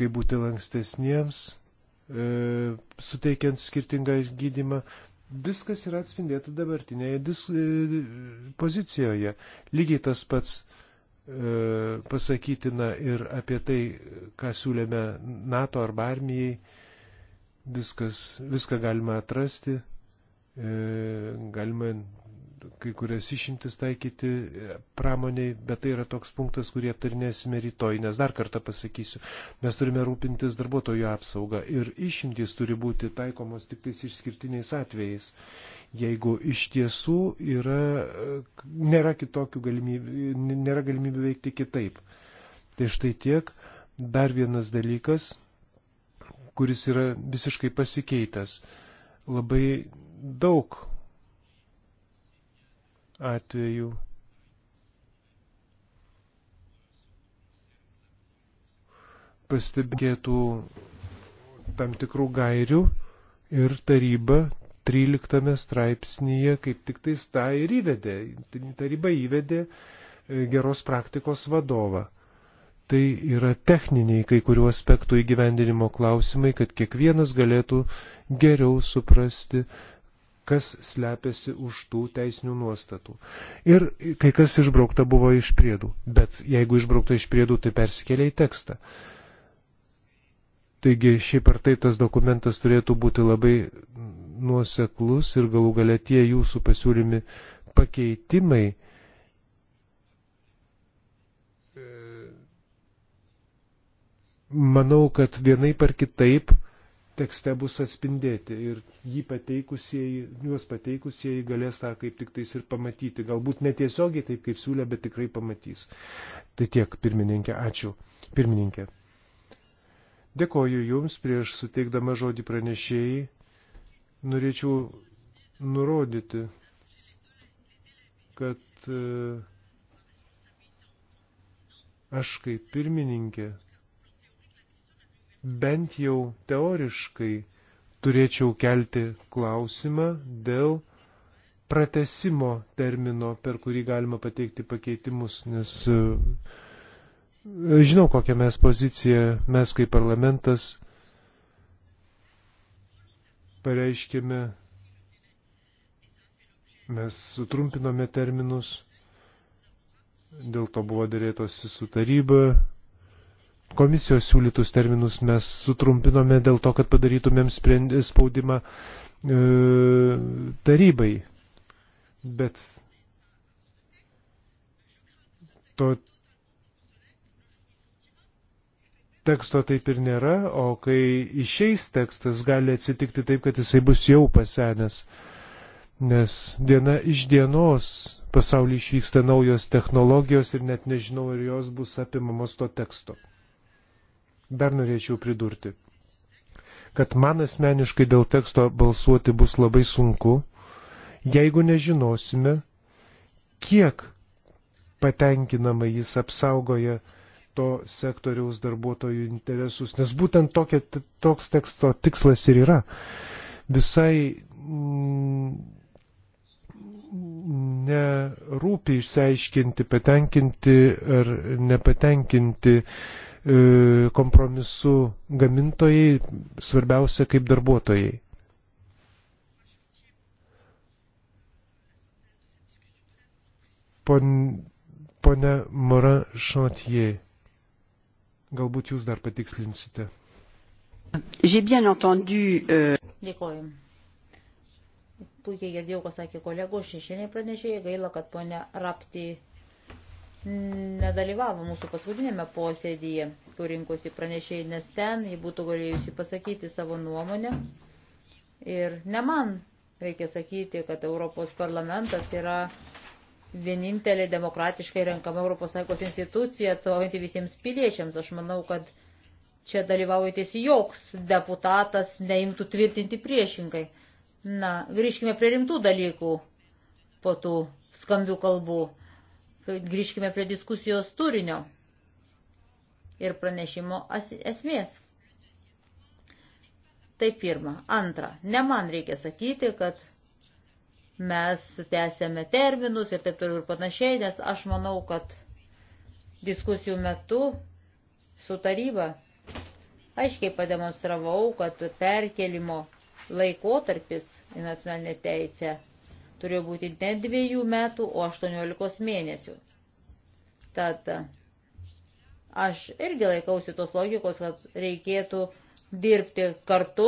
kaip būti lankstesniems, e, suteikiant skirtingą gydimą. Viskas yra atspindėta dabartinėje dis, e, pozicijoje. Lygiai tas pats e, pasakytina ir apie tai, ką siūlėme NATO arba armijai. Viskas, viską galima atrasti, galima kai kurias išimtis taikyti e, pramoniai, bet tai yra toks punktas, kurį aptarinėsime rytoj, nes dar kartą pasakysiu, mes turime rūpintis darbuotojų apsaugą ir išimtis turi būti taikomos tik tais išskirtiniais atvejais. Jeigu iš tiesų yra, e, nėra kitokių galimybių, nėra galimybių veikti kitaip. Tai štai tiek. Dar vienas dalykas, kuris yra visiškai pasikeitęs. Labai daug atveju. Pastebėtų tam tikrų gairių ir taryba 13 straipsnėje kaip tik tais tą ir įvedė. Taryba įvedė e, geros praktikos vadovą. Tai yra techniniai kai kuriuo aspektų įgyvendinimo klausimai, kad kiekvienas galėtų geriau suprasti, kas slepiasi už tų teisinių nuostatų. Ir kai kas išbraukta buvo iš priedų, bet jeigu išbraukta iš priedų, tai persikėlė į tekstą. Taigi šiaip ar tai tas dokumentas turėtų būti labai nuoseklus ir galų galę tie jūsų pasiūlymi pakeitimai e, manau, kad vienai par kitaip tekste bus atspindėti ir jį pateikusieji, juos pateikusieji galės tą kaip tik tais ir pamatyti. Galbūt netiesiogiai taip kaip siūlė, bet tikrai pamatys. Tai tiek, pirmininkė, ačiū. Pirmininkė. Dėkoju Jums prieš suteikdama žodį pranešėjai. Norėčiau nurodyti, kad e, aš kaip pirmininkė bent jau teoriškai turėčiau kelti klausimą dėl pratesimo termino, per kurį galima pateikti pakeitimus, nes e, žinau, kokią mes poziciją mes kaip parlamentas pareiškėme, mes sutrumpinome terminus, dėl to buvo dėrėtosi su taryba, komisijos siūlytus terminus mes sutrumpinome dėl to, kad padarytumėm spaudimą e, tarybai. Bet to teksto taip ir nėra, o kai išeis tekstas, gali atsitikti taip, kad jisai bus jau pasenęs. Nes diena iš dienos pasaulyje išvyksta naujos technologijos ir net nežinau, ar jos bus apimamos to teksto dar norėčiau pridurti, kad man asmeniškai dėl teksto balsuoti bus labai sunku, jeigu nežinosime, kiek patenkinamai jis apsaugoja to sektoriaus darbuotojų interesus, nes būtent tokia, toks teksto tikslas ir yra. Visai mm, nerūpi išsiaiškinti, patenkinti ar nepatenkinti uh, E, kompromisu gamintojai, svarbiausia kaip darbuotojai. Pon, ponia Mora Šantie, galbūt jūs dar patikslinsite. Euh, Dėkuoju. Puikiai girdėjau, ką sakė kolegos šešiniai pranešėjai, gaila, kad ponia Rapti nedalyvavo mūsų paskutinėme posėdyje, kur rinkosi pranešėjai, nes ten ji būtų galėjusi pasakyti savo nuomonę. Ir ne man reikia sakyti, kad Europos parlamentas yra vienintelė demokratiškai renkama ES institucija, atstovaujanti visiems piliečiams. Aš manau, kad čia dalyvaujantis joks deputatas neimtų tvirtinti priešingai. Na, grįžkime prie rimtų dalykų po tų skambių kalbų grįžkime prie diskusijos turinio ir pranešimo esmės. Tai pirma. Antra, ne man reikia sakyti, kad mes tęsėme terminus ir taip toliau ir panašiai, nes aš manau, kad diskusijų metu su taryba aiškiai pademonstravau, kad perkelimo laikotarpis į nacionalinę teisę turėjo būti ne dviejų metų, o 18 mėnesių. Tad aš irgi laikausi tos logikos, kad reikėtų dirbti kartu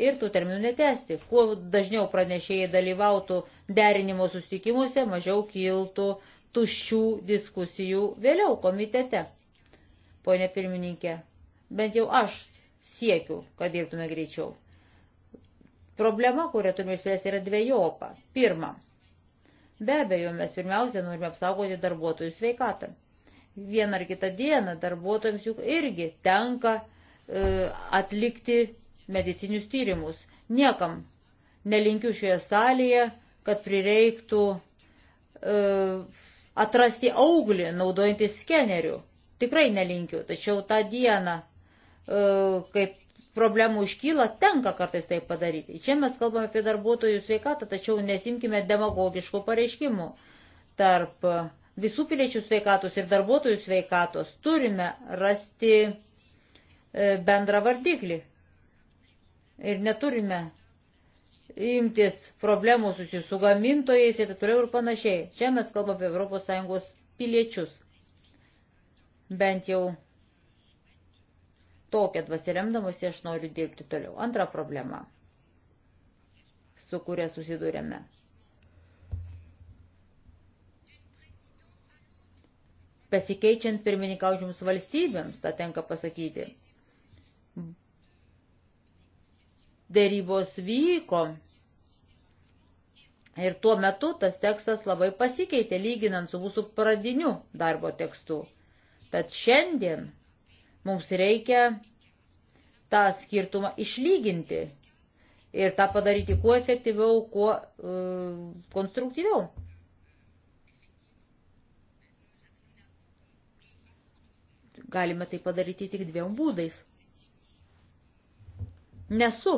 ir tų terminų netesti. Kuo dažniau pranešėjai dalyvautų derinimo susitikimuose, mažiau kiltų tuščių diskusijų vėliau komitete. Pone pirmininkė, bent jau aš siekiu, kad dirbtume greičiau. Problema, kurią turime išspręsti, yra dviejopa. Pirma, be abejo, mes pirmiausia norime apsaugoti darbuotojų sveikatą. Vieną ar kitą dieną darbuotojams juk irgi tenka e, atlikti medicinius tyrimus. Niekam nelinkiu šioje salėje, kad prireiktų e, atrasti auglį naudojantis skeneriu. Tikrai nelinkiu, tačiau tą dieną, e, kai problemų iškyla, tenka kartais tai padaryti. Čia mes kalbame apie darbuotojų sveikatą, tačiau nesimkime demagogiškų pareiškimų. Tarp visų piliečių sveikatos ir darbuotojų sveikatos turime rasti e, bendrą vardiklį. Ir neturime imtis problemų susijusių su gamintojais ir toliau ir panašiai. Čia mes kalbame apie ES piliečius. Bent jau Tokia dvasia remdamosi aš noriu dirbti toliau. Antra problema, su kuria susidurėme. Pasikeičiant pirmininkaučiams valstybėms, tą tenka pasakyti, dėrybos vyko ir tuo metu tas tekstas labai pasikeitė, lyginant su mūsų pradiniu darbo tekstu. Tad šiandien Mums reikia tą skirtumą išlyginti ir tą padaryti kuo efektyviau, kuo uh, konstruktyviau. Galime tai padaryti tik dviem būdais. Nesu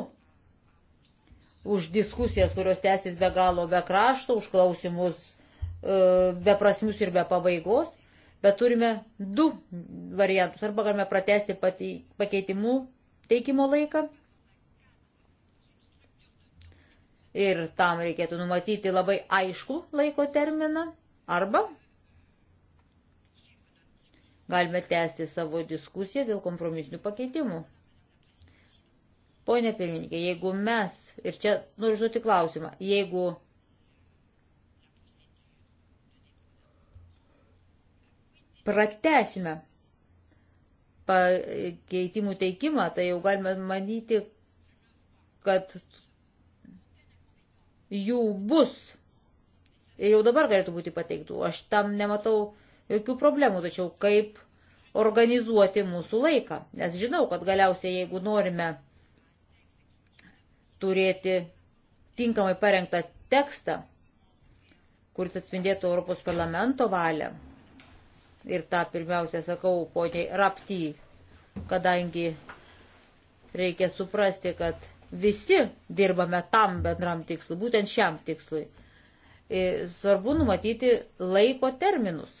už diskusijas, kurios tęsis be galo, be krašto, už klausimus uh, e, be prasmius ir be pabaigos bet turime du variantus. Arba galime pratesti pakeitimų teikimo laiką. Ir tam reikėtų numatyti labai aišku laiko terminą. Arba galime tęsti savo diskusiją dėl kompromisinių pakeitimų. Pone pirmininkė, jeigu mes, ir čia noriu užduoti klausimą, jeigu pratesime pakeitimų teikimą, tai jau galime manyti, kad jų bus. Ir jau dabar galėtų būti pateiktų. Aš tam nematau jokių problemų, tačiau kaip organizuoti mūsų laiką. Nes žinau, kad galiausiai, jeigu norime turėti tinkamai parengtą tekstą, kuris atspindėtų Europos parlamento valią, ir tą pirmiausia sakau poniai Rapty, kadangi reikia suprasti, kad visi dirbame tam bendram tikslui, būtent šiam tikslui. Ir e, svarbu numatyti laiko terminus,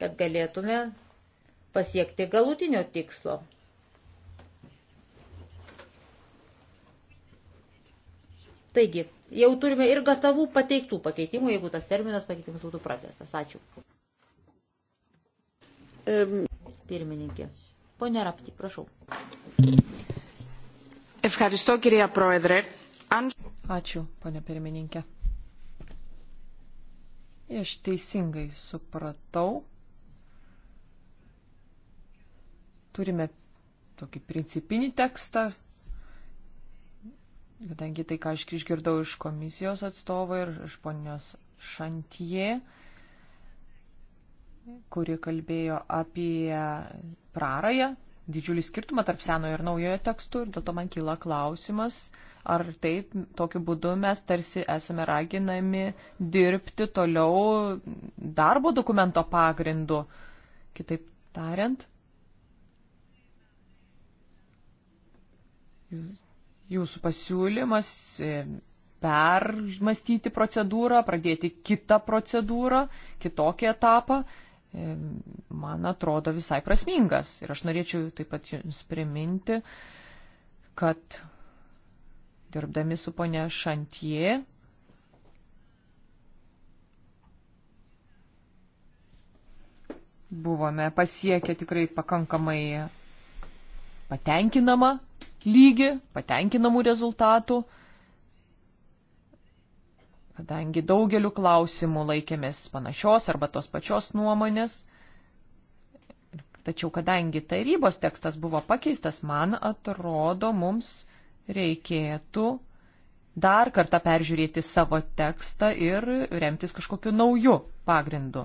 kad galėtume pasiekti galutinio tikslo. Taigi, jau turime ir gatavų pateiktų pakeitimų, jeigu tas terminas pakeitimas būtų pratestas. Ačiū. Pirmininkė. Pone Rapti, prašau. Ευχαριστώ, κυρία Πρόεδρε. Αν... Ačiū, ponė pirmininkė. Aš teisingai supratau. Turime tokį principinį tekstą, kadangi tai, ką aš išgirdau iš komisijos atstovo ir iš ponios Šantie, kuri kalbėjo apie prarąją, didžiulį skirtumą tarp senojo ir naujojo tekstų ir dėl to man kyla klausimas, ar taip tokiu būdu mes tarsi esame raginami dirbti toliau darbo dokumento pagrindu. Kitaip tariant, jūsų pasiūlymas e, permastyti procedūrą, pradėti kitą procedūrą, kitokį etapą man atrodo visai prasmingas. Ir aš norėčiau taip pat jums priminti, kad dirbdami su ponia Šantie buvome pasiekę tikrai pakankamai patenkinamą lygį, patenkinamų rezultatų kadangi daugeliu klausimų laikėmės panašios arba tos pačios nuomonės. Tačiau kadangi tarybos tekstas buvo pakeistas, man atrodo, mums reikėtų dar kartą peržiūrėti savo tekstą ir remtis kažkokiu nauju pagrindu,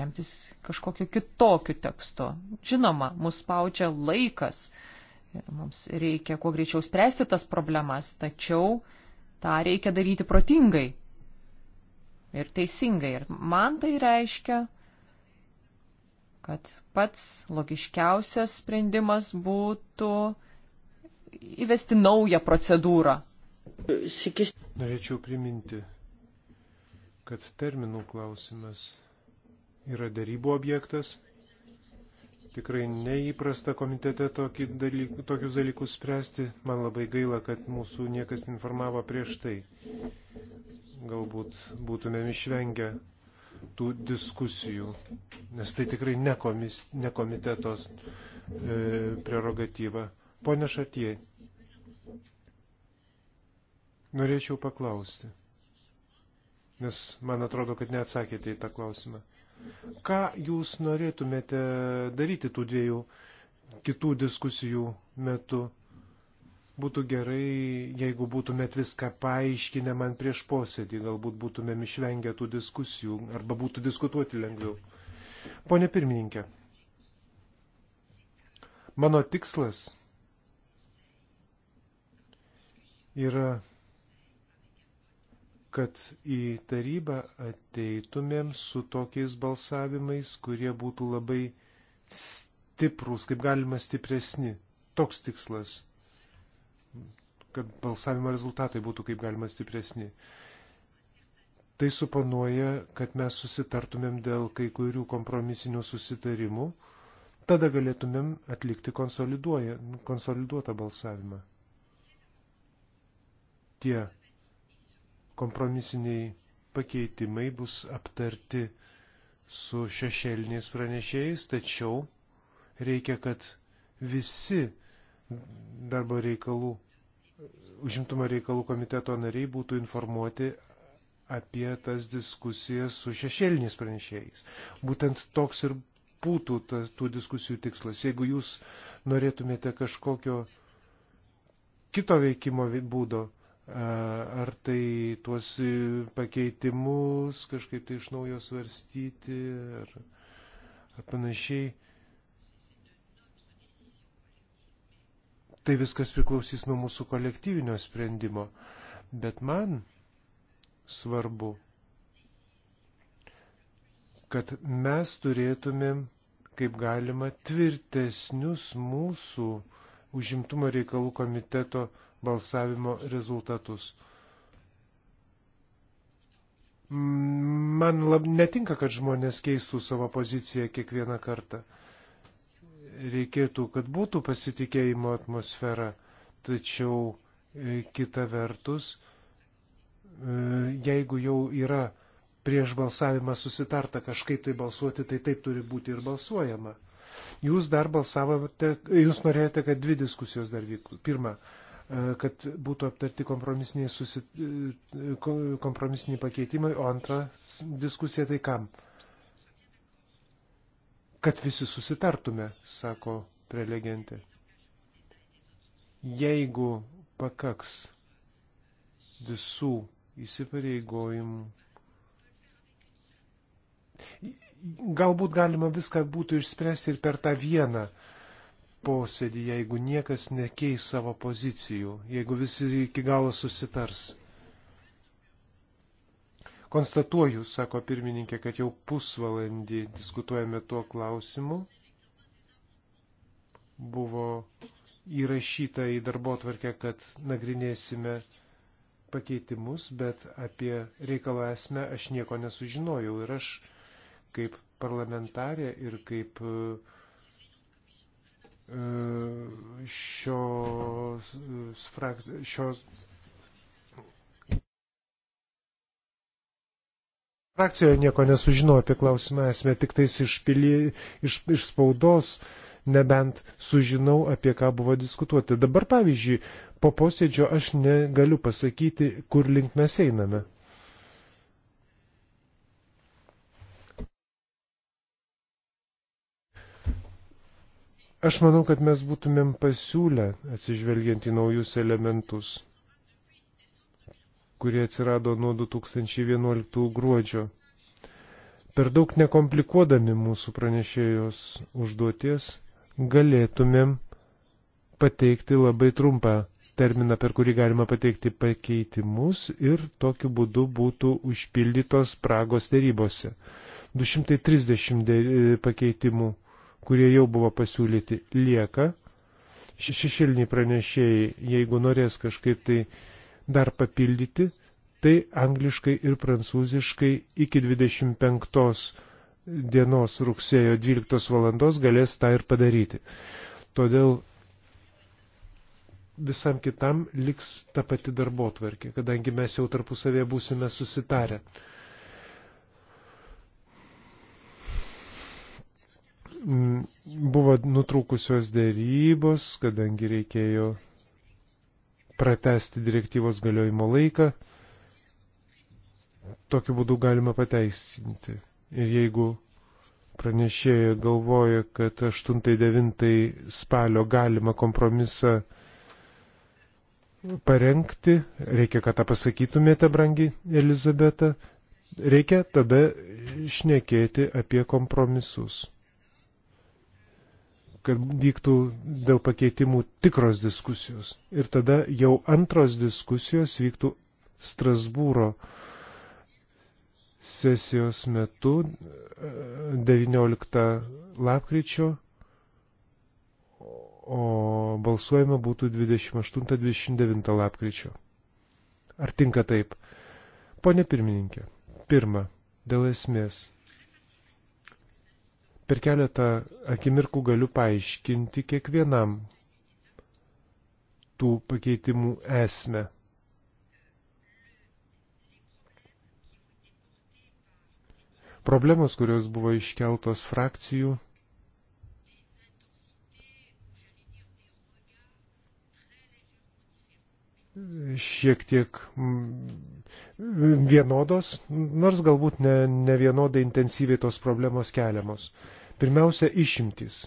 remtis kažkokiu kitokiu tekstu. Žinoma, mus spaudžia laikas ir mums reikia kuo greičiau spręsti tas problemas, tačiau uh, tą reikia daryti protingai ir teisingai. Ir man tai reiškia, kad pats logiškiausias sprendimas būtų įvesti naują procedūrą. Norėčiau priminti, kad terminų klausimas yra darybų objektas Tikrai neįprasta komitete dalyk, tokius dalykus spręsti. Man labai gaila, kad mūsų niekas informavo prieš tai. Galbūt būtumėm išvengę tų diskusijų, nes tai tikrai ne, komis, ne komitetos e, prerogatyva. Pone Šatie, norėčiau paklausti, nes man atrodo, kad neatsakėte į tą klausimą. Ką jūs norėtumėte daryti tų dviejų kitų diskusijų metu? Būtų gerai, jeigu būtumėt viską paaiškinę man prieš posėdį, galbūt būtumėm išvengę tų diskusijų arba būtų diskutuoti lengviau. Pone pirmininkė, mano tikslas yra kad į tarybą ateitumėm su tokiais balsavimais, kurie būtų labai stiprus, kaip galima stipresni. Toks tikslas, kad balsavimo rezultatai būtų kaip galima stipresni. Tai suponuoja, kad mes susitartumėm dėl kai kurių kompromisinių susitarimų, tada galėtumėm atlikti konsoliduotą balsavimą. Tie Kompromisiniai pakeitimai bus aptarti su šešėliniais pranešėjais, tačiau reikia, kad visi darbo reikalų, užimtumo reikalų komiteto nariai būtų informuoti apie tas diskusijas su šešėliniais pranešėjais. Būtent toks ir būtų tas, tų diskusijų tikslas. Jeigu jūs norėtumėte kažkokio kito veikimo būdo, Ar tai tuos pakeitimus kažkaip tai iš naujo svarstyti ar, ar panašiai. Tai viskas priklausys nuo mūsų kolektyvinio sprendimo. Bet man svarbu, kad mes turėtumėm kaip galima tvirtesnius mūsų užimtumo reikalų komiteto uh, balsavimo rezultatus. Man lab, netinka, kad žmonės keistų savo poziciją kiekvieną kartą. Reikėtų, kad būtų pasitikėjimo atmosfera, tačiau e, kita vertus, e, jeigu jau yra prieš balsavimą susitarta kažkaip tai balsuoti, tai taip turi būti ir balsuojama. Jūs dar balsavote, jūs norėjote, kad dvi diskusijos dar vyktų. Pirma, E, kad būtų aptarti kompromisiniai, susi, e, kompromisiniai pakeitimai, o antra diskusija tai kam? Kad visi susitartume, sako prelegentė. Jeigu pakaks visų įsipareigojimų galbūt galima viską būtų išspręsti ir per tą vieną posėdį, jeigu niekas nekeis savo pozicijų, jeigu visi iki galo susitars. Konstatuoju, sako pirmininkė, kad jau pusvalandį diskutuojame tuo klausimu. Buvo įrašyta į darbo tvarkę, kad nagrinėsime pakeitimus, bet apie reikalą esmę aš nieko nesužinojau ir aš kaip parlamentarė ir kaip uh, šios, šios frakcijoje nieko nesužinau apie klausimą esmę, tik tais iš, pilie, iš, iš spaudos nebent sužinau, apie ką buvo diskutuoti. Dabar, pavyzdžiui, po posėdžio aš negaliu pasakyti, kur link mes einame. Aš manau, kad mes būtumėm pasiūlę, atsižvelgiant į naujus elementus, kurie atsirado nuo 2011 gruodžio. Per daug nekomplikuodami mūsų pranešėjos užduoties, galėtumėm pateikti labai trumpą terminą, per kurį galima pateikti pakeitimus ir tokiu būdu būtų užpildytos spragos darybose. 230 e, pakeitimų kurie jau buvo pasiūlyti, lieka. Šešilniai pranešėjai, jeigu norės kažkaip tai dar papildyti, tai angliškai ir prancūziškai iki 25 dienos rugsėjo 12 valandos galės tą ir padaryti. Todėl visam kitam liks ta pati darbo tvarkė, kadangi mes jau tarpusavėje būsime susitarę. buvo nutrūkusios dėrybos, kadangi reikėjo pratesti direktyvos galiojimo laiką. Tokiu būdu galima pateisinti. Ir jeigu pranešėja galvoja, kad 8-9 spalio galima kompromisą parengti, reikia, kad tą pasakytumėte, brangi Elizabeta, reikia tada šnekėti apie kompromisus kad vyktų dėl pakeitimų tikros diskusijos. Ir tada jau antros diskusijos vyktų Strasbūro sesijos metu 19 e, lapkričio, o balsuojama būtų 28-29 lapkričio. Ar tinka taip? Pone pirmininkė, pirma, dėl esmės per keletą akimirkų galiu paaiškinti kiekvienam tų pakeitimų esmę. Problemos, kurios buvo iškeltos frakcijų, šiek tiek mm, vienodos, nors galbūt ne, ne vienodai intensyviai tos problemos keliamos. Pirmiausia, išimtys.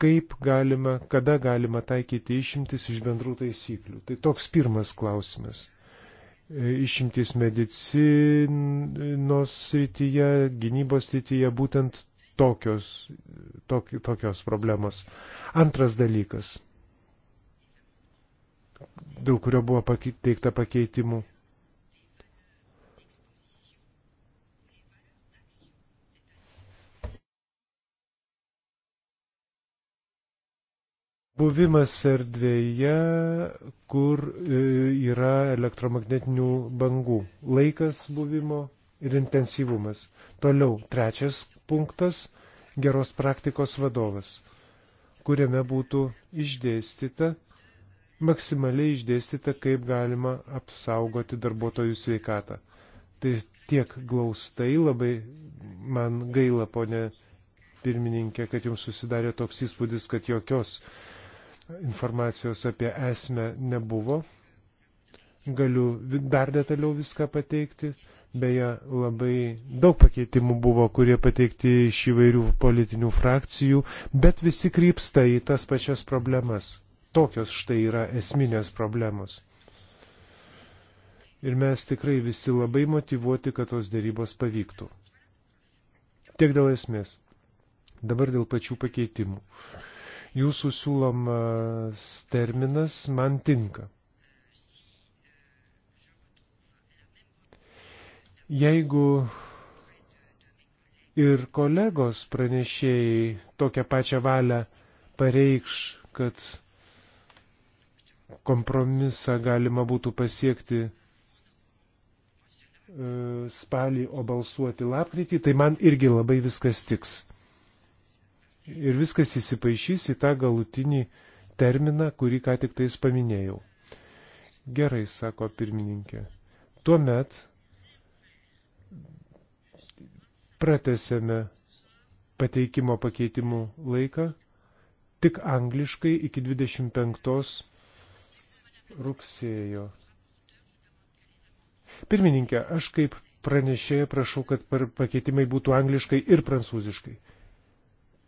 Kaip galima, kada galima taikyti išimtis iš bendrų taisyklių? Tai toks pirmas klausimas. E, išimtis medicinos srityje, gynybos srityje, būtent tokios, tok, tokios problemos. Antras dalykas dėl kurio buvo pateikta pakeitimų. buvimas erdvėje, kur e, yra elektromagnetinių bangų. Laikas buvimo ir intensyvumas. Toliau, trečias punktas - geros praktikos vadovas, kuriame būtų išdėstyta, maksimaliai išdėstyta, kaip galima apsaugoti darbuotojų sveikatą. Tai tiek glaustai labai man gaila, ponė pirmininkė, kad jums susidarė toks įspūdis, kad jokios uh, informacijos apie esmę nebuvo. Galiu dar detaliau viską pateikti. Beje, labai daug pakeitimų buvo, kurie pateikti iš įvairių politinių frakcijų, bet visi krypsta į tas pačias problemas. Tokios štai yra esminės problemos. Ir mes tikrai visi labai motivuoti, kad tos dėrybos pavyktų. Tiek dėl esmės. Dabar dėl pačių pakeitimų. Jūsų siūlomas terminas man tinka. Jeigu ir kolegos pranešėjai tokią pačią valią pareikš, kad kompromisą galima būtų pasiekti e, spalį, o balsuoti lapkritį, tai man irgi labai viskas tiks ir viskas įsipaišys į tą galutinį terminą, kurį ką tik tais paminėjau. Gerai, sako pirmininkė. Tuomet pratesėme pateikimo pakeitimų laiką tik angliškai iki 25 rugsėjo. Pirmininkė, aš kaip pranešėja prašau, kad pakeitimai būtų angliškai ir prancūziškai.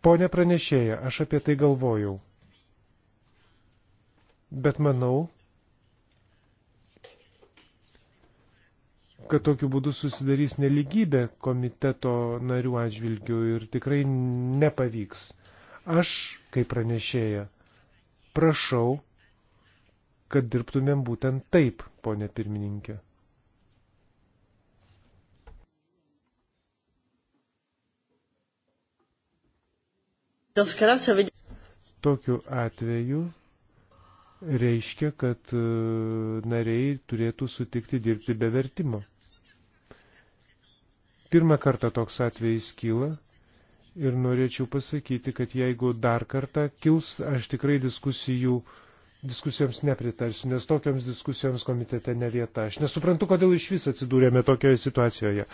Pone pranešėja, aš apie tai galvojau. Bet manau, kad tokiu būdu susidarys neligybė komiteto narių atžvilgių ir tikrai nepavyks. Aš, kaip pranešėja, prašau, kad dirbtumėm būtent taip, ponė pirmininkė. Tokiu atveju reiškia, kad e, nariai turėtų sutikti dirbti be vertimo. Pirmą kartą toks atvejis kyla ir norėčiau pasakyti, kad jeigu dar kartą kils, aš tikrai diskusijų, diskusijoms nepritarsiu, nes tokiams diskusijoms komitete ne vieta. Aš nesuprantu, kodėl iš vis atsidūrėme tokioje situacijoje.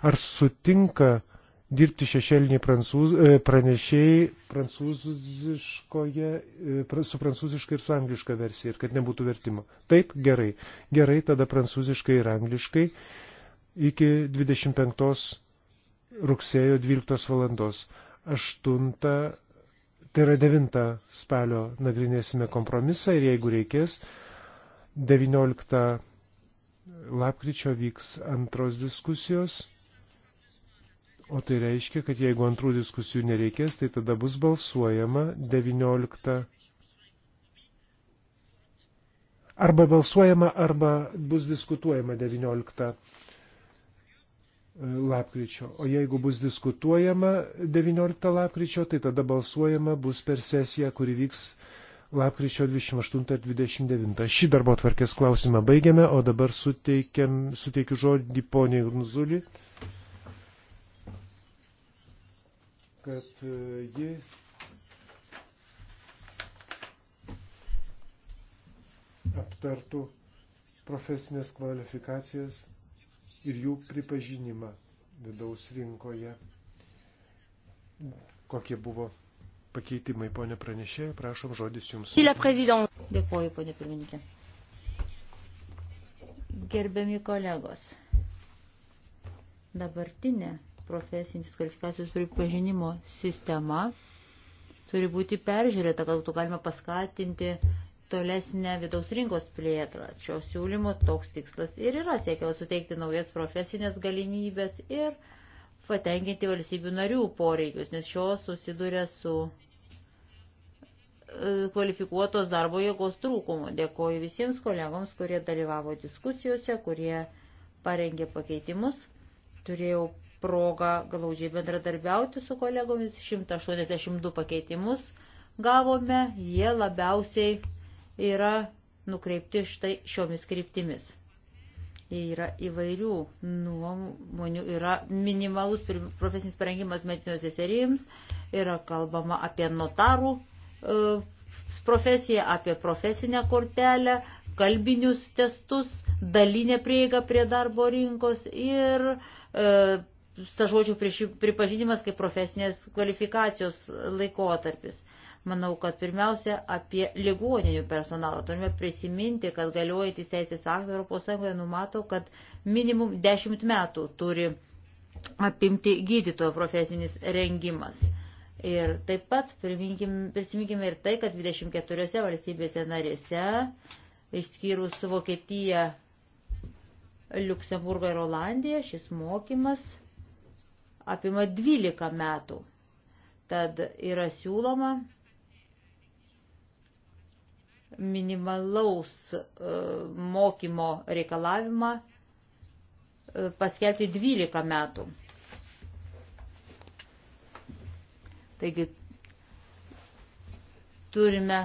Ar sutinka uh, dirbti šešėliniai prancūz, e, pranešėjai prancūziškoje, e, su prancūziška ir su angliška versija ir kad nebūtų vertimo. Taip, gerai. Gerai, tada prancūziškai ir angliškai iki 25 rugsėjo 12 valandos. 8, tai yra 9 spalio nagrinėsime kompromisą ir jeigu reikės, 19 lapkričio vyks antros diskusijos O tai reiškia, kad jeigu antrų diskusijų nereikės, tai tada bus balsuojama 19. Arba balsuojama, arba bus diskutuojama 19 e, lapkričio. O jeigu bus diskutuojama 19 lapkričio, tai tada balsuojama bus per sesiją, kuri vyks lapkričio 28 ir 29. Šį darbo tvarkės klausimą baigiame, o dabar suteikiam, suteikiu žodį poniai Grunzulį. kad e, ji aptartų profesinės kvalifikacijas ir jų pripažinimą vidaus rinkoje. Kokie buvo pakeitimai, ponė pranešėja, prašom žodis jums. Dėkuoju, ponė pirmininkė. Gerbiami kolegos, dabartinė profesinės kvalifikacijos pripažinimo sistema turi būti peržiūrėta, kad būtų galima paskatinti tolesnę vidaus rinkos plėtrą. Šio siūlymo toks tikslas ir yra siekiamas suteikti naujas profesinės galimybės ir patenkinti valstybių narių poreikius, nes šios susiduria su e, kvalifikuotos darbo jėgos trūkumu. Dėkoju visiems kolegoms, kurie dalyvavo diskusijose, kurie parengė pakeitimus. Turėjau progą glaudžiai bendradarbiauti su kolegomis. 182 pakeitimus gavome, jie labiausiai yra nukreipti štai šiomis kryptimis. Yra įvairių nuomonių, yra minimalus profesinis parengimas medicinos seserims, yra kalbama apie notarų e, profesiją, apie profesinę kortelę, kalbinius testus, dalinę prieigą prie darbo rinkos ir e, stažuočių pripažinimas kaip profesinės kvalifikacijos laikotarpis. Manau, kad pirmiausia apie ligoninių personalą. Turime prisiminti, kad galiojantis teisės aktas ES numato, kad minimum 10 metų turi apimti gydytojo profesinis rengimas. Ir taip pat prisiminkime ir tai, kad 24 valstybėse narėse, išskyrus Vokietiją, Liuksemburgą ir Olandiją, šis mokymas apima 12 metų. Tad yra siūloma minimalaus e, mokymo reikalavimą e, paskelbti 12 metų. Taigi turime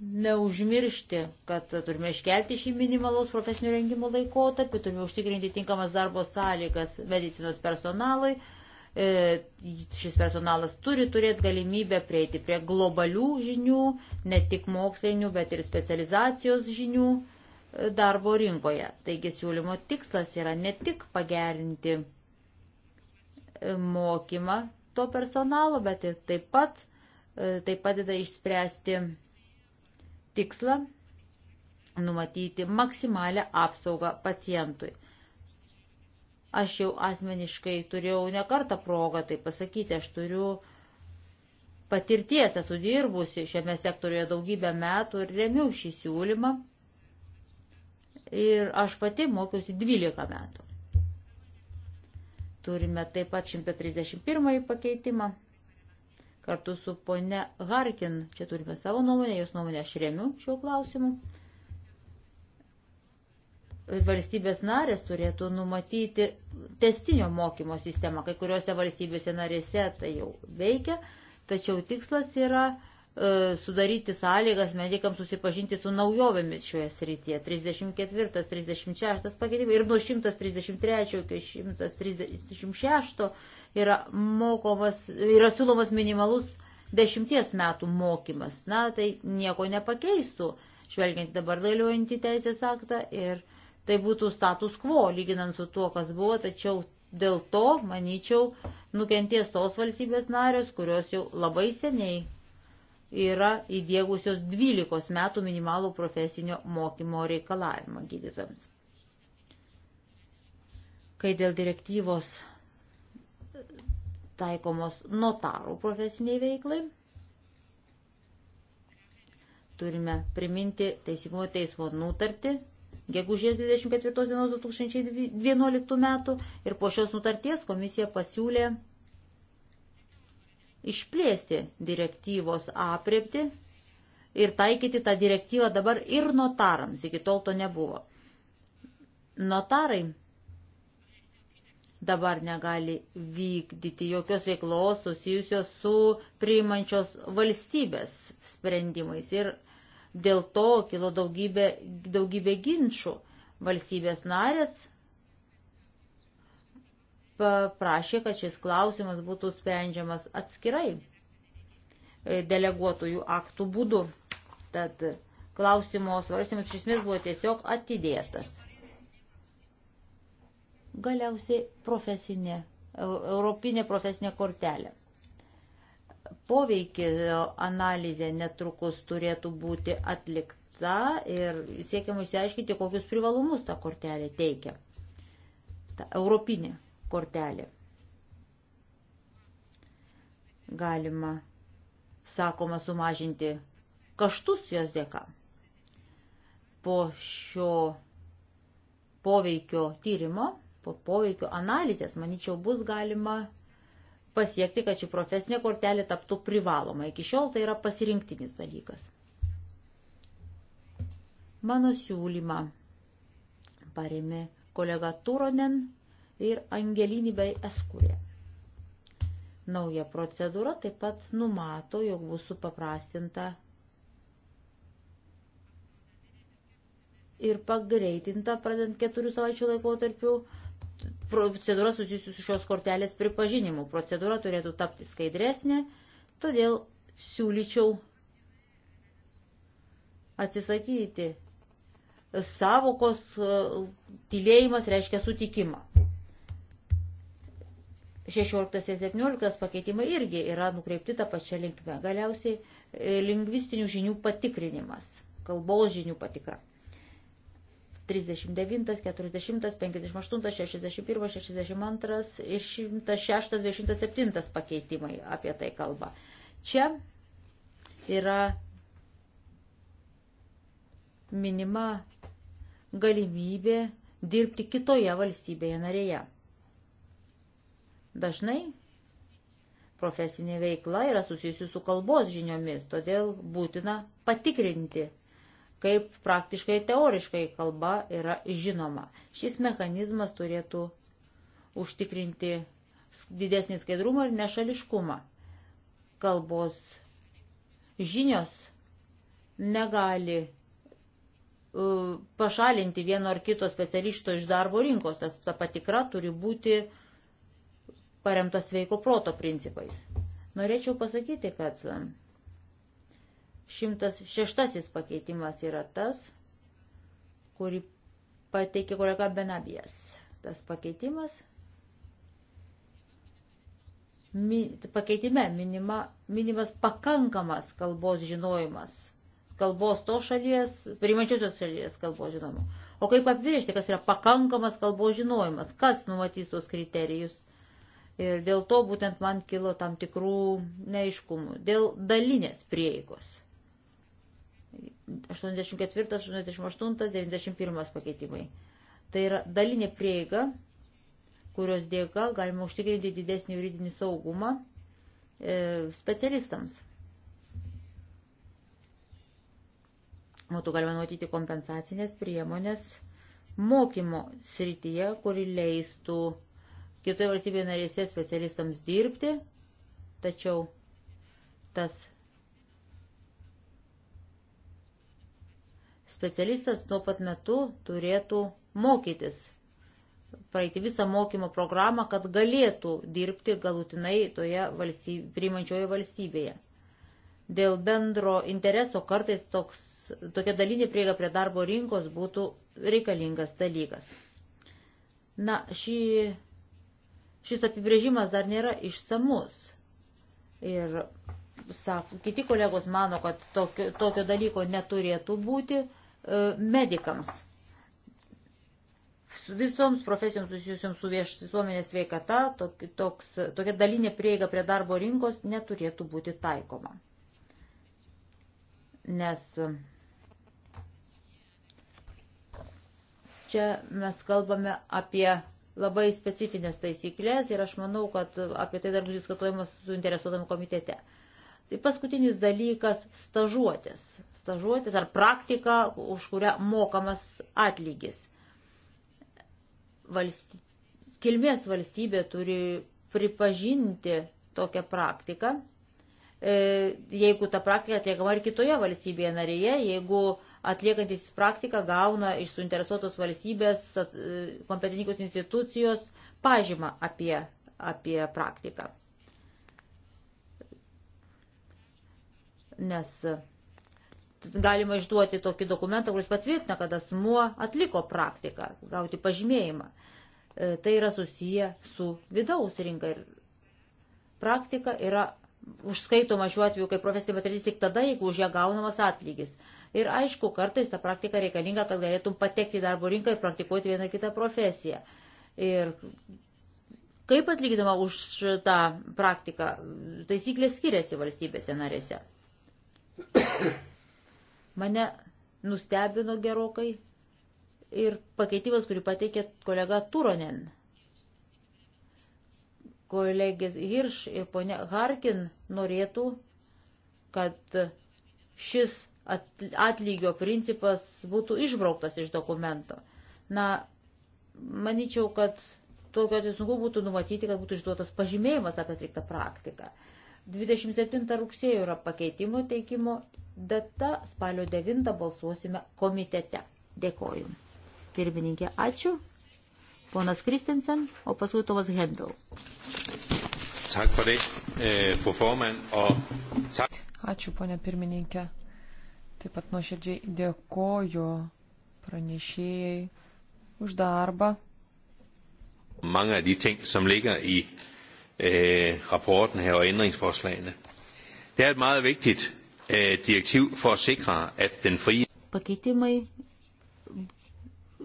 neužmiršti, kad turime iškelti šį minimalaus profesinio rengimo laikotarpį, turime užtikrinti tinkamas darbo sąlygas medicinos personalui. E, šis personalas turi turėti galimybę prieiti prie globalių žinių, ne tik mokslinių, bet ir specializacijos žinių e, darbo rinkoje. Taigi siūlymo tikslas yra ne tik pagerinti e, mokymą to personalo, bet ir taip pat tai padeda išspręsti tikslą numatyti maksimalę apsaugą pacientui. Aš jau asmeniškai turėjau nekartą progą tai pasakyti, aš turiu patirties, esu dirbusi šiame sektoriuje daugybę metų ir remiu šį siūlymą. Ir aš pati mokiausi 12 metų. Turime taip pat 131 pakeitimą kartu su pone Harkin. Čia turime savo nuomonę, jos nuomonę aš remiu šiuo klausimu. Valstybės narės turėtų numatyti testinio mokymo sistemą. Kai kuriuose valstybėse narėse tai jau veikia, tačiau tikslas yra e, sudaryti sąlygas medikams susipažinti su naujovėmis šioje srityje. 34, 36 pakeitimai ir nuo 133 iki 136 yra, mokomas, yra siūlomas minimalus dešimties metų mokymas. Na, tai nieko nepakeistų, žvelgiant dabar dalyvojantį teisės aktą ir tai būtų status quo, lyginant su tuo, kas buvo, tačiau dėl to, manyčiau, nukenties tos valstybės narės, kurios jau labai seniai yra įdėgusios 12 metų minimalų profesinio mokymo reikalavimą gydytojams. Kai dėl direktyvos taikomos notarų profesiniai veiklai. Turime priminti Teisingumo teismo nutartį gegužės 24 dienos 2011 metų ir po šios nutarties komisija pasiūlė išplėsti direktyvos apriepti ir taikyti tą direktyvą dabar ir notarams. Iki tol to nebuvo. Notarai dabar negali vykdyti jokios veiklos susijusios su priimančios valstybės sprendimais. Ir dėl to kilo daugybė, daugybė ginčių. Valstybės narės paprašė, kad šis klausimas būtų sprendžiamas atskirai e, deleguotojų aktų būdu. Tad klausimo svarstymas iš esmės buvo tiesiog atidėtas. Galiausiai profesinė, e, europinė profesinė kortelė. Poveikį analizė netrukus turėtų būti atlikta ir siekiama išsiaiškinti, kokius privalumus ta kortelė teikia. Ta europinė kortelė. Galima, sakoma, sumažinti kaštus jos dėka. Po šio poveikio tyrimo po poveikio analizės, manyčiau, bus galima pasiekti, kad ši profesinė kortelė taptų privaloma. Iki šiol tai yra pasirinktinis dalykas. Mano siūlymą paremė kolega Turonen ir Angelinį bei Eskurė. Nauja procedūra taip pat numato, jog bus supaprastinta ir pagreitinta, pradant keturių savaičių laikotarpių, procedūra susijusi su šios kortelės pripažinimu. Procedūra turėtų tapti skaidresnė, todėl siūlyčiau atsisakyti savokos e, tylėjimas reiškia sutikimą. 16 ir 17 pakeitimai irgi yra nukreipti tą pačią linkmę. Galiausiai e, lingvistinių žinių patikrinimas, kalbos žinių patikra. 39, 40, 58, 61, 62 ir 106, 207 pakeitimai apie tai kalba. Čia yra minima galimybė dirbti kitoje valstybėje narėje. Dažnai profesinė veikla yra susijusi su kalbos žiniomis, todėl būtina patikrinti kaip praktiškai teoriškai kalba yra žinoma. Šis mechanizmas turėtų užtikrinti didesnį skaidrumą ir nešališkumą. Kalbos žinios negali uh, pašalinti vieno ar kito specialisto iš darbo rinkos, tas ta patikra turi būti paremta sveiko proto principais. Norėčiau pasakyti, kad 106 pakeitimas yra tas, kurį pateikė kolega Benabijas. Tas pakeitimas mi, pakeitime minima, minimas pakankamas kalbos žinojimas, kalbos to šalies, priimančiosios šalies kalbos žinojimas. O kaip apibrėžti, kas yra pakankamas kalbos žinojimas, kas numatys tuos kriterijus. Ir dėl to būtent man kilo tam tikrų neiškumų, dėl dalinės prieigos 84, 88, 91 pakeitimai. Tai yra dalinė prieiga, kurios dėka galima užtikrinti didesnį juridinį saugumą e, specialistams. Būtų galima nuotyti kompensacinės priemonės mokymo srityje, kuri leistų kitoje valstybėje narėse specialistams dirbti, tačiau tas specialistas tuo pat metu turėtų mokytis, praeiti visą mokymo programą, kad galėtų dirbti galutinai toje valstybė, priimančioje valstybėje. Dėl bendro intereso kartais toks, tokia dalinė prieiga prie darbo rinkos būtų reikalingas dalykas. Na, šį, šis apibrėžimas dar nėra išsamus. Ir sak, kiti kolegos mano, kad tokio, tokio dalyko neturėtų būti E, medikams, visoms profesijoms susijusioms su vieš visuomenės sveikata, tokia, toks, tokia dalinė prieiga prie darbo rinkos neturėtų būti taikoma. Nes čia mes kalbame apie labai specifines taisyklės ir aš manau, kad apie tai dar bus diskutuojamas suinteresuotam komitete. Tai paskutinis dalykas - stažuotis stažuotės ar praktika, už kurią mokamas atlygis. Valsty... Kilmės valstybė turi pripažinti tokią praktiką, e, jeigu ta praktika atliekama ir kitoje valstybėje narėje, jeigu atliekantis praktiką gauna iš suinteresuotos valstybės e, kompetitinkos institucijos pažymą apie, apie praktiką. Nes galima išduoti tokį dokumentą, kuris patvirtina, kad asmuo atliko praktiką, gauti pažymėjimą. E, tai yra susiję su vidaus rinka ir praktika yra užskaitoma šiuo atveju kaip profesinė patirtis tik tada, jeigu už ją gaunamas atlygis. Ir aišku, kartais ta praktika reikalinga, kad galėtum patekti į darbo rinką ir praktikuoti vieną kitą profesiją. Ir kaip atlygdama už tą praktiką, taisyklės skiriasi valstybėse narėse. Mane nustebino gerokai ir pakeitimas, kurį pateikė kolega Turonen. Kolegės Hirš ir ponia Harkin norėtų, kad šis atlygio principas būtų išbrauktas iš dokumento. Na, manyčiau, kad tokio atveju sunku būtų numatyti, kad būtų išduotas pažymėjimas apie atliktą praktiką. 27 rugsėjo yra pakeitimo teikimo data spalio 9 balsuosime komitete. Dėkoju. Pirmininkė, ačiū. Ponas Kristensen, o paskui Tomas Hendel. Eh, ačiū, ponė pirmininkė. Taip pat nuoširdžiai dėkoju pranešėjai už darbą. Mange af de ting, som ligger i øh, rapporten her og ændringsforslagene. Det er et meget vigtigt Øh, direktiv for at sikre, at den frie. Pakeitimai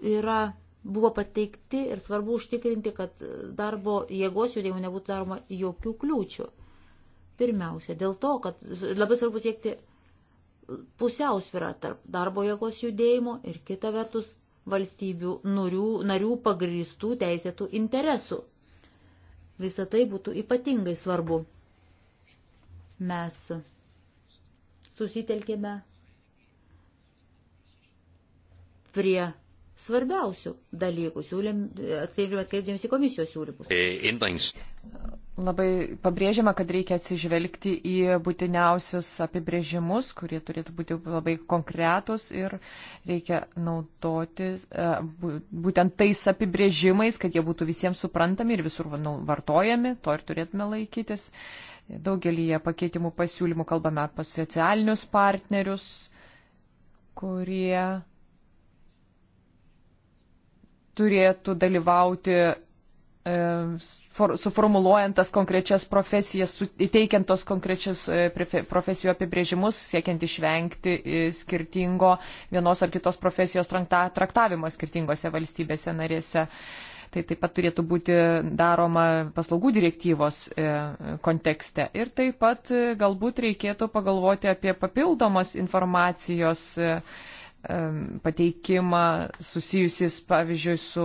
yra, buvo pateikti ir svarbu užtikrinti, kad darbo jėgos judėjimui nebūtų daroma jokių kliūčių. Pirmiausia, dėl to, kad labai svarbu siekti pusiausvyrą tarp darbo jėgos judėjimo ir kita vertus valstybių narių, narių pagristų teisėtų interesų. Visą tai būtų ypatingai svarbu. Mes susitelkėme prie svarbiausių dalykų, siūlėm, atkreipdėmės į komisijos siūlymus. E, labai pabrėžiama, kad reikia atsižvelgti į būtiniausius apibrėžimus, kurie turėtų būti labai konkretus ir reikia naudoti e, būtent tais apibrėžimais, kad jie būtų visiems suprantami ir visur nu, vartojami, to ir turėtume laikytis. Daugelį pakeitimų pasiūlymų kalbame apie socialinius partnerius, kurie turėtų dalyvauti e, suformuluojant tas konkrečias profesijas, įteikiant tos konkrečius e, profesijų apibrėžimus, siekiant išvengti e, skirtingo vienos ar kitos profesijos traktavimo skirtingose valstybėse narėse. Uh, Tai taip pat turėtų būti daroma paslaugų direktyvos e, kontekste. Ir taip pat e, galbūt reikėtų pagalvoti apie papildomos informacijos e, pateikimą susijusis, pavyzdžiui, su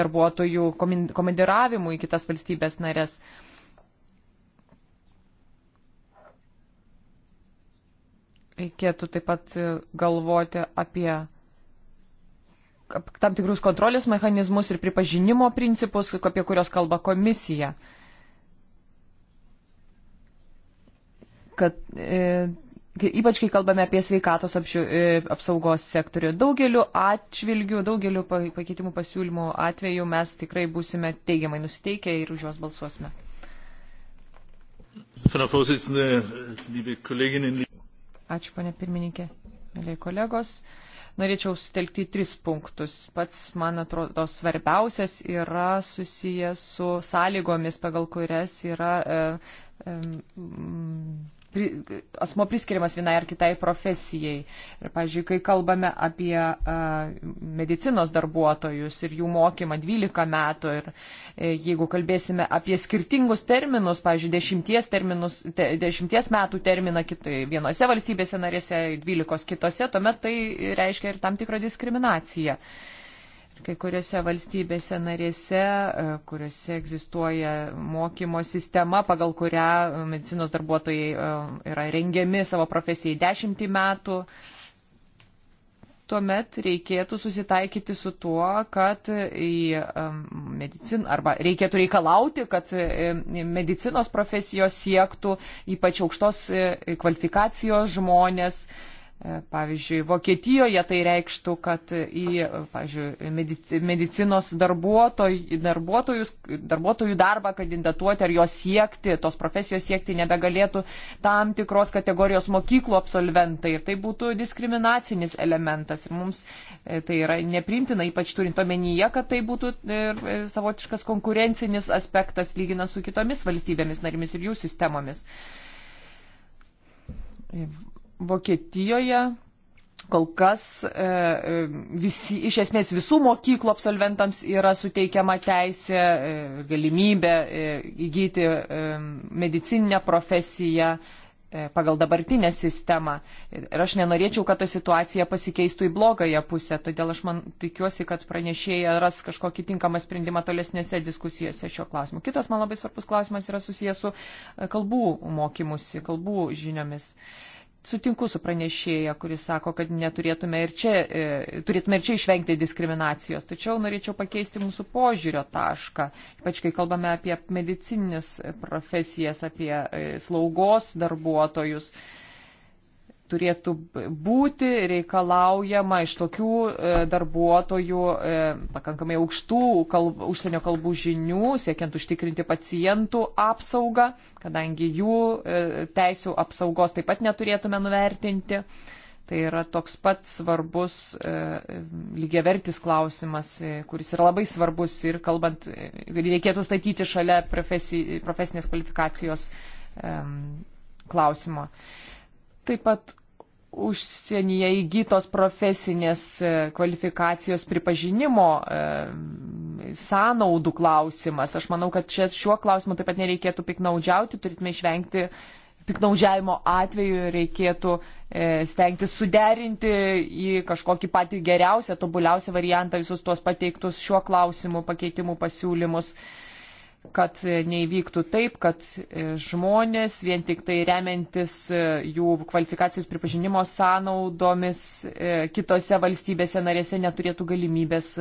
darbuotojų komandiravimu į kitas valstybės narės. Reikėtų taip pat galvoti apie tam tikrus kontrolės mechanizmus ir pripažinimo principus, apie kurios kalba komisija. Kad, e, ypač kai kalbame apie sveikatos apšiu, e, apsaugos sektorių, daugeliu atšvilgių, daugeliu pakeitimų pasiūlymų atveju mes tikrai būsime teigiamai nusiteikę ir už juos balsuosime. Ačiū, ponė pirmininkė, mėlyje kolegos norėčiau sutelkti tris punktus. Pats, man atrodo, svarbiausias yra susijęs su sąlygomis, pagal kurias yra. E, e, pri, asmo priskiriamas vienai ar kitai profesijai. Ir, pažiūrėjau, kai kalbame apie a, medicinos darbuotojus ir jų mokymą 12 metų ir e, jeigu kalbėsime apie skirtingus terminus, pažiūrėjau, dešimties, terminus, te, dešimties metų terminą kitai, vienose valstybėse narėse, 12 kitose, tuomet tai reiškia ir tam tikrą diskriminaciją. E, Kai kuriuose valstybėse narėse, e, kuriuose egzistuoja mokymo sistema, pagal kurią e, medicinos darbuotojai e, yra rengiami savo profesijai dešimtį metų, tuomet reikėtų susitaikyti su tuo, kad į mediciną arba reikėtų reikalauti, kad medicinos profesijos siektų ypač aukštos kvalifikacijos žmonės, E, pavyzdžiui, Vokietijoje tai reikštų, kad į, pavyzdžiui, medicinos darbuotojų, darbuotojų darbą kandidatuoti ar jos siekti, tos profesijos siekti nebegalėtų tam tikros kategorijos mokyklų absolventai. Ir tai būtų diskriminacinis elementas. Ir mums e, tai yra neprimtina, ypač turint omenyje, kad tai būtų ir e, savotiškas konkurencinis aspektas lyginant su kitomis valstybėmis narimis ir jų sistemomis Vokietijoje kol kas e, e, visi, iš esmės visų mokyklų absolventams yra suteikiama teisė, e, galimybė įgyti medicininę profesiją pagal dabartinę sistemą. Ir aš nenorėčiau, kad ta situacija pasikeistų į blogąją pusę, todėl aš man tikiuosi, kad pranešėja ras kažkokį tinkamą sprendimą tolesnėse diskusijose šio klausimu. Kitas man labai svarbus klausimas yra susijęs su kalbų mokymusi, kalbų žiniomis. E, sutinku su pranešėja, kuris sako, kad neturėtume ir čia, e, turėtume ir čia išvengti diskriminacijos. Tačiau norėčiau pakeisti mūsų požiūrio tašką, ypač kai kalbame apie medicininis profesijas, apie e, slaugos darbuotojus. E, turėtų būti reikalaujama iš tokių e, darbuotojų e, pakankamai aukštų kalb, užsienio kalbų žinių, siekiant užtikrinti pacientų apsaugą, kadangi jų e, teisų apsaugos taip pat neturėtume nuvertinti. Tai yra toks pat svarbus lygiavertis klausimas, kuris yra labai svarbus ir kalbant, reikėtų statyti šalia profesi, profesinės kvalifikacijos klausimo. Taip pat užsienyje įgytos profesinės e, kvalifikacijos pripažinimo e, sąnaudų klausimas. Aš manau, kad čia šiuo klausimu taip pat nereikėtų piknaudžiauti, turėtume išvengti piknaudžiavimo atveju, reikėtų e, stengti suderinti į kažkokį patį geriausią, tobuliausią variantą visus tuos pateiktus šiuo klausimu pakeitimų pasiūlymus. E, kad neįvyktų taip, kad e, žmonės vien tik tai remiantis e, jų kvalifikacijos pripažinimo sąnaudomis e, kitose valstybėse narėse neturėtų galimybės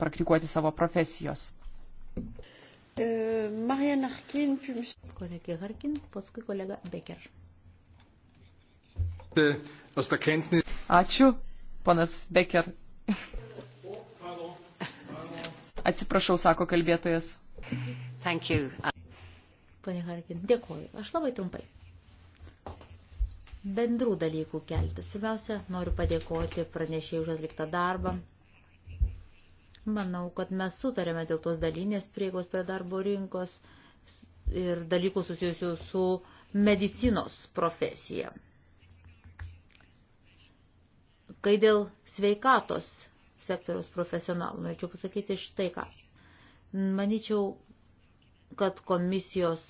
praktikuoti savo profesijos. Marian Harkin, kolegė Harkin, paskui kolega Becker. Ačiū, ponas Becker. Atsiprašau, sako kalbėtojas. Thank you. Pane Harkin, dėkuoju. Aš labai trumpai. Bendrų dalykų keltis. Pirmiausia, noriu padėkoti pranešėjai už atliktą darbą. Manau, kad mes sutarėme dėl tos dalinės prieigos prie darbo rinkos ir dalykų susijusių su medicinos profesija. Kai dėl sveikatos sektoriaus profesionalų, norėčiau pasakyti štai ką. Maničiau, kad komisijos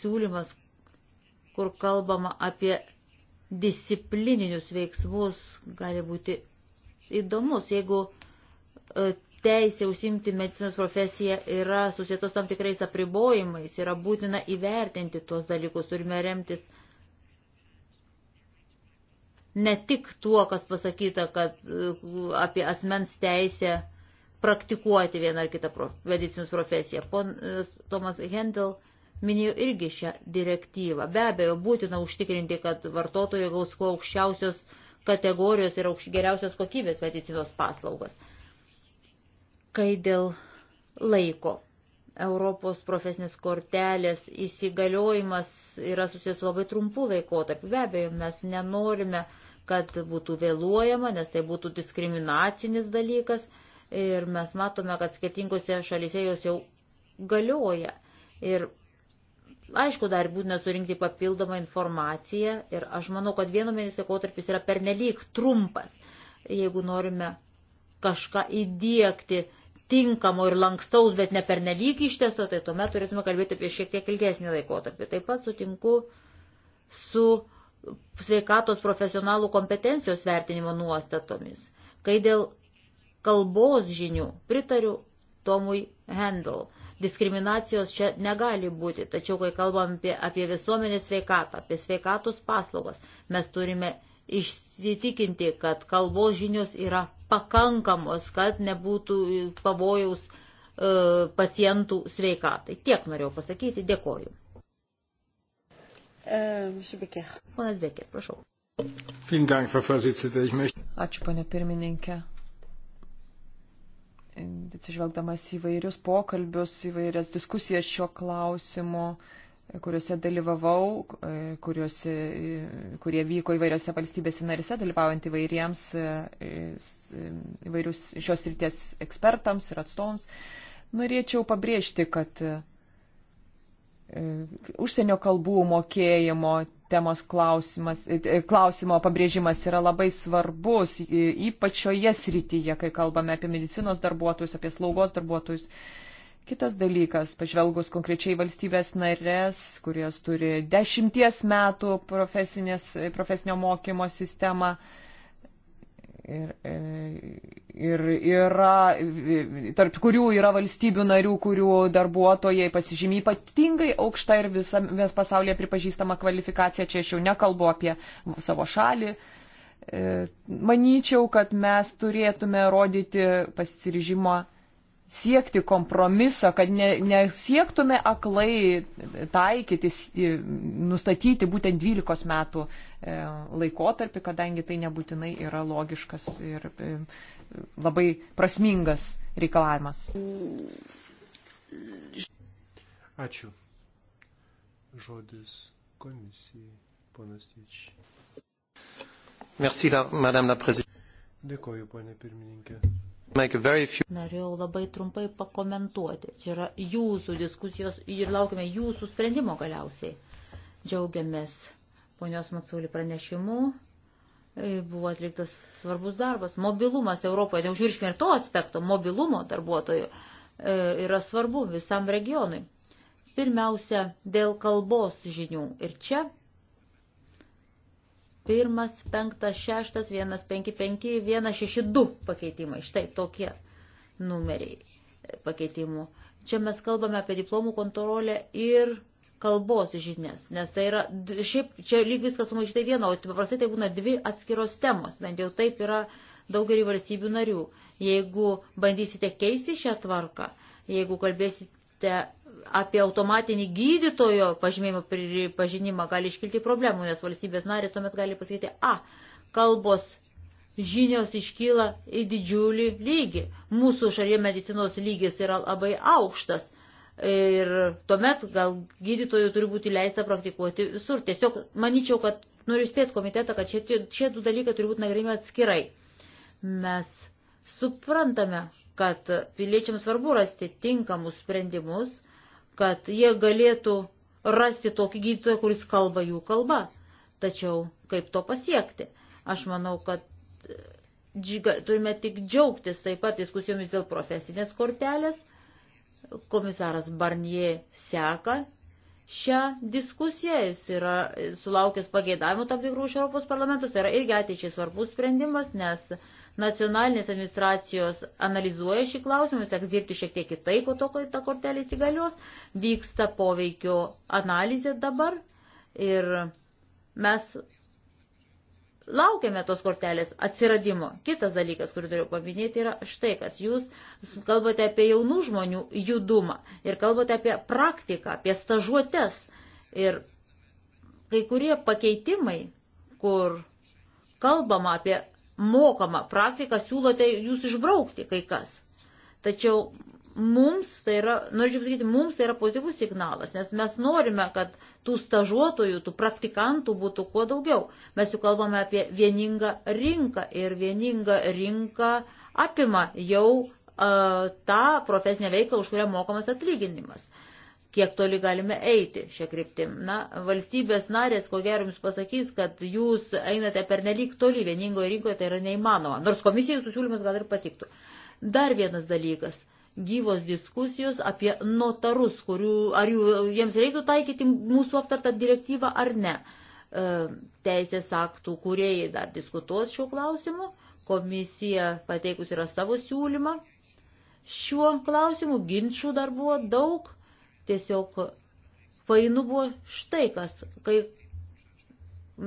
siūlymas, kur kalbama apie disciplininius veiksmus, gali būti įdomus. Jeigu e, teisė užsimti medicinos profesiją yra susietos tam tikrais apribojimais, yra būtina įvertinti tuos dalykus, turime remtis ne tik tuo, kas pasakyta, kad e, apie asmens teisę praktikuoti vieną ar kitą prof, medicinos profesiją. Ponas Tomas Hendel minėjo irgi šią direktyvą. Be abejo, būtina užtikrinti, kad vartotojai gaus kuo aukščiausios kategorijos ir aukš, geriausios kokybės medicinos paslaugas. Kai dėl laiko Europos profesinės kortelės įsigaliojimas yra susijęs su labai trumpu laikotarpiu, be abejo, mes nenorime, kad būtų vėluojama, nes tai būtų diskriminacinis dalykas ir mes matome, kad skirtingose šalyse jos jau galioja. Ir aišku, dar būtina surinkti papildomą informaciją ir aš manau, kad vieno mėnesio laikotarpis yra pernelyg trumpas, jeigu norime kažką įdėkti tinkamo ir lankstaus, bet ne pernelyg ištieso, tai tuomet turėtume kalbėti apie šiek tiek ilgesnį laikotarpį. Taip pat sutinku su sveikatos profesionalų kompetencijos vertinimo nuostatomis. Kai dėl kalbos žinių. Pritariu Tomui Handel. Diskriminacijos čia negali būti, tačiau kai kalbam apie, apie visuomenės sveikatą, apie sveikatos paslaugas, mes turime išsitikinti, kad kalbos žinios yra pakankamos, kad nebūtų pavojaus e, pacientų sveikatai. Tiek norėjau pasakyti, dėkoju. E, Ponas Bekė, prašau. Ačiū, ponė pirmininkė atsižvelgdamas įvairius pokalbius, įvairias diskusijas šio klausimu, kuriuose dalyvavau, kuriuose, kurie vyko įvairiose valstybėse narise, dalyvaujant įvairiems įvairius šios ryties ekspertams ir atstovams, norėčiau pabrėžti, kad e, užsienio kalbų mokėjimo temos klausimas, e, e, klausimo pabrėžimas yra labai svarbus, e, ypač šioje srityje, kai kalbame apie medicinos darbuotojus, apie slaugos darbuotojus. Kitas dalykas, pažvelgus konkrečiai valstybės narės, kurios turi dešimties metų profesinio mokymo sistemą, uh, Ir, e, ir yra, tarp kurių yra valstybių narių, kurių darbuotojai pasižymė ypatingai aukštą ir visame pasaulyje pripažįstama kvalifikacija. Čia aš jau nekalbu apie savo šalį. E, manyčiau, kad mes turėtume rodyti pasiryžimą siekti kompromiso, kad ne, nesiektume aklai taikytis, nustatyti būtent 12 metų e, laikotarpį, kadangi tai nebūtinai yra logiškas ir e, labai prasmingas reikalavimas. Ačiū. Žodis komisijai, ponas Tyčiai. Merci, la, madame la prezidentė. Dėkoju, ponė pirmininkė. Few... Norėjau labai trumpai pakomentuoti. Čia yra jūsų diskusijos ir laukime jūsų sprendimo galiausiai. Džiaugiamės ponios Matsulį pranešimu. E, Buvo atliktas svarbus darbas. Mobilumas Europoje, neužvirškime ir to aspekto, mobilumo darbuotojų e, yra svarbu visam regionui. Pirmiausia, dėl kalbos žinių. Ir čia Pirmas, penktas, šeštas, vienas, penki, penki, vienas, šeši, du pakeitimai. Štai tokie numeriai pakeitimų. Čia mes kalbame apie diplomų kontrolę ir kalbos žinias, nes tai yra, šiaip čia lyg viskas sumaišyta viena, o paprastai tai būna dvi atskiros temos, bent jau taip yra daugelį valstybių narių. Jeigu bandysite keisti šią tvarką, jeigu kalbėsite kalbate apie automatinį gydytojo pažymėjimo pripažinimą, gali iškilti problemų, nes valstybės narės tuomet gali pasakyti, a, kalbos žinios iškyla į didžiulį lygį. Mūsų šalyje medicinos lygis yra labai aukštas. Ir tuomet gal gydytojų turi būti leista praktikuoti visur. Tiesiog manyčiau, kad noriu spėti komitetą, kad šie, šie du dalykai turi būti nagrinimi atskirai. Mes suprantame, kad piliečiams svarbu rasti tinkamus sprendimus, kad jie galėtų rasti tokį gydytoją, kuris kalba jų kalba. Tačiau kaip to pasiekti? Aš manau, kad e, džiga, turime tik džiaugtis taip pat diskusijomis dėl profesinės kortelės. Komisaras Barnie seka šią diskusiją, jis yra e, sulaukęs pageidavimų tam tikrų iš Europos parlamentos, tai yra irgi ateičiai svarbus sprendimas, nes Nacionalinės administracijos analizuoja šį klausimą, seks dirbti šiek tiek kitaip, po to, kai ta kortelė įsigalios, vyksta poveikio analizė dabar ir mes laukiame tos kortelės atsiradimo. Kitas dalykas, kurį turiu paminėti, yra štai kas. Jūs kalbate apie jaunų žmonių judumą ir kalbate apie praktiką, apie stažuotes. Ir kai kurie pakeitimai, kur kalbama apie mokama praktika, siūlote jūs išbraukti kai kas. Tačiau mums tai yra, norėčiau pasakyti, mums tai yra pozityvus signalas, nes mes norime, kad tų stažuotojų, tų praktikantų būtų kuo daugiau. Mes jau kalbame apie vieningą rinką ir vieninga rinka apima jau uh, tą profesinę veiklą, už kurią mokamas atlyginimas. Uh, kiek toli galime eiti šią kryptim. Na, valstybės narės, ko gero, jums pasakys, kad jūs einate per nelik toli, vieningoje rinkoje tai yra neįmanoma. Nors komisijai jūsų siūlymas gal ir patiktų. Dar vienas dalykas - gyvos diskusijos apie notarus, kurių, ar jų, jiems reiktų taikyti mūsų aptartą direktyvą ar ne. E, teisės aktų kuriejai dar diskutuos šiuo klausimu, komisija pateikus yra savo siūlymą. Šiuo klausimu ginčių dar buvo daug Tiesiog painu buvo štai kas, kai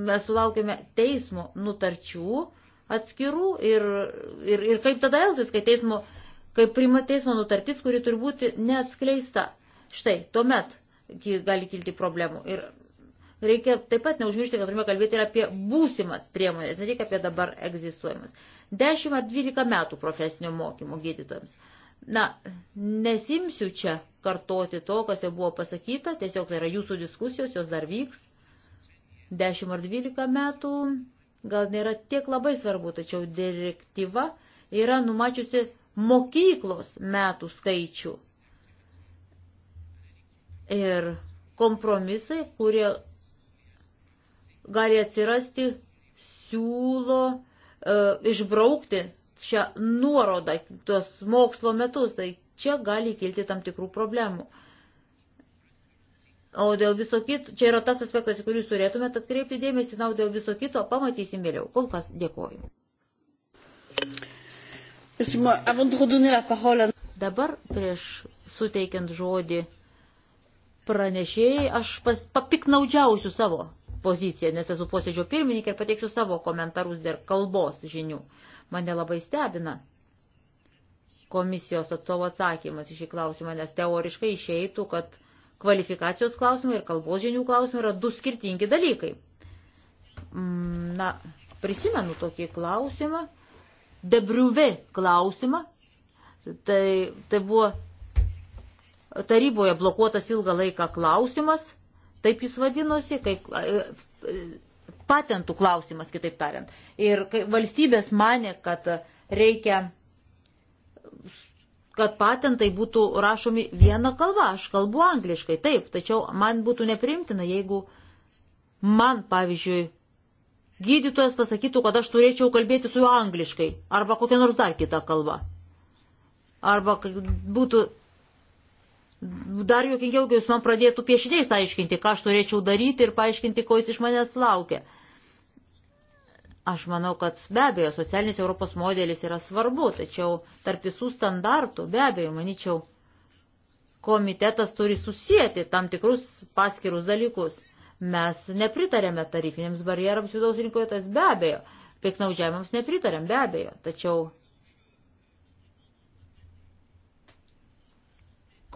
mes sulaukėme teismo nutarčių atskirų ir, ir, ir kaip tada elgtis, kai teismo, kai priima teismo nutartis, kuri turi būti neatskleista. Štai, tuomet gali kilti problemų. Ir reikia taip pat neužmiršti, kad turime kalbėti ir apie būsimas priemonės, ne tik apie dabar egzistuojamas. 10 ar 12 metų profesinio mokymo gydytojams. Na, nesimsiu čia kartoti to, kas jau buvo pasakyta, tiesiog tai yra jūsų diskusijos, jos dar vyks. 10 ar 12 metų gal nėra tiek labai svarbu, tačiau direktyva yra numačiusi mokyklos metų skaičių. Ir kompromisai, kurie gali atsirasti, siūlo e, išbraukti šią nuorodą tuos mokslo metus. Tai čia gali kilti tam tikrų problemų. O dėl viso kito, čia yra tas aspektas, į kurį jūs turėtumėte atkreipti dėmesį, na, o dėl viso kito pamatysim vėliau. Kol kas dėkoju. Dabar prieš suteikiant žodį pranešėjai, aš pas, papiknaudžiausiu savo poziciją, nes esu posėdžio pirmininkė ir pateiksiu savo komentarus dėl kalbos žinių. Mane labai stebina komisijos atstovo atsakymas iš į klausimą, nes teoriškai išeitų, kad kvalifikacijos klausimai ir kalbos žinių klausimai yra du skirtingi dalykai. Mm, na, prisimenu tokį klausimą, debriuvi klausimą. Tai, tai buvo taryboje blokuotas ilgą laiką klausimas, taip jis vadinosi, kaip e, patentų klausimas, kitaip tariant. Ir valstybės mane, kad reikia kad patentai būtų rašomi viena kalba. Aš kalbu angliškai, taip, tačiau man būtų neprimtina, jeigu man, pavyzdžiui, gydytojas pasakytų, kad aš turėčiau kalbėti su juo angliškai arba kokią nors dar kitą kalbą. Arba būtų dar jokingiau, kai jūs man pradėtų piešiniais aiškinti, ką aš turėčiau daryti ir paaiškinti, ko jis iš manęs laukia. Aš manau, kad be abejo, socialinis Europos modelis yra svarbu, tačiau tarp visų standartų, be abejo, manyčiau, komitetas turi susijęti tam tikrus paskirus dalykus. Mes nepritarėme tarifinėms barjerams vidaus rinkoje, tas be abejo. Piknaudžiavimams nepritarėm, be abejo. Tačiau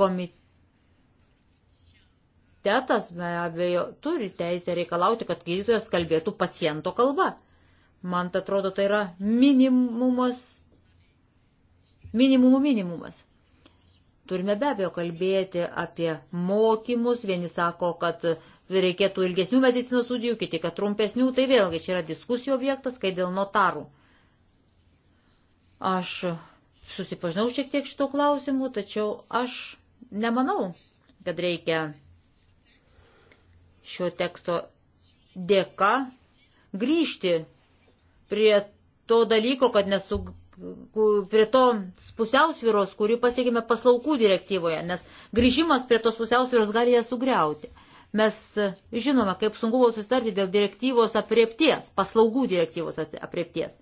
komitetas be abejo turi teisę reikalauti, kad gydytojas kalbėtų paciento kalba. Man tai atrodo, tai yra minimumas, minimumų minimumas. Turime be abejo kalbėti apie mokymus. Vieni sako, kad reikėtų ilgesnių medicinos studijų, kiti, kad trumpesnių. Tai vėlgi čia yra diskusijų objektas, kai dėl notarų. Aš susipažinau šiek tiek šito klausimu, tačiau aš nemanau, kad reikia šio teksto dėka grįžti prie to dalyko, kad nesu prie to pusiausviros, kurį pasiekime paslaugų direktyvoje, nes grįžimas prie tos pusiausviros gali ją sugriauti. Mes žinome, kaip sunku buvo susitarti dėl direktyvos apriepties, paslaugų direktyvos apriepties.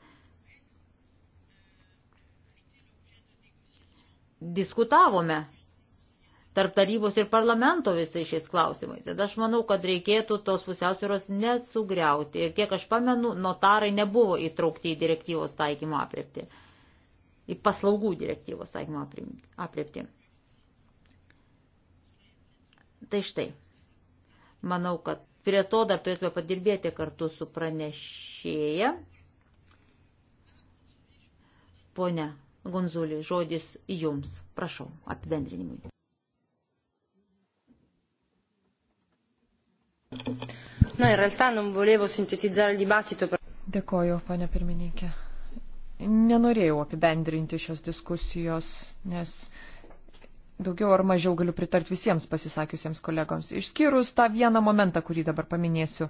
Diskutavome tarp tarybos ir parlamento visais šiais klausimais. Tad aš manau, kad reikėtų tos pusiausvėros nesugriauti. Ir kiek aš pamenu, notarai nebuvo įtraukti į direktyvos taikymo apriepti. Į paslaugų direktyvos taikymo apriepti. Tai štai. Manau, kad prie to dar turėtume padirbėti kartu su pranešėja. Pone Gonzulį, žodis jums. Prašau, apibendrinimui. Na, in realtà non volevo sintetizzare il dibattito. Per... Dėkoju, ponia pirmininkė. Nenorėjau apibendrinti šios diskusijos, nes daugiau ar mažiau galiu pritarti visiems pasisakiusiems kolegoms, išskyrus tą vieną momentą, kurį dabar paminėsiu.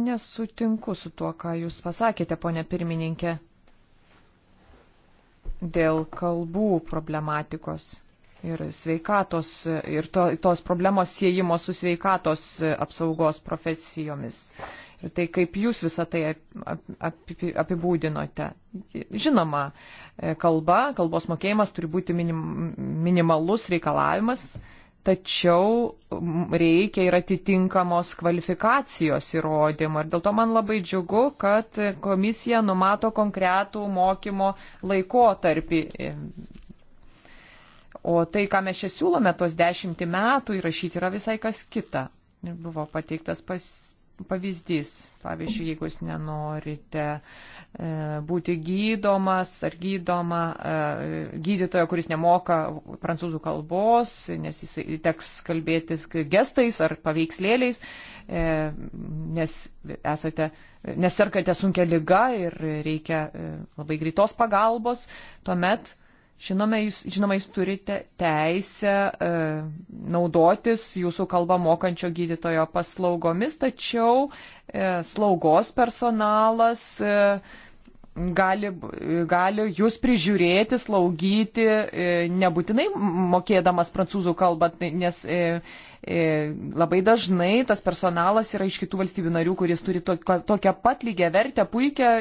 Nesutinku su tuo, ką Jūs pasakėte, ponė pirmininkė, dėl kalbų problematikos ir sveikatos, ir to, tos problemos siejimo su sveikatos e, apsaugos profesijomis. Ir tai, kaip jūs visą tai apibūdinote. Žinoma, e, kalba, kalbos mokėjimas turi būti minim, minimalus reikalavimas, tačiau reikia ir atitinkamos kvalifikacijos įrodymų. Ir dėl to man labai džiugu, kad komisija numato konkretų mokymo laikotarpį e, O tai, ką mes čia siūlome, tos dešimtį metų įrašyti yra visai kas kita. Ir buvo pateiktas pas, pavyzdys. Pavyzdžiui, jeigu jūs nenorite e, būti gydomas ar gydoma e, gydytojo, kuris nemoka prancūzų kalbos, nes jis teks kalbėtis gestais ar paveikslėliais, e, nes esate, nes serkate sunkia lyga ir reikia e, labai greitos pagalbos, tuomet Žinome, jūs, žinoma, jūs turite teisę e, naudotis jūsų kalbą mokančio gydytojo paslaugomis, tačiau e, slaugos personalas e, gali, gali jūs prižiūrėti, slaugyti, e, nebūtinai mokėdamas prancūzų kalbą, tai nes e, e, labai dažnai tas personalas yra iš kitų valstybių narių, kuris turi tokią pat lygią vertę, puikią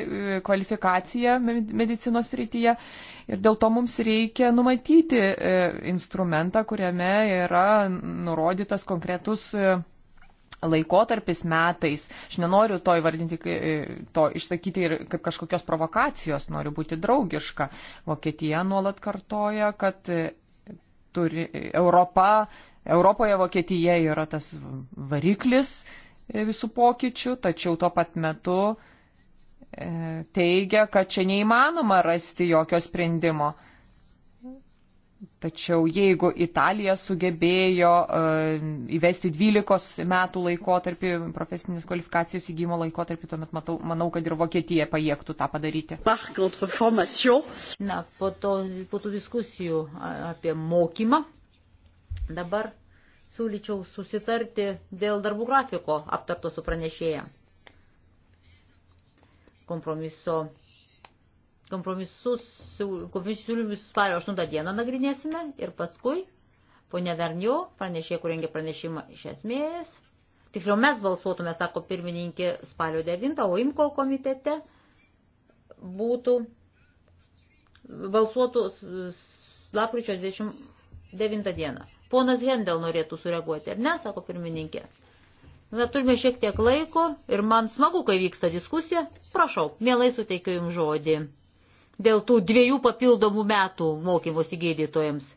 kvalifikaciją medicinos rytyje. Ir dėl to mums reikia numatyti instrumentą, kuriame yra nurodytas konkretus laikotarpis metais. Aš nenoriu to įvardinti, e, to išsakyti ir kaip kažkokios provokacijos, noriu būti draugiška. Vokietija nuolat kartoja, kad e, turi, e, Europa, Europoje Vokietija yra tas variklis visų pokyčių, tačiau tuo pat metu teigia, kad čia neįmanoma rasti jokio sprendimo. Tačiau jeigu Italija sugebėjo uh, įvesti 12 metų laikotarpį, profesinės kvalifikacijos įgymo laikotarpį, tuomet matau, manau, kad ir Vokietija pajėgtų tą padaryti. Na, po, to, po tų diskusijų apie mokymą dabar siūlyčiau susitarti dėl darbų grafiko aptarto su pranešėja. Kompromiso kompromisus, kompromisus siūlymus spalio 8 dieną nagrinėsime ir paskui ponia Vernio, pranešė, kur rengė pranešimą iš esmės. Tiksliau mes balsuotume, sako pirmininkė, spalio 9, o IMKO komitete būtų balsuotų lapkričio 29 dieną. Ponas Hendel norėtų sureaguoti, ar ne, sako pirmininkė. Na, turime šiek tiek laiko ir man smagu, kai vyksta diskusija. Prašau, mielai suteikiu jums žodį dėl tų dviejų papildomų metų mokymosi gydytojams.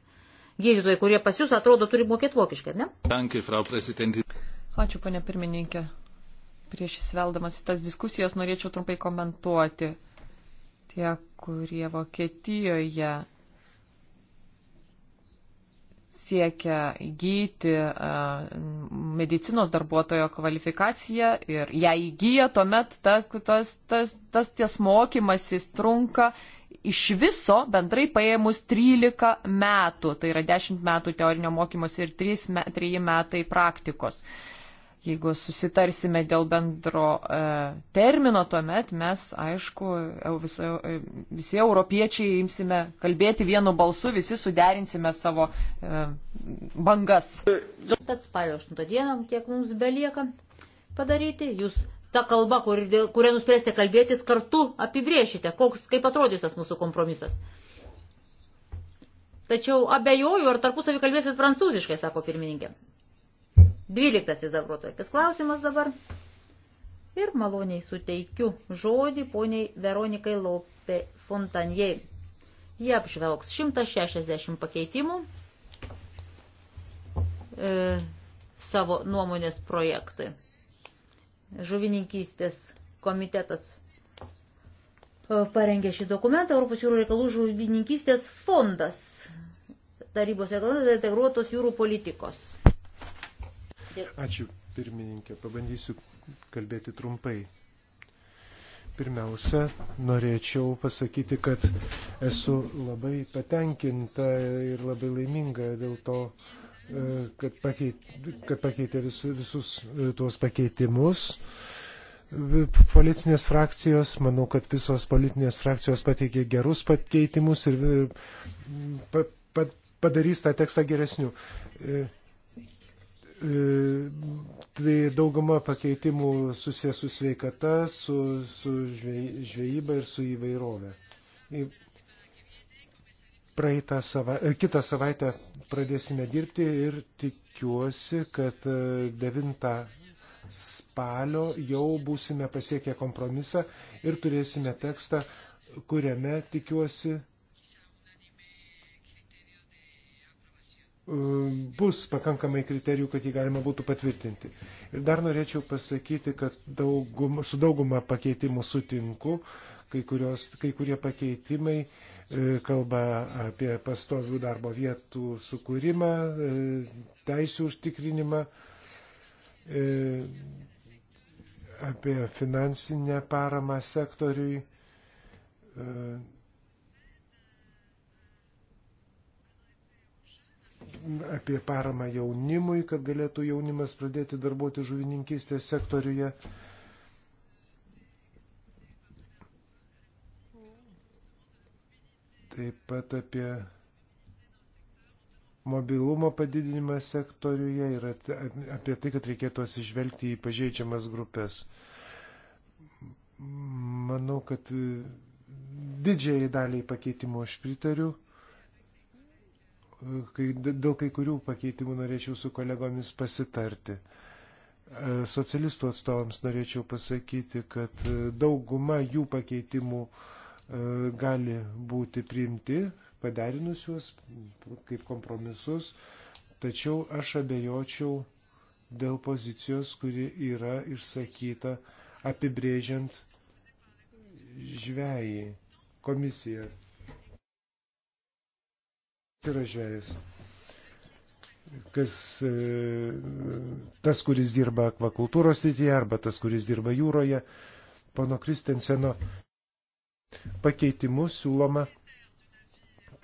Gydytojai, kurie pas jūs atrodo turi mokėti vokiškai, ne? Dankai, frau prezidentė. Ačiū, ponė pirmininkė. Prieš įsiveldamas į tas diskusijas norėčiau trumpai komentuoti. Tie, kurie Vokietijoje siekia įgyti medicinos darbuotojo kvalifikaciją ir ją įgyja, tuomet ta, tas, tas, tas ties mokymasis trunka iš viso bendrai paėmus 13 metų, tai yra 10 metų teorinio mokymosi ir 3, 3 metai praktikos. Uh, Jeigu susitarsime dėl bendro e, termino, tuomet mes, aišku, viso, e, visi europiečiai imsime kalbėti vienu balsu, visi suderinsime savo e, bangas. Tad spalio 8 dieną, kiek mums belieka padaryti, jūs tą kalbą, kur, kurią nuspręsite kalbėtis, kartu apibriešite, koks, kaip atrodys tas mūsų kompromisas. Tačiau abejoju, ar tarpusavį kalbėsit prancūziškai, sako pirmininkė. Dvyliktasis darbotvarkės klausimas dabar. Ir maloniai suteikiu žodį poniai Veronikai Lopė Fontanjei. Jie apžvelgs 160 pakeitimų e, savo nuomonės projektui. Žuvininkystės komitetas e, parengė šį dokumentą, Europos jūrų reikalų žuvininkystės fondas tarybos reikalavimai dėl integruotos jūrų politikos. Ačiū, pirmininkė. Pabandysiu kalbėti trumpai. Pirmiausia, norėčiau pasakyti, kad esu labai patenkinta ir labai laiminga dėl to, e, kad pakeitė, kad pakeitė vis, visus e, tuos pakeitimus. Politinės frakcijos, manau, kad visos politinės frakcijos pateikė gerus pakeitimus ir e, pa, pa, padarys tą tekstą geresniu. E, tai dauguma pakeitimų susijęs su sveikata, su, su žvejyba ir su įvairovė. Praeitą sava, e, kitą savaitę pradėsime dirbti ir tikiuosi, kad 9 e, spalio jau būsime pasiekę kompromisą ir turėsime tekstą, kuriame tikiuosi bus pakankamai kriterijų, kad jį galima būtų patvirtinti. Ir dar norėčiau pasakyti, kad daugum, su dauguma pakeitimų sutinku, kai, kurios, kai kurie pakeitimai e, kalba apie pastovių darbo vietų sukūrimą, e, teisų užtikrinimą, e, apie finansinę paramą sektoriui. E, apie paramą jaunimui, kad galėtų jaunimas pradėti darbuoti žuvininkystės sektoriuje. Taip pat apie mobilumo padidinimą sektoriuje ir apie tai, kad reikėtų atsižvelgti į pažeidžiamas grupės. Manau, kad didžiai daliai pakeitimų aš pritariu kai, dėl kai kurių pakeitimų norėčiau su kolegomis pasitarti. E, socialistų atstovams norėčiau pasakyti, kad e, dauguma jų pakeitimų e, gali būti priimti, padarinus juos kaip kompromisus, tačiau aš abejočiau dėl pozicijos, kuri yra išsakyta apibrėžiant žvėjį komisiją yra žvėjus. Kas, e, tas, kuris dirba akvakultūros srityje arba tas, kuris dirba jūroje. Pono Kristenseno pakeitimus siūloma,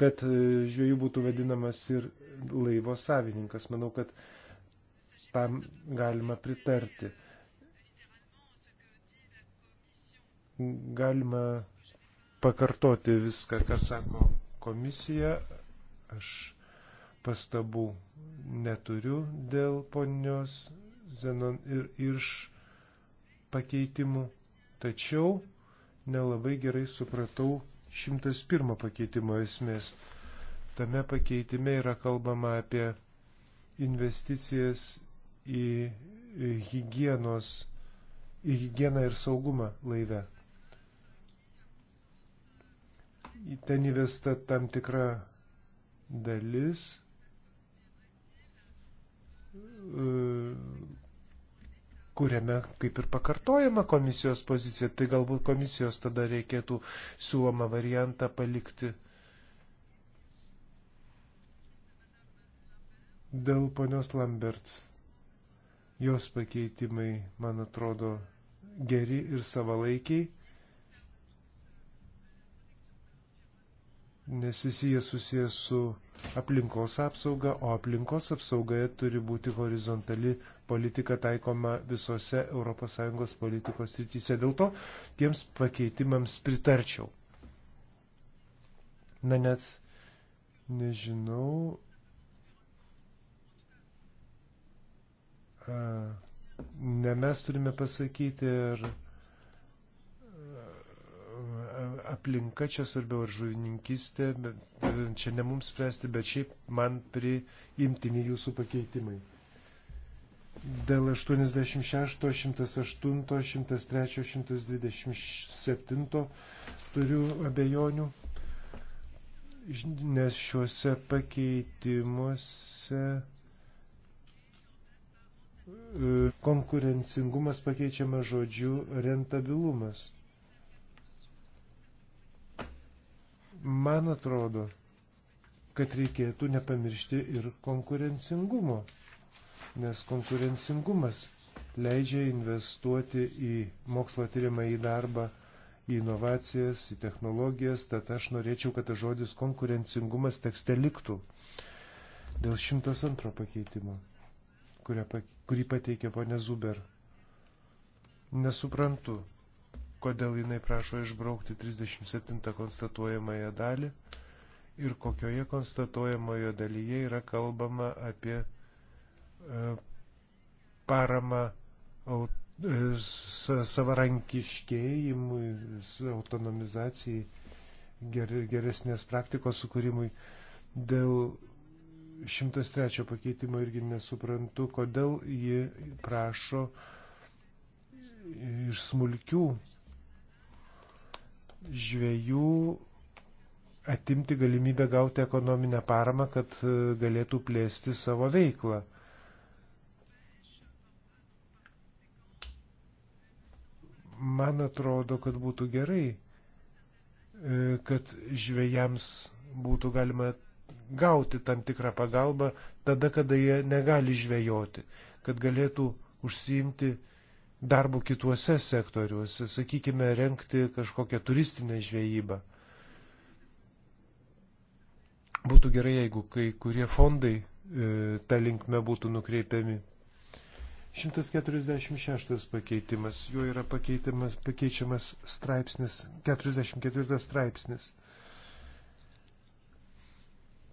kad e, žvėjų būtų vadinamas ir laivo savininkas. Manau, kad tam galima pritarti. Galima pakartoti viską, ką sako komisija Aš pastabų neturiu dėl ponios Zenon ir iš pakeitimų, tačiau nelabai gerai supratau 101 pakeitimo esmės. Tame pakeitime yra kalbama apie investicijas į hygienos, į hygieną ir saugumą laive. Ten įvesta tam tikra dalis, e, kuriame kaip ir pakartojama komisijos pozicija, tai galbūt komisijos tada reikėtų siūlomą variantą palikti. Dėl ponios Lambert, jos pakeitimai, man atrodo, geri ir savalaikiai. nes visi jie susijęs su aplinkos apsaugą, o aplinkos apsaugoje turi būti horizontali politika taikoma visose ES politikos rytise. Dėl to tiems pakeitimams pritarčiau. Na net nežinau. Ne mes turime pasakyti, ar. Ir aplinka čia svarbiau ar žuvininkistė, čia ne mums spręsti, bet šiaip man priimtini jūsų pakeitimai. Dėl 86, 108, 103, 127 turiu abejonių, nes šiuose pakeitimuose e, konkurencingumas pakeičiamas žodžiu rentabilumas. Man atrodo, kad reikėtų nepamiršti ir konkurencingumo, nes konkurencingumas leidžia investuoti į mokslo tyrimą į darbą, į inovacijas, į technologijas, tad aš norėčiau, kad tas žodis konkurencingumas tekste liktų. Dėl 102 pakeitimo, kurią, kurį pateikė ponė Zuber. Nesuprantu, kodėl jinai prašo išbraukti 37 konstatuojamąją dalį ir kokioje konstatuojamojo dalyje yra kalbama apie e, paramą aut, e, savarankiškėjimui, autonomizacijai, ger, geresnės praktikos sukūrimui. Dėl 103 pakeitimo irgi nesuprantu, kodėl ji prašo iš smulkių žvėjų atimti galimybę gauti ekonominę paramą, kad e, galėtų plėsti savo veiklą. Man atrodo, kad būtų gerai, e, kad žvėjams būtų galima gauti tam tikrą pagalbą tada, kada jie negali žvėjoti, kad galėtų užsiimti uh, darbų kituose sektoriuose, sakykime, renkti kažkokią turistinę žvejybą. Būtų gerai, jeigu kai kurie fondai e, tą linkme būtų nukreipiami. 146 pakeitimas, juo yra pakeičiamas straipsnis, 44 straipsnis.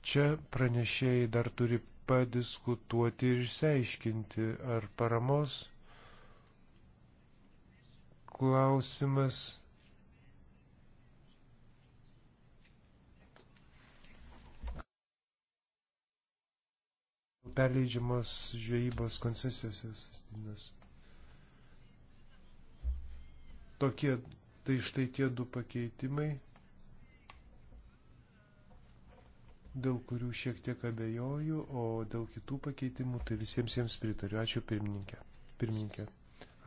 Čia pranešėjai dar turi padiskutuoti ir išsiaiškinti, ar paramos klausimas. Perleidžiamos žvejybos koncesijos sustinas. Tokie, tai štai tie du pakeitimai, dėl kurių šiek tiek abejoju, o dėl kitų pakeitimų tai visiems jiems pritariu. Ačiū pirmininkė. pirmininkė.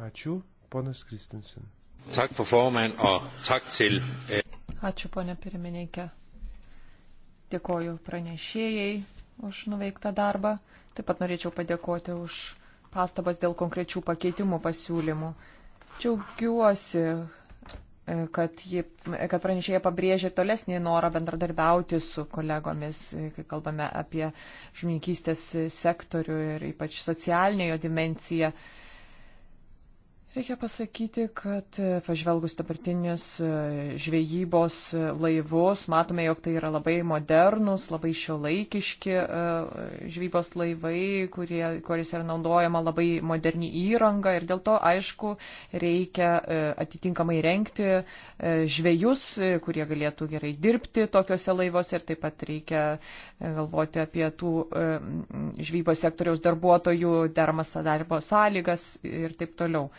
Ačiū. Ponas Kristinsin. Øh, Ačiū, ponė pirmininkė. Dėkoju pranešėjai už nuveiktą darbą. Taip pat norėčiau padėkoti už pastabas dėl konkrečių pakeitimų pasiūlymų. Džiaugiuosi, e, kad, ji, e, kad pranešėja pabrėžė tolesnį norą bendradarbiauti su kolegomis, e, kai kalbame apie žmininkystės sektorių ir ypač socialinę jo dimenciją. Reikia pasakyti, kad e, pažvelgus dabartinės e, žvejybos e, laivus, matome, jog tai yra labai modernus, labai šiuolaikiški žvejybos laivai, kurie, kuris yra naudojama labai moderni įranga ir dėl to, aišku, reikia atitinkamai renkti žvejus, kurie galėtų gerai dirbti tokiuose laivuose ir taip pat reikia galvoti apie tų žvejybos sektoriaus darbuotojų dermas darbo sąlygas ir taip toliau.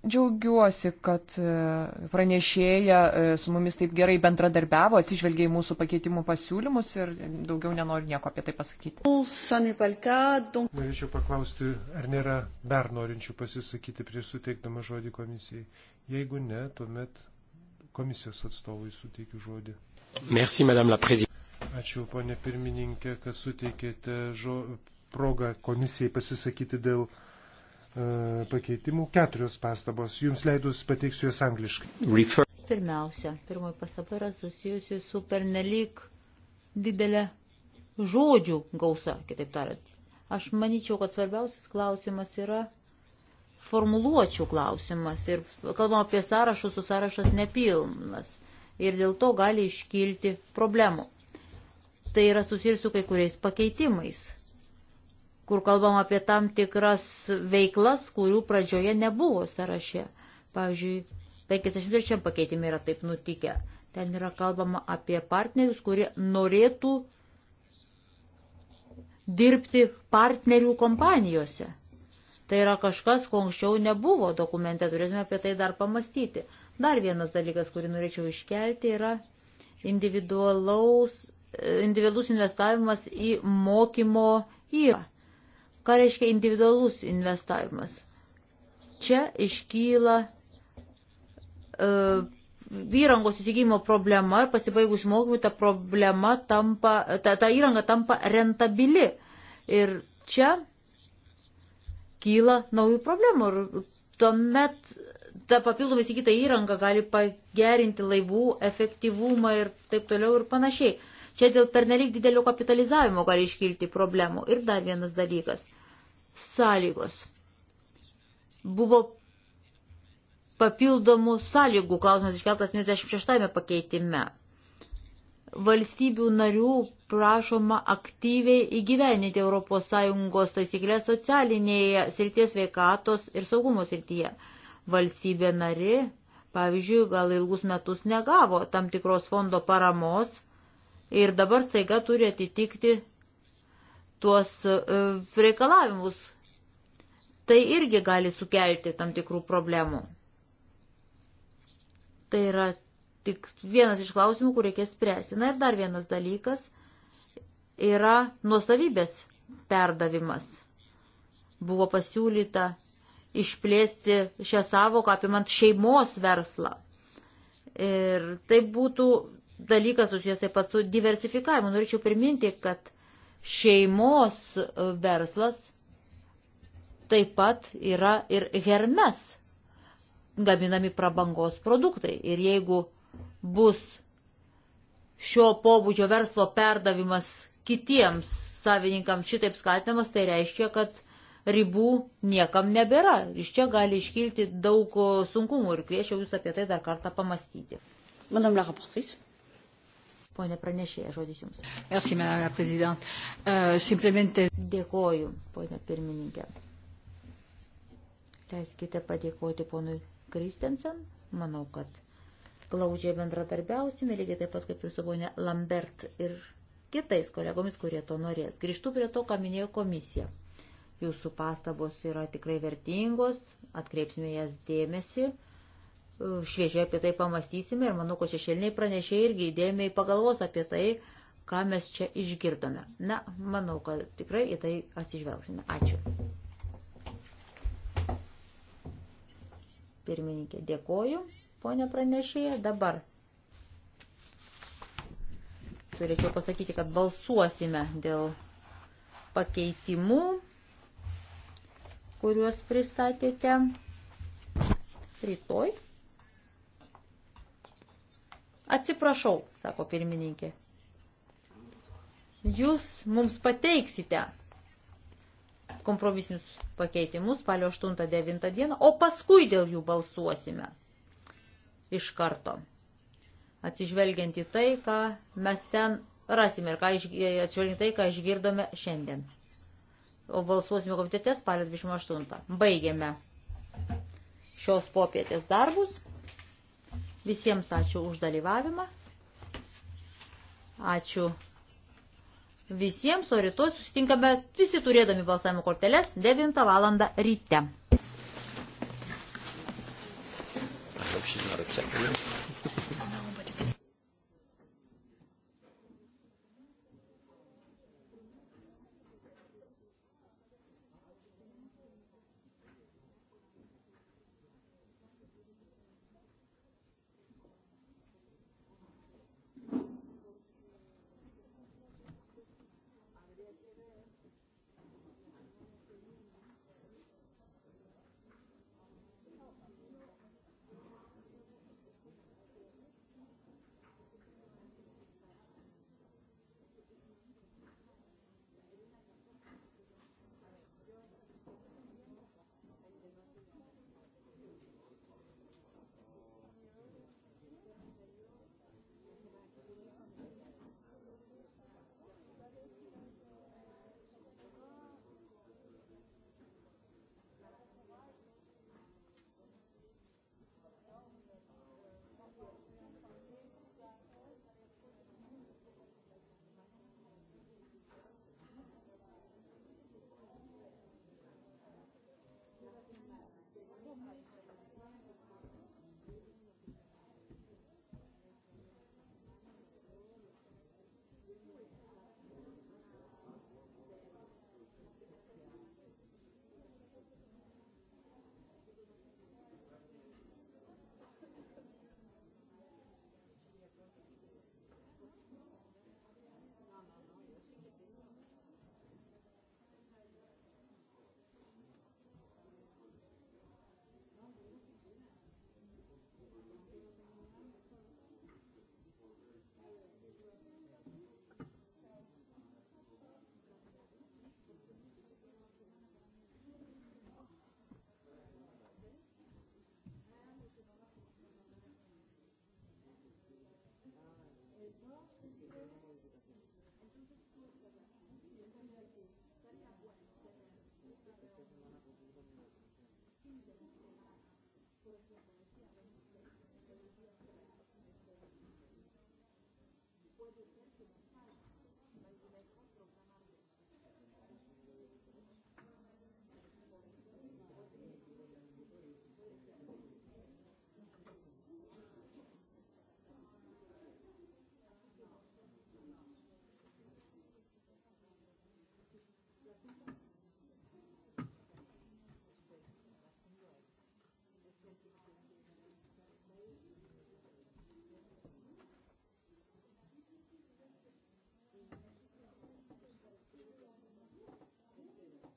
Džiaugiuosi, kad e, pranešėja e, su mumis taip gerai bendradarbiavo, atsižvelgiai mūsų pakeitimų pasiūlymus ir daugiau nenoriu nieko apie tai pasakyti. Norėčiau paklausti, ar nėra dar norinčių pasisakyti prieš suteikdama žodį komisijai. Jeigu ne, tuomet komisijos atstovui suteikiu žodį. Merci, Ačiū, ponė pirmininkė, kad suteikėte žo... progą komisijai pasisakyti dėl E, pakeitimų. Keturios pastabos. Jums leidus pateiksiu jas angliškai. Refer. Pirmiausia, pirmoji pastaba yra susijusi su pernelyg didelė žodžių gausa, kitaip tariant. Aš manyčiau, kad svarbiausias klausimas yra formuluočių klausimas ir kalbam apie sąrašus, su sąrašas nepilnas ir dėl to gali iškilti problemų. Tai yra susijęs su kai kuriais pakeitimais, kur kalbam apie tam tikras veiklas, kurių pradžioje nebuvo sąraše. Pavyzdžiui, 53 pakeitime yra taip nutikę. Ten yra kalbama apie partnerius, kurie norėtų dirbti partnerių kompanijose. Tai yra kažkas, ko anksčiau nebuvo dokumente, turėtume apie tai dar pamastyti. Dar vienas dalykas, kurį norėčiau iškelti, yra individualus investavimas į mokymo įrą. Ką reiškia individualus investavimas? Čia iškyla uh, įrangos įsigymo problema ir pasibaigus mokymui ta problema tampa, ta, ta įranga tampa rentabili. Ir čia kyla naujų problemų. Ir tuomet ta papildomai įsigyta įranga gali pagerinti laivų efektyvumą ir taip toliau ir panašiai. Čia dėl pernelyg didelio kapitalizavimo gali iškilti problemų. Ir dar vienas dalykas. Sąlygos. Buvo papildomų sąlygų klausimas iškeltas 96 pakeitime. Valstybių narių prašoma aktyviai įgyveninti ES taisyklės socialinėje srities veikatos ir saugumo srityje. Valstybė nari, pavyzdžiui, gal ilgus metus negavo tam tikros fondo paramos ir dabar staiga turi atitikti tuos e, reikalavimus. Tai irgi gali sukelti tam tikrų problemų. Tai yra tik vienas iš klausimų, kur reikės spręsti. Na ir dar vienas dalykas yra nuosavybės perdavimas. Buvo pasiūlyta išplėsti šią savoką apimant šeimos verslą. Ir tai būtų dalykas susijęs taip pat su diversifikavimu. Norėčiau priminti, kad šeimos verslas taip pat yra ir hermes gaminami prabangos produktai. Ir jeigu bus šio pobūdžio verslo perdavimas kitiems savininkams šitaip skatinamas, tai reiškia, kad ribų niekam nebėra. Iš čia gali iškilti daug sunkumų ir kviečiau Jūs apie tai dar kartą pamastyti. Madame la rapportrice. Pone pranešėja, žodis Jums. Merci, madame la prezidente. Uh, simplemente... Dėkoju, ponė pirmininkė. Leiskite padėkoti ponui Kristensen. Manau, kad glaudžiai bendradarbiausime, lygiai taip pat kaip ir su ponė Lambert ir kitais kolegomis, kurie to norės. Grįžtu prie to, ką minėjo komisija. Jūsų pastabos yra tikrai vertingos, atkreipsime jas dėmesį šviežiai apie tai pamastysime ir manau, kad šešėliniai pranešiai irgi įdėmiai pagalvos apie tai, ką mes čia išgirdome. Na, manau, kad tikrai į tai atsižvelgsime. Ačiū. Pirmininkė, dėkoju, ponė pranešėja. Dabar turėčiau pasakyti, kad balsuosime dėl pakeitimų, kuriuos pristatėte rytoj. Atsiprašau, sako pirmininkė. Jūs mums pateiksite kompromisinius pakeitimus spalio 8-9 dieną, o paskui dėl jų balsuosime iš karto. Atsižvelgiant į tai, ką mes ten rasime ir ką atsižvelgiant tai, ką išgirdome šiandien. O balsuosime komitete spalio 28. Baigiame šios popietės darbus. Visiems ačiū už dalyvavimą. Ačiū visiems, o rytoj susitinkame visi turėdami balsavimo korteles 9 val. ryte. I hope she's not accepting. puede ser que no está imagináis Thank you.